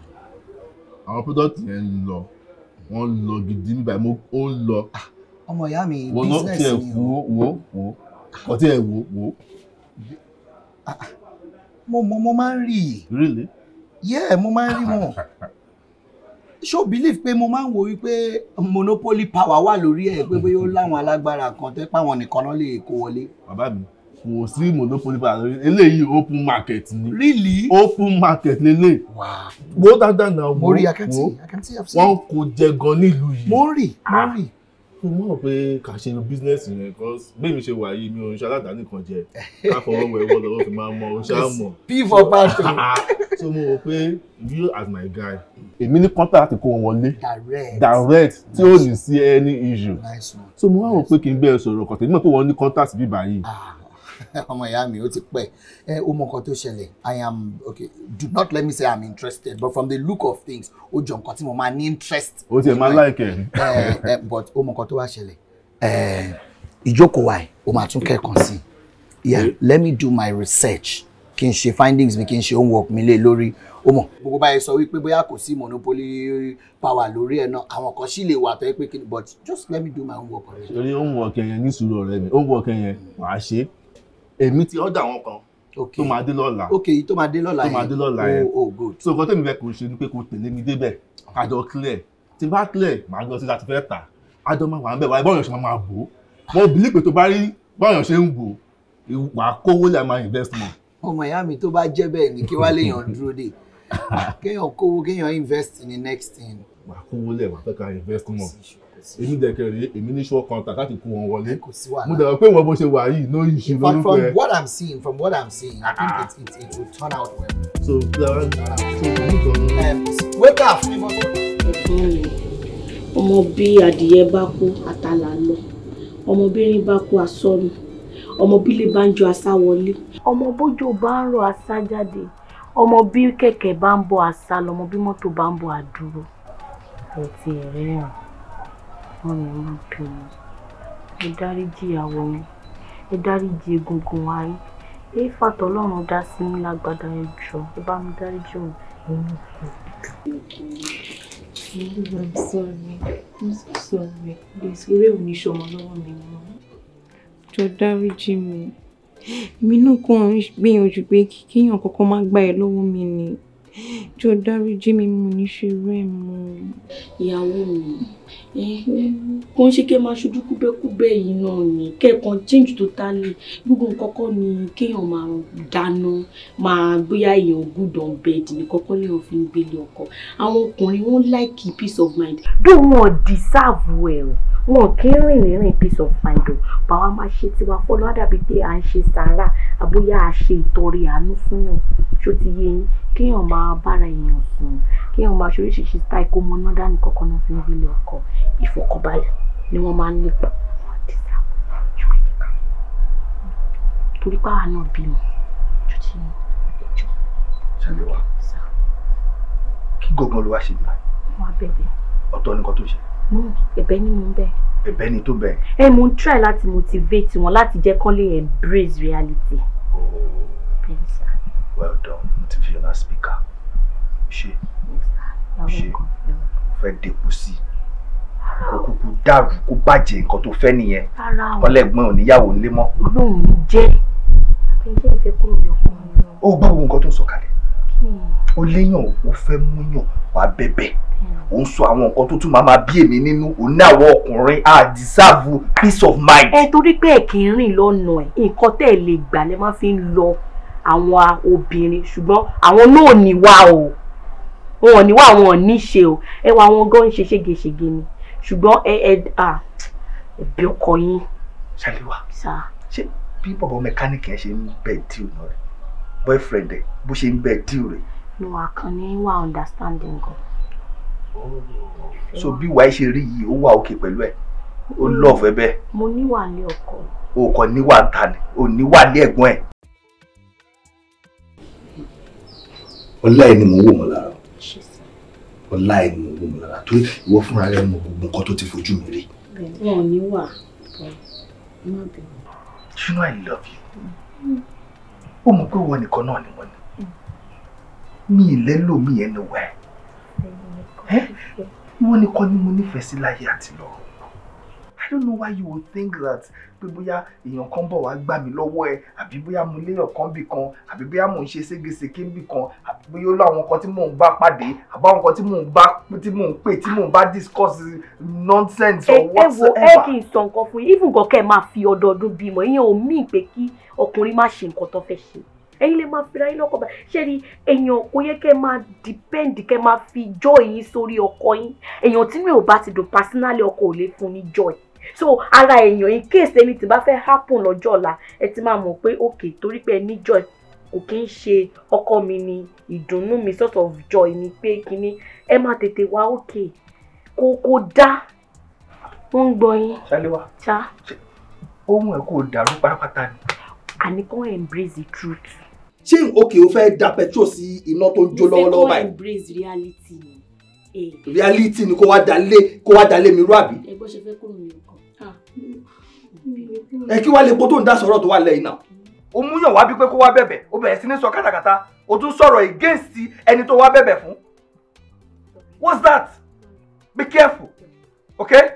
àwọn product yẹn ń lọ wọ́n ń lọ gidi nígbà mo ó ń lọ. Ah, ọmọ ìyá mi business ni o wo wo wo ọtí ẹ wo wo. mo mo mo máa ń rí i. really. yeah mo máa ń rí wọn [LAUGHS] ṣó believe pé mo máa ń wo wípé monopoly power wà lórí ẹ pé bóyá ó láwọn alágbára kan tẹ́ pàwọn nìkan náà lè kó wọlé. bàbá mi kò sí monopoly balance eléyìí open market ni really open market lélẹ̀ wo dáadáa náà wo wo wọn kò jẹ gan nílùú yìí mo rí mo ah. rí mo mọ̀ pé kà ṣe bísínẹ́sì yẹn kan bẹ́ẹ̀ mi ṣe wà yìí mi ò ń ṣe aládàáni kan jẹ [LAUGHS] káfọwọ́ wẹ̀ wọ́n lọ́wọ́ fi máa mọ ohun ṣáà mọ̀ p for pastor [LAUGHS] so mo rò pé you as my guy èmi ní kọ́ńtà láti kó wọn wọlé direct tí ò ní sí any issue Nice one. so mo wá rò pé kí n bẹ́ẹ̀ sọ̀rọ̀ kọ̀tẹ́ nígbà tó wọ́n ní kọ́ńtà sí bíbá yìí ah. [LAUGHS] ọmọ ìyá mi ó ti pẹ́ ẹ ó mọ nǹkan tó ṣẹlẹ̀ i am okay do not let me say i'm interested but from the look of things ó jọ nǹkan tí mo máa ní interest. ó ti máa láìkẹ́. [LAUGHS] ẹ ẹ but ó mọ nǹkan tó wá ṣẹlẹ̀ ẹ ìjókòó wa ẹ ó máa tún kẹ́kọ̀ọ́ sí i yeah let me do my research kí n ṣe findings mi kí n ṣe homework mi lé lórí ó mọ. gbogbo báyìí sọ wípé bóyá kò sí monopoly power lórí ẹ̀ náà àwọn kan sì lè wà tó yẹ pé kí ni but just let me do my homework. ṣe homework yẹn ní sùúrù ọ̀rẹ́ mi homework yẹn wàá ṣe èmi ti ọ́dà wọn kan tó máa dé lọ́la ok tó máa dé lọ́la yẹn tó máa dé lọ́la yẹn oh, oh good so nǹkan tẹ̀mí fẹ́ kò ṣe ni pé kò tẹ̀lé mi débẹ̀ àjọ clear tí bá clear màá lọ sí láti fẹ́ tà àjọ máa wà ń bẹ̀ wáyé báwọn èèyàn ṣe máa bò mo bìlí pé tó bá rí báwọn èèyàn ṣe ń bò wàá kówó lẹ́ẹ̀ máa invest mọ́. ọmọ ìyá mi tó bá jẹ́ bẹ́ẹ̀ ni kí wá léèyàn dúró dé [LAUGHS] kéèyàn kówó kéèyàn invest in the next thing. wàá kówó lẹ́ẹ̀ wàá fẹ́ ká invest mọ́ èmi dẹ̀kẹ̀ rèé èmi ní sure contact láti kó wọn wọlé mo dẹ̀rọ pé wọn bó ṣe wà yìí no issue lórúkọ ẹ. from what i'm seeing from what i'm seeing i think ah. it it it will turn out well. so yàrá so kò ní ìtọ́nà. wake up. ẹ̀gbọ́n mi ọmọ bí adìyẹ bá kú àtàlà lọ ọmọbìnrin bá kú asọ́nù ọmọ bílé bá ń jọ asá wọlé. ọmọ bójú bá ń rọ asá jáde ọmọ bí kẹ̀kẹ́ bá ń bọ asá lọmọ bí mọ́tò bá ń bọ àdúró ẹ̀ tiẹ̀ rẹ́rìn ẹ̀gbọ́n mi má bínú ẹ dáríjì àwọ̀ mi ẹ dáríjì egungun wa yín ìfà dá sí mi lágbádá ẹ jọ̀ọ́ ẹ bá mi dáríjì òun èmi kù. I'm sorry. I'm so sorry. Please, eré ò ní ṣọmọ lọ́wọ́ mi mọ́. Jọ dáríjì mi. Èmi náà kàn ń gbìyànjú pé kíkéèyàn kankan má gbà ẹ́ lọ́wọ́ mi ni jọ dáríjì mi mo ní ṣe rẹ mọ. ìyàwó mi kò ń ṣe kí ẹ máa ṣojú kúbẹ́kúbẹ́ yìí náà ni kẹ́ẹ̀kan change totally gbogbo nǹkan ni kéèyàn máa dáná máa bóyá èèyàn good on bed nìkan kọ́ lèèyàn fi ń gbélé ọkọ àwọn ọkùnrin wọn like peace of mind. bí wọn deserve well wọn kì í rìn rìnrìn peace of mind o bàwa máa ṣe tiwa fọlọ́ dàbí pé à ń ṣe sàárà àbóyá a ṣe ìtọrẹ àánú fún yàn ṣó ti yẹ kéèyàn máa bára èèyàn sùn kí èèyàn máa ṣoríṣiríṣi táì kó mọ náà dání kankan náà fi ń gbélé ọkọ ìfọkànbalẹ̀ ni wọ́n máa ń lépa àwọn àdìsá ìwéjìká torí pàwa náà bímọ ju ti ẹjọ́. ṣẹlẹ̀ wa kí gbọ̀ngàn ló ṣe nígbà. wọn á bẹ̀bẹ̀. ọ̀tọ̀ ni nǹkan tó ṣe. ẹ̀bẹ̀ ni mo ń bẹ̀. ẹ̀bẹ̀ ni tó bẹ̀. ẹ mo ń try láti motivate wọn láti jẹ́ kán lè embrace reality. Oh. well done motivational speaker. ṣe. Sure ṣe fẹ́ dépò sí kó kúkú dàrú kó bàjẹ́ nǹkan tó fẹ́ nìyẹn ọlẹ́gbọ́n oníyàwó ńlé mọ́. lóun jẹ́ ìfẹ́ ìfẹ́ kúrò lọ́kùnrin náà. ó gbọ́ ohun nǹkan tó sọ kalẹ̀ ó léyàn ó fẹ́ múyàn wá bẹ̀bẹ̀ ó ń sọ àwọn nǹkan tó tún máa máa bí èmi nínú òun ní àwọn ọkùnrin á deserve peace of mind. ẹ torí pé ẹ kì í rìn lọ́nà ẹ̀ nǹkan tẹ́ ẹ lè gbà lẹ́ máa fi ń lọ àwọn obìnrin ṣùgbọ́n àwọn náà níwà o wọn ò ní wà wọn ò ní ṣe o ẹwà wọn gan ń ṣe ṣégeṣége ni ṣùgbọ́n ẹ ẹ ẹbí ọkọ yín. ṣàlùwà ṣé bí bọ̀bọ̀ mẹkáníìkì ẹ ṣe ń bẹ díù náà rẹ boyfriend ẹ bó ṣe ń bẹ díù rẹ. no àkànní wà understanding oh. so bí wàá ṣe rí yìí ó wà òkè pẹ̀lú ẹ̀ ó mm. lọ́ọ̀fẹ́ bẹ́ẹ̀. mo níwà ní ọkọ. o kò níwà ta ni o níwà ní ẹ̀gbọ́n ẹ̀. ọlá ẹni mò ń wò mọ́ lára ọlá ẹ̀ mọ̀ lára torí ìwọ fúnra rẹ mọ̀ gbogbo nǹkan tó ti fojú mi rí. wọn ò ní wà má bẹ̀rù. you know i love you ó mọ̀ pé ìwọ nìkan náà ni wọ́n ní mi ì lẹ́lò mi ẹ̀ nìwẹ̀ ẹ́ ìwọ nìkan ni mo nífẹ̀ẹ́ sí láyé àti lọ́run. I don't know why you would think that pé bóyá èèyàn kan bọ̀ wá gbà mí lọ́wọ́ ẹ àbí bóyá mo léèyàn kan bì kan àbí bóyá mò ń ṣe ségesèké bì kan àbí bóyá ó lọ àwọn kan tí mò ń bá pàdé àbá àwọn kan tí mò ń bá tí mò ń pè tí mò ń bá discuss nonsense or whatsoever. ẹ wo ẹ kì í sọ nǹkan fún yín even nǹkan kẹ́ ẹ máa fi ọdọọdún bímọ ìyẹn ò mí pé kí ọkùnrin má ṣe nǹkan tó fẹ́ ṣe ẹ̀yin lè máa fira yín lọ́kọ bá ṣe ni èèyàn kò yẹ kẹ́ máa depend kẹ́ máa fi joy yín sórí ọkọ yín èèyàn tí mi ò bá ti dùn personally ọkọ ò lè fún ní joy so ara èèyàn in case ẹni tí bá fẹ́ happen lọ́jọ́ ọ̀la ẹ ti máa mọ̀ pé okay torí pé ẹ ní joy kò kí ń ṣe ọkọ mi ni ìdùnnú mi sort of joy ni pé kíní ẹ máa tètè wá okay kò kò dá wọ́n ń gbọ́ yín. ṣálíwá ṣá. ohun ẹ̀ kò dàrú pátápátá ni. àní kò embrace the truth. ṣé òkè o fẹ́ da petrol sí iná tó ń jó lọ́wọ́lọ́wọ́ báyìí. mo fẹ́ kó embrace reality ni. Eh. reality ni kó wá dalé kó wá dalé mi rú àbí. ẹgbẹ́ ṣe fẹ́ kó mi nǹkan ẹ kí wá lè kó tó ń dá sọ̀rọ̀ tó wà lẹ́yìn náà. ó mú yàn wá bí pé kó wá bẹ̀bẹ̀ ó bẹ̀rẹ̀ sí ní sọ kátàkátà ó tún sọ̀rọ̀ against ẹni tó wá bẹ̀bẹ̀ fún. what's that? be careful okay?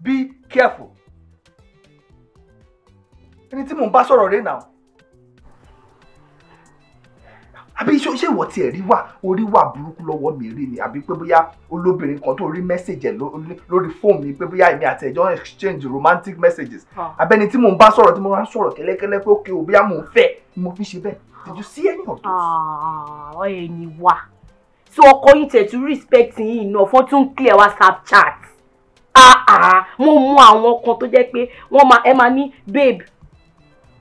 be careful. ẹni tí mò ń bá sọ̀rọ̀ rẹ̀ náà àbí ṣé ìwọ tiẹ̀ rí wà orí wà burúkú lọ́wọ́ mi rí ni àbí pé bóyá olóbìnrin kan tó rí mẹ́sẹ̀jì ẹ̀ lórí fóònù mi pé bóyá èmi àti ẹ̀jọ́ exchange romantic messages abẹ́ni tí mò ń bá sọ̀rọ̀ tí mo rán sọ̀rọ̀ kẹ́lẹ́kẹ́lẹ́ pé òkè o bóyá mò ń fẹ́ ni mo fi ṣe bẹ́ẹ̀ did you see any of those. Ah, ọ̀ ẹ̀yìn wà tí ọkọ yìí tẹ̀ tún respect yìí náà fọ́n tún clear whatsapp chat ah, ah, mo mú àwọn kan tó jẹ́ pé wọ́n máa ẹ máa ní babe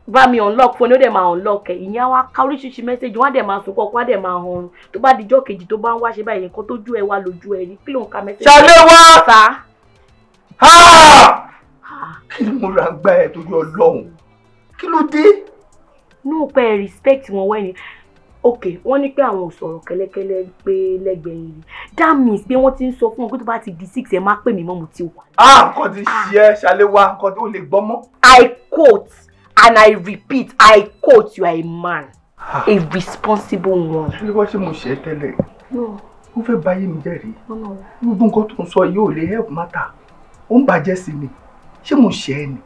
bá mi unlock fún ni ó dẹ̀ máa unlock ẹ̀ ìyẹn wá ká oríṣiríṣi mẹ́sẹ̀gì wọ́n á dẹ̀ máa sunkún ọkọ̀ á dẹ̀ máa hàn tó bá dijọ́ kejì tó bá ń wá báyìí nǹkan tójú ẹ wá lójú ẹ kí ló ń ka mẹ́sẹ̀gì. ṣàlẹ́ wá kí ni mo ra ń gbá ẹ torí ọlọ́run kí ló dé. no pẹ́ respect wọn wẹ́ni ok wọ́n ní pé àwọn ò sọ̀rọ̀ kẹ́lẹ́kẹ́lẹ́ pé lẹ́gbẹ̀ẹ́ yìí that means pé wọ́n ti ń sọ fún wọn pé tó bá ti di six ẹ má pè mí mọ́ mo ti wà. ah nǹkan ti ṣe ẹ ṣàlẹ́ wá nǹkan tó lè gbọ́ mọ́. i quote and I repeat, I quote, you are a man. A responsible one. Ṣé wá ṣe mo ṣe tẹ́lẹ̀? Ó fẹ́ báyé mi jẹ́rìí. Gbogbo nǹkan tó ń sọ yóò lè help matter. Ó ń bàjẹ́ sí mi. Ṣé mo ṣe ẹ ni?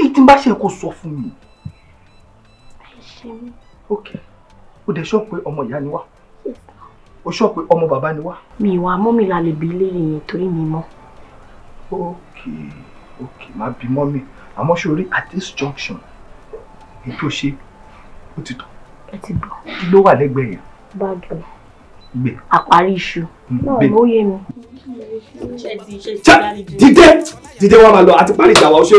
Èyí tí n bá ṣe kò sọ fún mi. Ok, o dẹ̀ sọ pé ọmọ ìyá ni wá. O sọ pé ọmọ bàbá ni wá. Mi ìwà mọ́mì la lè bí ilé yìí torí Ok, ok, má bí mọ́mì àmọ́ ṣòrí at this junction ètò ṣe ó ti tọ́. ẹ ti gbọ́. kí ló wà lẹ́gbẹ̀ẹ́ yẹn. báàgì gbè. àparí iṣu. Mm, náà ló yé mi. dídé dídé wa máa lọ àti parí ìjà wa ó ṣe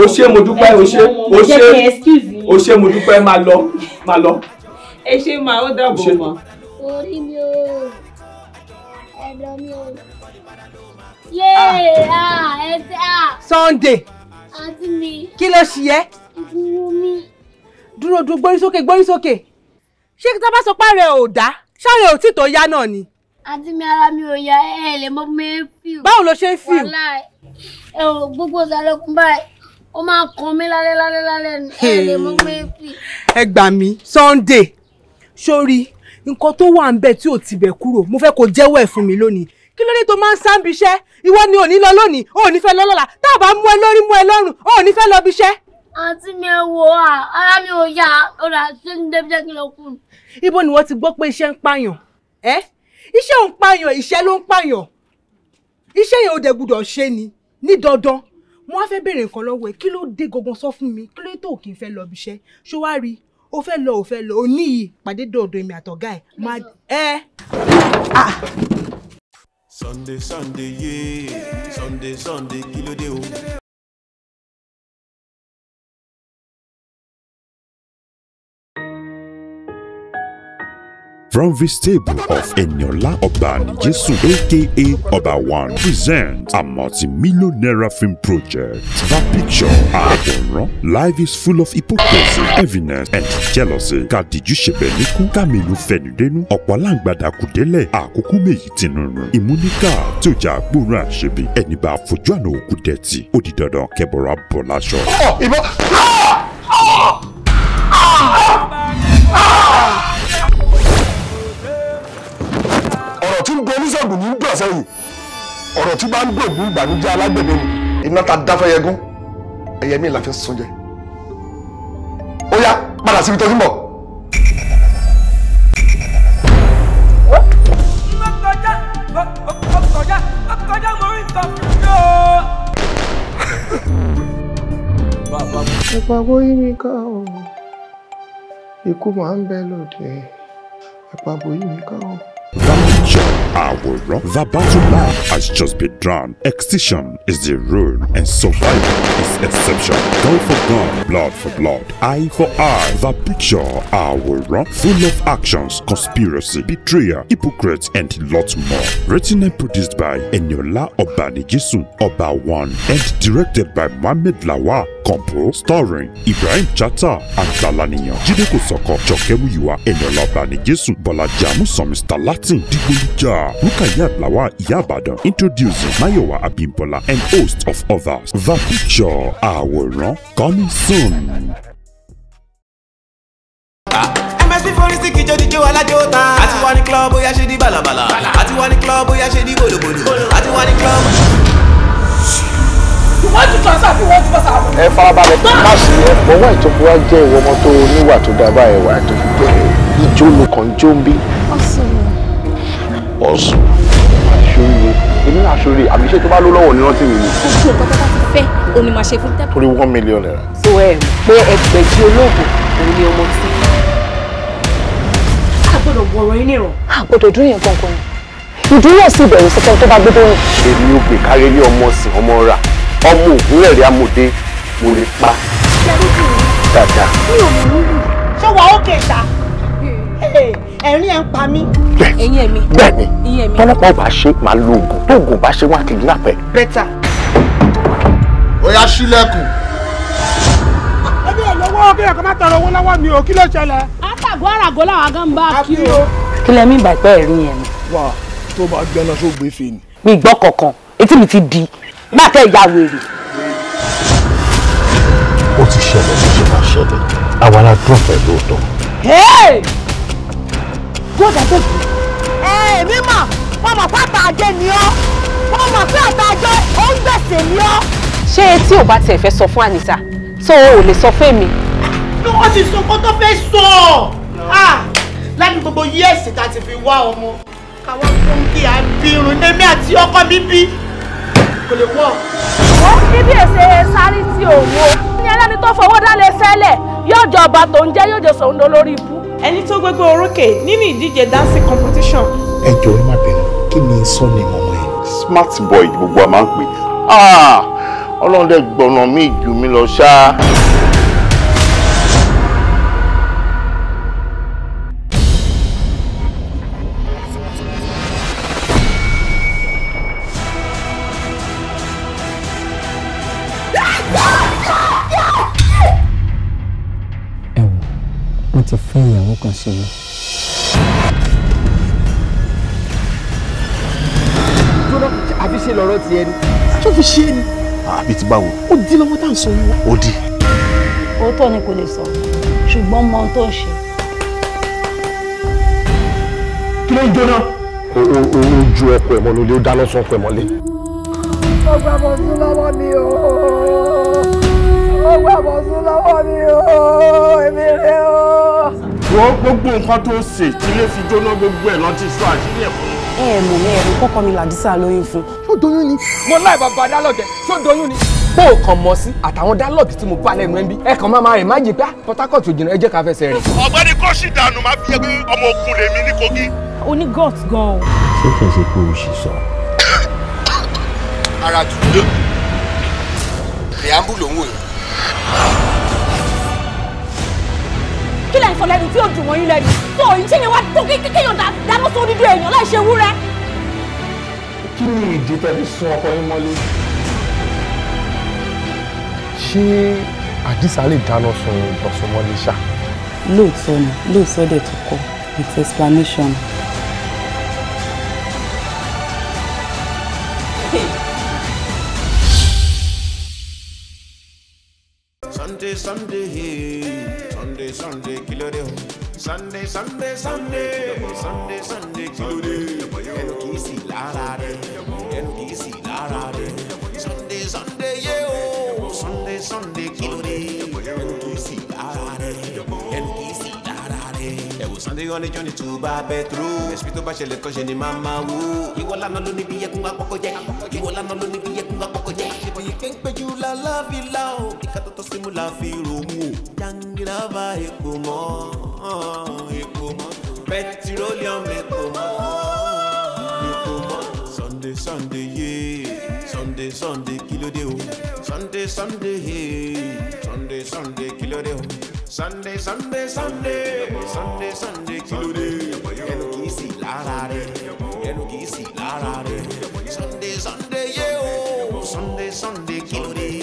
ó ṣe mo dúpẹ́ ó ṣe ó ṣe ó ṣe mo dúpẹ́ máa lọ máa lọ. ẹ ṣe máa ó dàbọ̀ mọ́. orí mi ò ẹ̀rọ mi ò. Ah. yéé ah ẹ ti ah. Sunday àǹtí mi. kí ló ṣì yẹ. dúró mi. dúró dúró gbórí sókè gbórí sókè ṣé kí tá bá sọ ò dá ṣáàrẹ ò tí tó yá náà ni. àǹtí mi ara mi ò yá ẹ lè mọ mi fíù. báwo ló ṣe ń fíù. wàhálà ẹ ò gbogbo ìsàlẹ̀kùn báyìí ó máa kan mí lálẹ́ lálẹ́ lálẹ́ ẹ lè mọ mi fíù. ẹ gbà mí Sunday sórí nǹkan tó wà ń bẹ tí ò tibẹ̀ kúrò mo fẹ́ kó jẹ́wọ́ ẹ̀ fún mi lónìí kí ló dé tó máa ń sáǹbi iṣẹ́ ìwọ ni ò ní lọ lónìí ò ní fẹ́ lọ lọ́la tá a bá mú ẹ lórí mú ẹ lọ́rùn ò ní fẹ́ lọ bí iṣẹ́. àǹtí mi ẹ wo ara mi ò yá ọ̀rọ̀ àti ní débi jẹ́ kí ló kù. ibo ni wọ́n ti gbọ́ pé iṣẹ́ ń pààyàn ẹ́ iṣẹ́ ò ń pààyàn ìṣẹ́ ló ń pààyàn iṣẹ́ yẹn ò dẹ̀ gbúdọ̀ ṣe ni ní dandan mo wá fẹ́ béèrè nǹkan lọ́wọ́ ẹ kí ló dé gangan sọ fún mi kí ló tó kí n fẹ́ lọ bí iṣẹ́ ṣó wá rí o fẹ́ lọ o fẹ́ lọ o ní ìpàdé dọ̀dọ̀ èmi àtọ̀gá ẹ̀ máa ẹ́ ah Sunday, Sunday, yeah. Sunday, Sunday, kilo dé o. From this table of Eniola Obani, Obanijesu, aka Oba One, presents a multi-million naira film project. That picture, Adoran, life is full of hypocrisy, heaviness, and jealousy. Kadiju Shebeniku, Kamilu Fenudenu, Ọ̀pọ̀làǹgbàdà Kùdélẹ̀, Àkókò Méjì Tinúrun, Ìmúníkà, tí ó jà gbóòórùn àṣebí, ẹni bá fojú àná òkú dẹ̀ tí, ó di dandan kẹbọra bọ̀ láṣọ. Ọ̀ ìbọn. Ah! gbà sẹ́yìn ọ̀rọ̀ tí bá ń dògún ìgbàlódé alágbẹ̀dẹ ni. iná ta dáfẹ́ yẹgún ẹyẹ mi là fi sun jẹ ó yá padà síbi tó ti ń bọ̀. ọkọjá ọkọjá yìí mi ká o ikú máa ń bẹ lóde ìpàgọ́ yìí mi ká o. Àwòrán. The battle line has just been drawn. Extinction is the rule and survival is exception. Gun for gun, blood for blood, eye for eye. The picture, àwòrán, full of actions, conspiracy, betrayal, hypocrites and lots more. Written and produced by Eniola Obanijisun Oba One and directed by Mohammed Lawal. Composed, starring Ibrahim Chata and Dalaniyan. Jide Kosoko, Jokemu Yuwa, Eniola Obanijisun, Bolaji Amusan, Mr. Latin, Digboluja. Rukayat Lawa Yabadan introducing Mayowa Abimbola and host of others. The picture àwòrán coming soon. MSP forensic ìjọ́díjọ́ alájọ́ ta. Àti wá ní club bóyá Ati di bàlàbàlà. club bóyá she di bòlòbòlò. Àti wá ní club wọ́n she di fún wọn ti bá club. ẹ farabalẹ̀ kí n má sí ẹ. bọ́wọ́ ìtọ́kù wa jẹ́ ìwọ ọmọ tó níwà tó dábàá ẹ̀wà tó fi bẹ̀rẹ̀ ìjó lukàn jó ń bí. ọ̀sùn ọ̀sùn. àṣorí èmi náà àṣorí àbí iṣẹ́ tó bá ló lọ́wọ́ ni rántí mi ni. àti ọ̀gá tó bá ti fẹ́ òní máa ṣe fún tẹ́pù. torí one million naira. so ẹ eh, pé ẹgbẹ̀jì olóògùn òun ni ọmọ tí. a gbọ́dọ̀ wọ̀rọ̀ yín nìrọ̀. a gbọ́dọ̀ dún yẹn kankan ni ìdúró sí ìbẹ̀rù sẹ́kẹ́ tó bá gbé dóhùn. èmi ò gbé kárí ilé ọmọ sìn ọmọ rà ọmọ òwúrẹ̀ rí amòde mo lè pa. dáadáa. mi ò mú un ṣé wàá ó kẹta ẹ̀rín ẹ̀ ń pa mí. ẹ̀yin ẹ̀mí bẹ́ẹ̀ni tọ́lọ́pàá ò bá ṣe máa lo oògùn tó oògùn bá ṣe wá kidnap ẹ̀. bẹ́tà. ó yá ṣílẹ̀kùn. ẹbí ẹ̀ lọ́wọ́ kí ẹ̀kọ́ má tọrọ owó lọ́wọ́ mi ò kí ló ṣẹlẹ̀. àtàgọ́ àràgọ́ làwọn agán bá kí o. kí lẹ mí ìbàgbọ́ ẹ̀rín yẹn ni. wà á tó bá gbẹ́ná tó gbé fèèní. mi gbọ́ kankan etí mi ti di gbàtẹ́ ìyá wèrè. ó ti ṣẹlẹ̀ ló ṣe máa ṣẹlẹ̀ àwa la dúró fẹ́ lóòótọ́ bọ́ọ̀dà tó jù. ẹ èmi mọ̀ wọ́n mọ̀ pápá àjẹ ni ọ́ wọ́n mọ̀ pé ọ̀tá àjọ ó ń gbèsè ni ọ́. ṣé etí ò bá tiẹ̀ fẹ́ sọ fún Anita tó o ò lè sọ fún èmi. ní wọ́n ti sọ kó tó fẹ́ sọ láti gbogbo yíẹ̀sì tá a ti fi wá ọmọ káwọn fún kí a bí irun èmi àti ọkọ mi bí kò lè wọ̀. ó ní bí èsè sáré tí òun o ní ẹlẹ́ni tó fọwọ́ dá lè sẹ́lẹ̀ yóò jọ ọba tó ń jẹ́ yóò jọ sòun lórí ibú ẹni tó gbégbé orókè nínú ìdíje dancing competition. ẹ jọ ẹ má bẹ̀rẹ̀ kí ni sọ ni mo mọ̀ ẹ́. smart boy gbogbo a máa ń pè ah! ọlọ́run dẹ̀ gbọ́nà mi jù mí lọ ṣáá. conseguir. Jọ́dá àfi ṣe lọ́rọ́ ti ẹni. Tó fi ṣe ni. Àbí ti báwo? Ó di lọ́wọ́ tá à ń sọ yín. Ó di. Òótọ́ ni kò lè sọ, ṣùgbọ́n mọ ohun tó ń ṣe. Kí ló ń jóná? O ju ọkọ ẹ̀ mọ́lé, o dáná sọ ọkọ ẹ̀ mọ́lé. Ó gbà bọ̀ sí lọ́wọ́ mi o gbà bọ̀ sún lọ́wọ́ mi o èmi rẹ o wo gbogbo nǹkan tó ṣe tí ilé fi jóná gbogbo ẹ̀ lọ́tí sọ àṣírí ẹ̀ fún ẹ ẹ mọ̀ ní ẹ̀rù kọ́kọ́ mi làdísà lóyún fún. ṣó doyún ni. mo láì bàbá dálọ́jẹ ṣó doyún ni. bó o kàn mọ̀ sí àtàwọn dálọ́ọ̀bì tí mo bá lẹ́nu ẹ̀ ń bí ẹ kàn máa máa rìn má jẹ pé ah, Port Harcourt ò jìnnà ẹ jẹ́ ká fẹsẹ̀ rìn. ọ̀gbẹ́ni kọ́sì dànù máa fi ẹgbẹ́ ọmọ ogun lèmi ní Kogi. oní gọ́t gan o. ṣé kìí ṣe pé o ṣì sọ. ara tùdó preamble lòun ò yẹ sọ lẹ́nu tí ò dùn mọ́ yín lẹ́nu tó yín ṣé yẹn wá tó kéèyàn dáná sórí dídú èèyàn láì ṣe wúrẹ́. kí ni ìdí tẹ́ fi sún ọkọ yín mọ́lé. ṣé àdìsá lè dáná sun ìbọ̀sùn mọ́lé ṣá. lóòótọ́ ni lóòótọ́ dẹ̀ tó kọ with explanation. Sunday Sunday Sunday Sunday Sunday Sunday, Sunday, Sunday, oh. Sunday, Sunday, Sunday, Sunday, Sunday, Sunday, Sunday, Sunday, Sunday, sì lára rẹ Sunday Sunday yé o Sunday Sunday kí ló dé ẹnu kì í sì lára rẹ ẹnu kì í sì lára rẹ. ẹ wò Sunday on the journey to Barbedro ẹ̀sìn tó bá ṣẹlẹ̀ kọ́ ṣe ni máa máa wò ìwọ lánàá ló níbi yẹkùn àkọ́kọ́ jẹ́ ìwọ lánàá ló níbi yẹkùn àkọ́kọ́ jẹ́ ṣèbí kéńpéjú la láfi la o ìkàtọ́tọ́ símú la fi ròmù o jangilova epo mọ́ epo mọ́ pẹtirolium epo mọ́ epo mọ́ sunday sunday ye sunday sunday kílódé o sunday sunday ye sunday sunday kílódé o sunday sunday sunday sunday sunday kílódé ẹnu kìí sì lára rẹ ẹnu kìí sì lára rẹ sunday sunday ye o oh. sunday sunday kílódé.